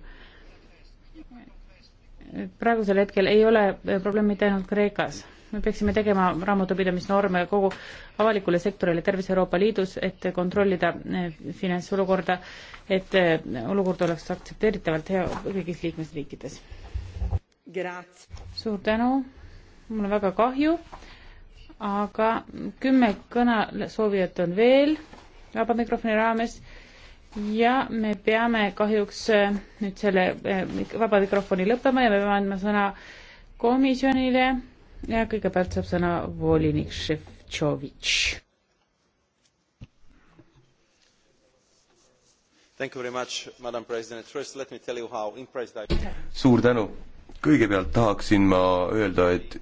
praegusel hetkel ei ole probleem mitte ainult Kreekas. me peaksime tegema raamatupidamisnorme kogu avalikule sektorile terves Euroopa Liidus, et kontrollida eh, finantsolukorda, et eh, olukord oleks aktsepteeritavalt hea kõigis liikmesriikides. suur tänu mul on väga kahju, aga kümme kõnesoovijat on veel vaba mikrofoni raames ja me peame kahjuks äh, nüüd selle äh, vaba mikrofoni lõppema ja me peame andma sõna komisjonile ja kõigepealt saab sõna volinik Šefčovitš. suur tänu. kõigepealt tahaksin ma öelda, et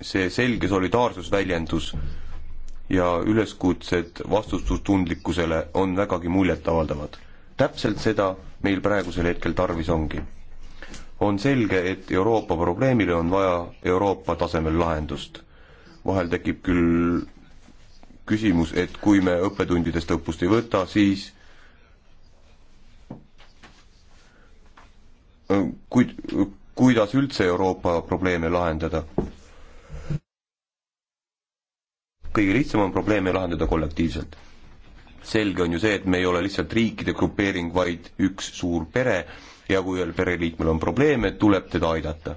see selge solidaarsusväljendus ja üleskutsed vastutustundlikkusele on vägagi muljetavaldavad. täpselt seda meil praegusel hetkel tarvis ongi. on selge, et Euroopa probleemile on vaja Euroopa tasemel lahendust. vahel tekib küll küsimus, et kui me õppetundidest õppust ei võta, siis kuid, kuidas üldse Euroopa probleeme lahendada kõige lihtsam on probleeme lahendada kollektiivselt. selge on ju see, et me ei ole lihtsalt riikide grupeering, vaid üks suur pere ja kui ühel pereliikmel on probleeme, tuleb teda aidata.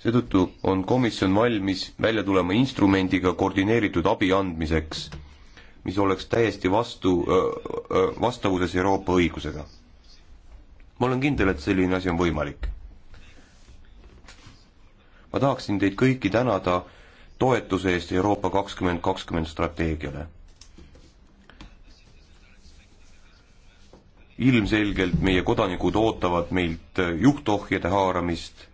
seetõttu on komisjon valmis välja tulema instrumendiga koordineeritud abi andmiseks, mis oleks täiesti vastu, vastavuses Euroopa õigusega. ma olen kindel, et selline asi on võimalik. ma tahaksin teid kõiki tänada toetuse eest Euroopa kakskümmend kakskümmend strateegiale. ilmselgelt meie kodanikud ootavad meilt juhtohjade haaramist,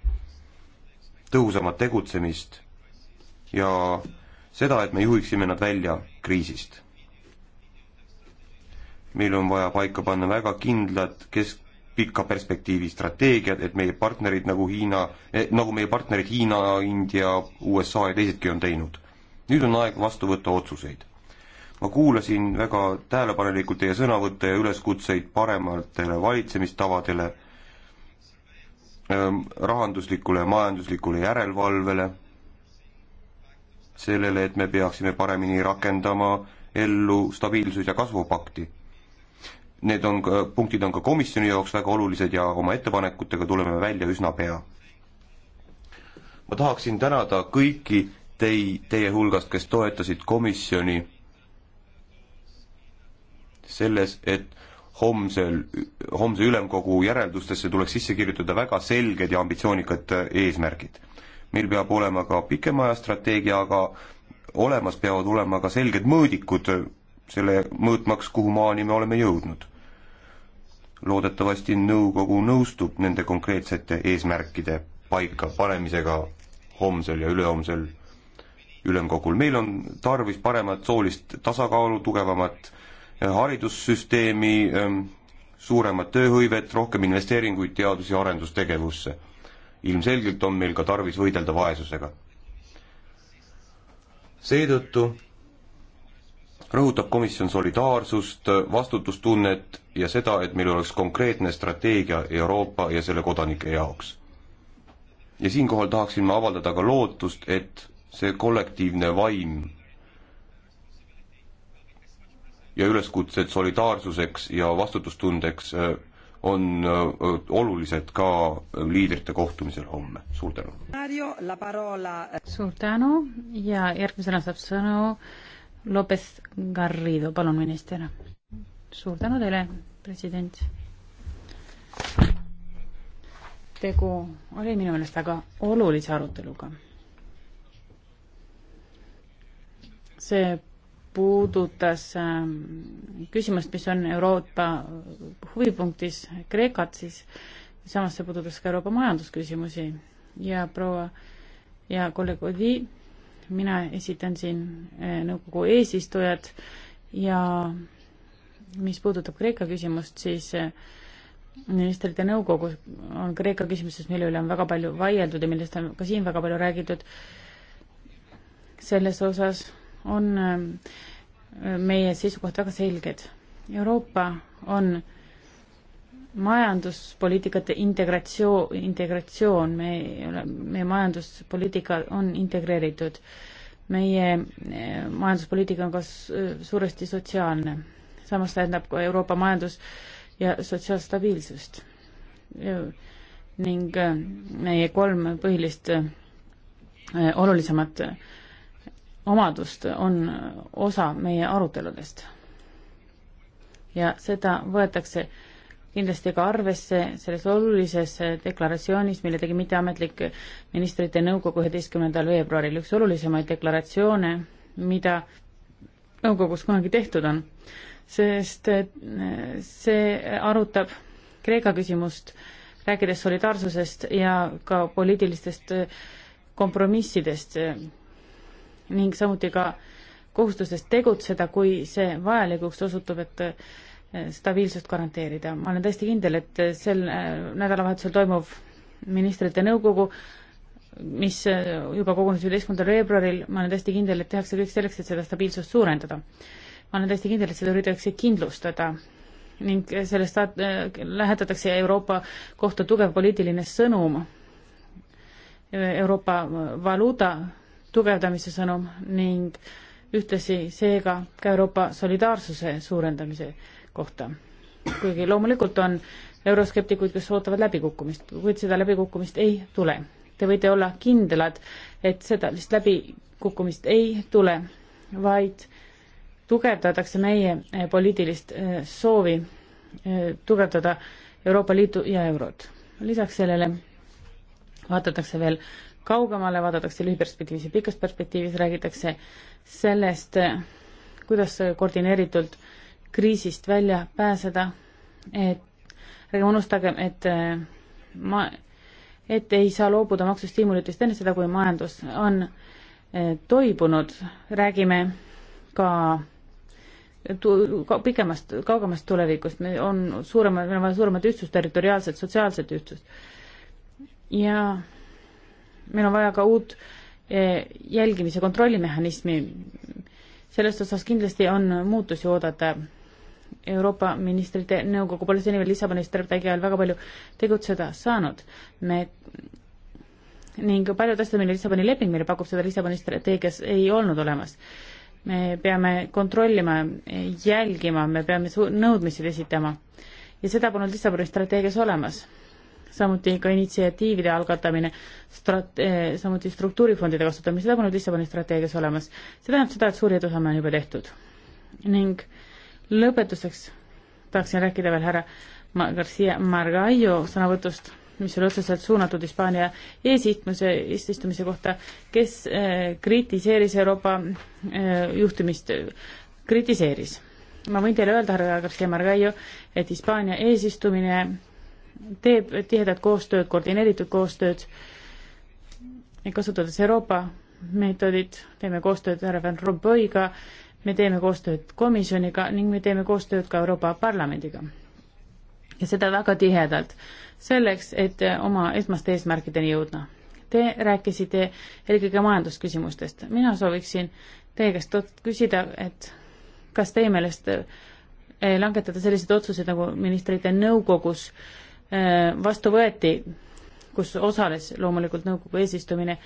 tõhusamat tegutsemist ja seda, et me juhiksime nad välja kriisist. meil on vaja paika panna väga kindlad kesk, pika perspektiivi strateegiad, et meie partnerid nagu Hiina eh,, nagu meie partnerid Hiina, India, USA ja teisedki on teinud. nüüd on aeg vastu võtta otsuseid. ma kuulasin väga tähelepanelikult teie sõnavõtte ja üleskutseid parematele valitsemistavadele, ehm, rahanduslikule ja majanduslikule järelevalvele, sellele, et me peaksime paremini rakendama ellu stabiilsus- ja kasvupakti Need on ka, punktid on ka komisjoni jaoks väga olulised ja oma ettepanekutega tuleme välja üsna pea. ma tahaksin tänada kõiki tei-, teie hulgast, kes toetasid komisjoni selles, et homsel, homse ülemkogu järeldustesse tuleks sisse kirjutada väga selged ja ambitsioonikad äh, eesmärgid. meil peab olema ka pikema aja strateegia, aga olemas peavad olema ka selged mõõdikud äh, selle mõõtmaks, kuhu maani me oleme jõudnud loodetavasti nõukogu nõustub nende konkreetsete eesmärkide paika panemisega homsel ja ülehomsel ülemkogul. meil on tarvis paremat soolist tasakaalu, tugevamat eh, haridussüsteemi, eh, suuremat tööhõivet, rohkem investeeringuid teadus- ja arendustegevusse. ilmselgelt on meil ka tarvis võidelda vaesusega. seetõttu rõhutab komisjon solidaarsust, vastutustunnet ja seda, et meil oleks konkreetne strateegia Euroopa ja selle kodanike jaoks. ja siinkohal tahaksin ma avaldada ka lootust, et see kollektiivne vaim ja üleskutsed solidaarsuseks ja vastutustundeks äh, on äh, olulised ka liidrite kohtumisel homme. suur tänu! suur tänu ja järgmisena saab sõnu Lopez Garrido, palun, minister. suur tänu teile, president. tegu oli minu meelest väga olulise aruteluga. see puudutas ähm, küsimust, mis on Euroopa huvipunktis, Kreekat siis, samas see puudutas ka Euroopa majandusküsimusi ja proua ja kolleeg Odi mina esitan siin eh, nõukogu eesistujad ja mis puudutab Kreeka küsimust, siis eh, ministrite nõukogus on Kreeka küsimuses, mille üle on väga palju vaieldud ja millest on ka siin väga palju räägitud, selles osas on eh, meie seisukohad väga selged. Euroopa on äh, majanduspoliitikate integratsioon, integratsioon, me oleme, meie majanduspoliitika on integreeritud. meie eh, majanduspoliitika on ka suuresti sotsiaalne, samas tähendab ka Euroopa majandus ja sotsiaalstabiilsust. ning eh, meie kolm põhilist eh, olulisemat omadust on osa meie aruteludest. ja seda võetakse äh, kindlasti ka arvesse selles olulises deklaratsioonis, mille tegi mitteametlik ministrite nõukogu üheteistkümnendal veebruaril, üks olulisemaid deklaratsioone, mida nõukogus kunagi tehtud on. sest äh, see arutab Kreeka küsimust, rääkides solidaarsusest ja ka poliitilistest äh, kompromissidest äh, ning samuti ka kohustustest tegutseda, kui see vajalikuks osutub, et Eh, stabiilsust garanteerida. ma olen täiesti kindel, et sel eh, nädalavahetusel toimuv ministrite nõukogu, mis eh, juba kogunes üheteistkümnendal veebruaril, ma olen täiesti kindel, et tehakse kõik selleks, et seda stabiilsust suurendada. ma olen täiesti kindel, et seda üritatakse kindlustada ning sellest lähetatakse Euroopa kohta tugev poliitiline sõnum, Euroopa valuuta tugevdamise sõnum ning ühtlasi seega ka Euroopa solidaarsuse suurendamise äh, kohta. kuigi loomulikult on euroskeptikuid, kes ootavad läbikukkumist, kuid seda läbikukkumist ei tule. Te võite olla kindlad, et seda vist läbikukkumist ei tule, vaid tugevdatakse meie eh, poliitilist eh, soovi eh, tugevdada Euroopa Liitu ja eurot. lisaks sellele vaadatakse veel kaugemale, vaadatakse lühiperspektiivis ja pikas perspektiivis, räägitakse sellest, kuidas koordineeritult äh, kriisist välja pääseda, et ärge unustagem, et äh, ma, et ei saa loobuda maksustiimulitest enne seda, kui majandus on äh, toibunud, räägime ka tu-, ka pikemast, kaugemast tulevikust, meil on suuremad, meil on vaja suuremat ühtsust, territoriaalset, sotsiaalset ühtsust. ja meil on vaja ka uut äh, jälgimise kontrollimehhanismi, selles osas kindlasti on muutusi oodata Euroopa ministrite nõukogu pole seni veel Lissabonis terve ajal väga palju tegutseda saanud. me ning paljud asjad, mille Lissaboni leping meile pakub, seda Lissaboni strateegias ei olnud olemas. me peame kontrollima, jälgima, me peame nõudmised esitama ja seda polnud Lissaboni strateegias olemas. samuti ka initsiatiivide algatamine, strat-, eh, samuti struktuurifondide kasutamine, seda polnud Lissaboni strateegias olemas. see tähendab seda, et suur edusamme on juba tehtud ning äh, lõpetuseks tahaksin rääkida veel härra Garcia Margallo sõnavõtust, mis oli otseselt suunatud Hispaania eesistmise, eesistumise kohta, kes eh, kritiseeris Euroopa eh, juhtimist, kritiseeris. ma võin teile öelda, härra Garcia Margallo, et Hispaania eesistumine teeb tihedat koostööd, koordineeritud koostööd, kasutades Euroopa meetodit, teeme koostööd härra Van Rompuyga, me teeme koostööd komisjoniga ning me teeme koostööd ka Euroopa Parlamendiga. ja seda väga tihedalt, selleks, et oma esmaste eesmärkideni jõudna. Te rääkisite eelkõige majandusküsimustest, mina sooviksin teie käest küsida, et kas teie meelest eh, langetada selliseid otsuseid, nagu ministrite nõukogus eh, vastu võeti, kus osales loomulikult nõukogu eesistumine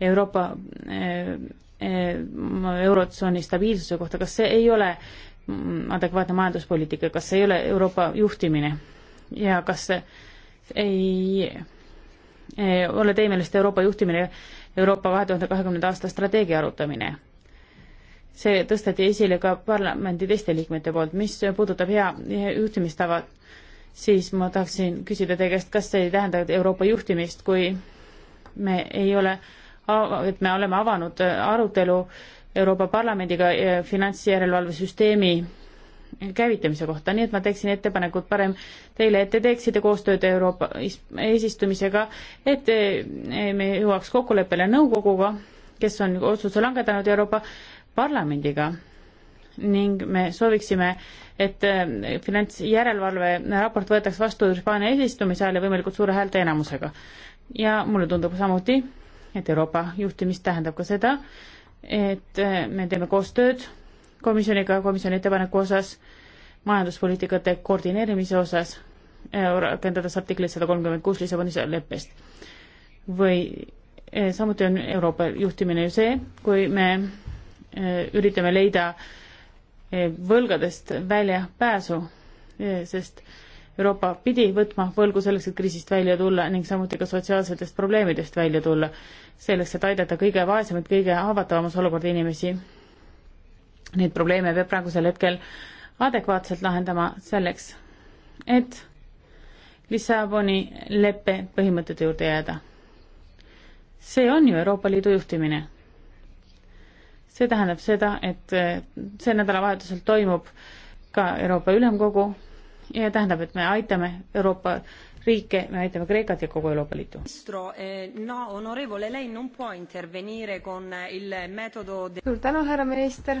Euroopa eh, Eh, eurotsooni stabiilsuse kohta, kas see ei ole mm, adekvaatne majanduspoliitika, kas see ei ole Euroopa juhtimine ja kas see ei, ei eh, ole teie meelest Euroopa juhtimine Euroopa kahe tuhande kahekümnenda aasta strateegia arutamine? see tõsteti esile ka parlamendi teiste liikmete poolt, mis puudutab hea juhtimistava, siis ma tahaksin küsida teie käest, kas see ei tähenda Euroopa juhtimist, kui me ei ole äh, et me oleme avanud äh, arutelu Euroopa Parlamendiga äh, finantsjärelevalvesüsteemi käivitamise kohta, nii et ma teeksin ettepanekud parem teile, et te teeksite koostööd Euroopa eesistumisega, et äh, me jõuaks kokkuleppele nõukoguga, kes on otsuse langetanud Euroopa Parlamendiga ning me sooviksime, et finantsjärelevalve raport võetaks vastu Hispaania eesistumise ajal ja võimalikult suure häälteenamusega. ja mulle tundub samuti, et Euroopa juhtimist tähendab ka seda, et äh, me teeme koostööd komisjoniga, komisjoni ettepaneku osas, majanduspoliitikate koordineerimise osas, äh, rakendades artiklit sada kolmkümmend kuus Lissaboni leppest. või äh, samuti on Euroopa juhtimine ju see, kui me üritame leida võlgadest väljapääsu, sest Euroopa pidi võtma võlgu selleks, et kriisist välja tulla ning samuti ka sotsiaalsetest probleemidest välja tulla, selleks, et aidata kõige vaesemaid, kõige haavatavamas olukorda inimesi. Neid probleeme peab praegusel hetkel adekvaatselt lahendama selleks, et Lissaboni leppe põhimõtete juurde jääda. see on ju Euroopa Liidu juhtimine. see tähendab seda, et see nädalavahetusel toimub ka Euroopa Ülemkogu ja tähendab, et me aitame Euroopa riike, me aitame Kreekat ja kogu Euroopa Liitu. Eh, eh, suur tänu, härra minister.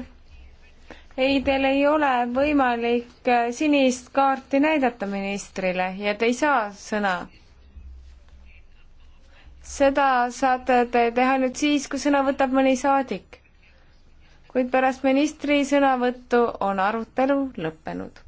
ei, teil ei ole võimalik eh, sinist kaarti näidata ministrile ja te ei saa sõna. seda saate te teha nüüd siis, kui sõna võtab mõni saadik. kuid pärast ministri sõnavõttu on arutelu lõppenud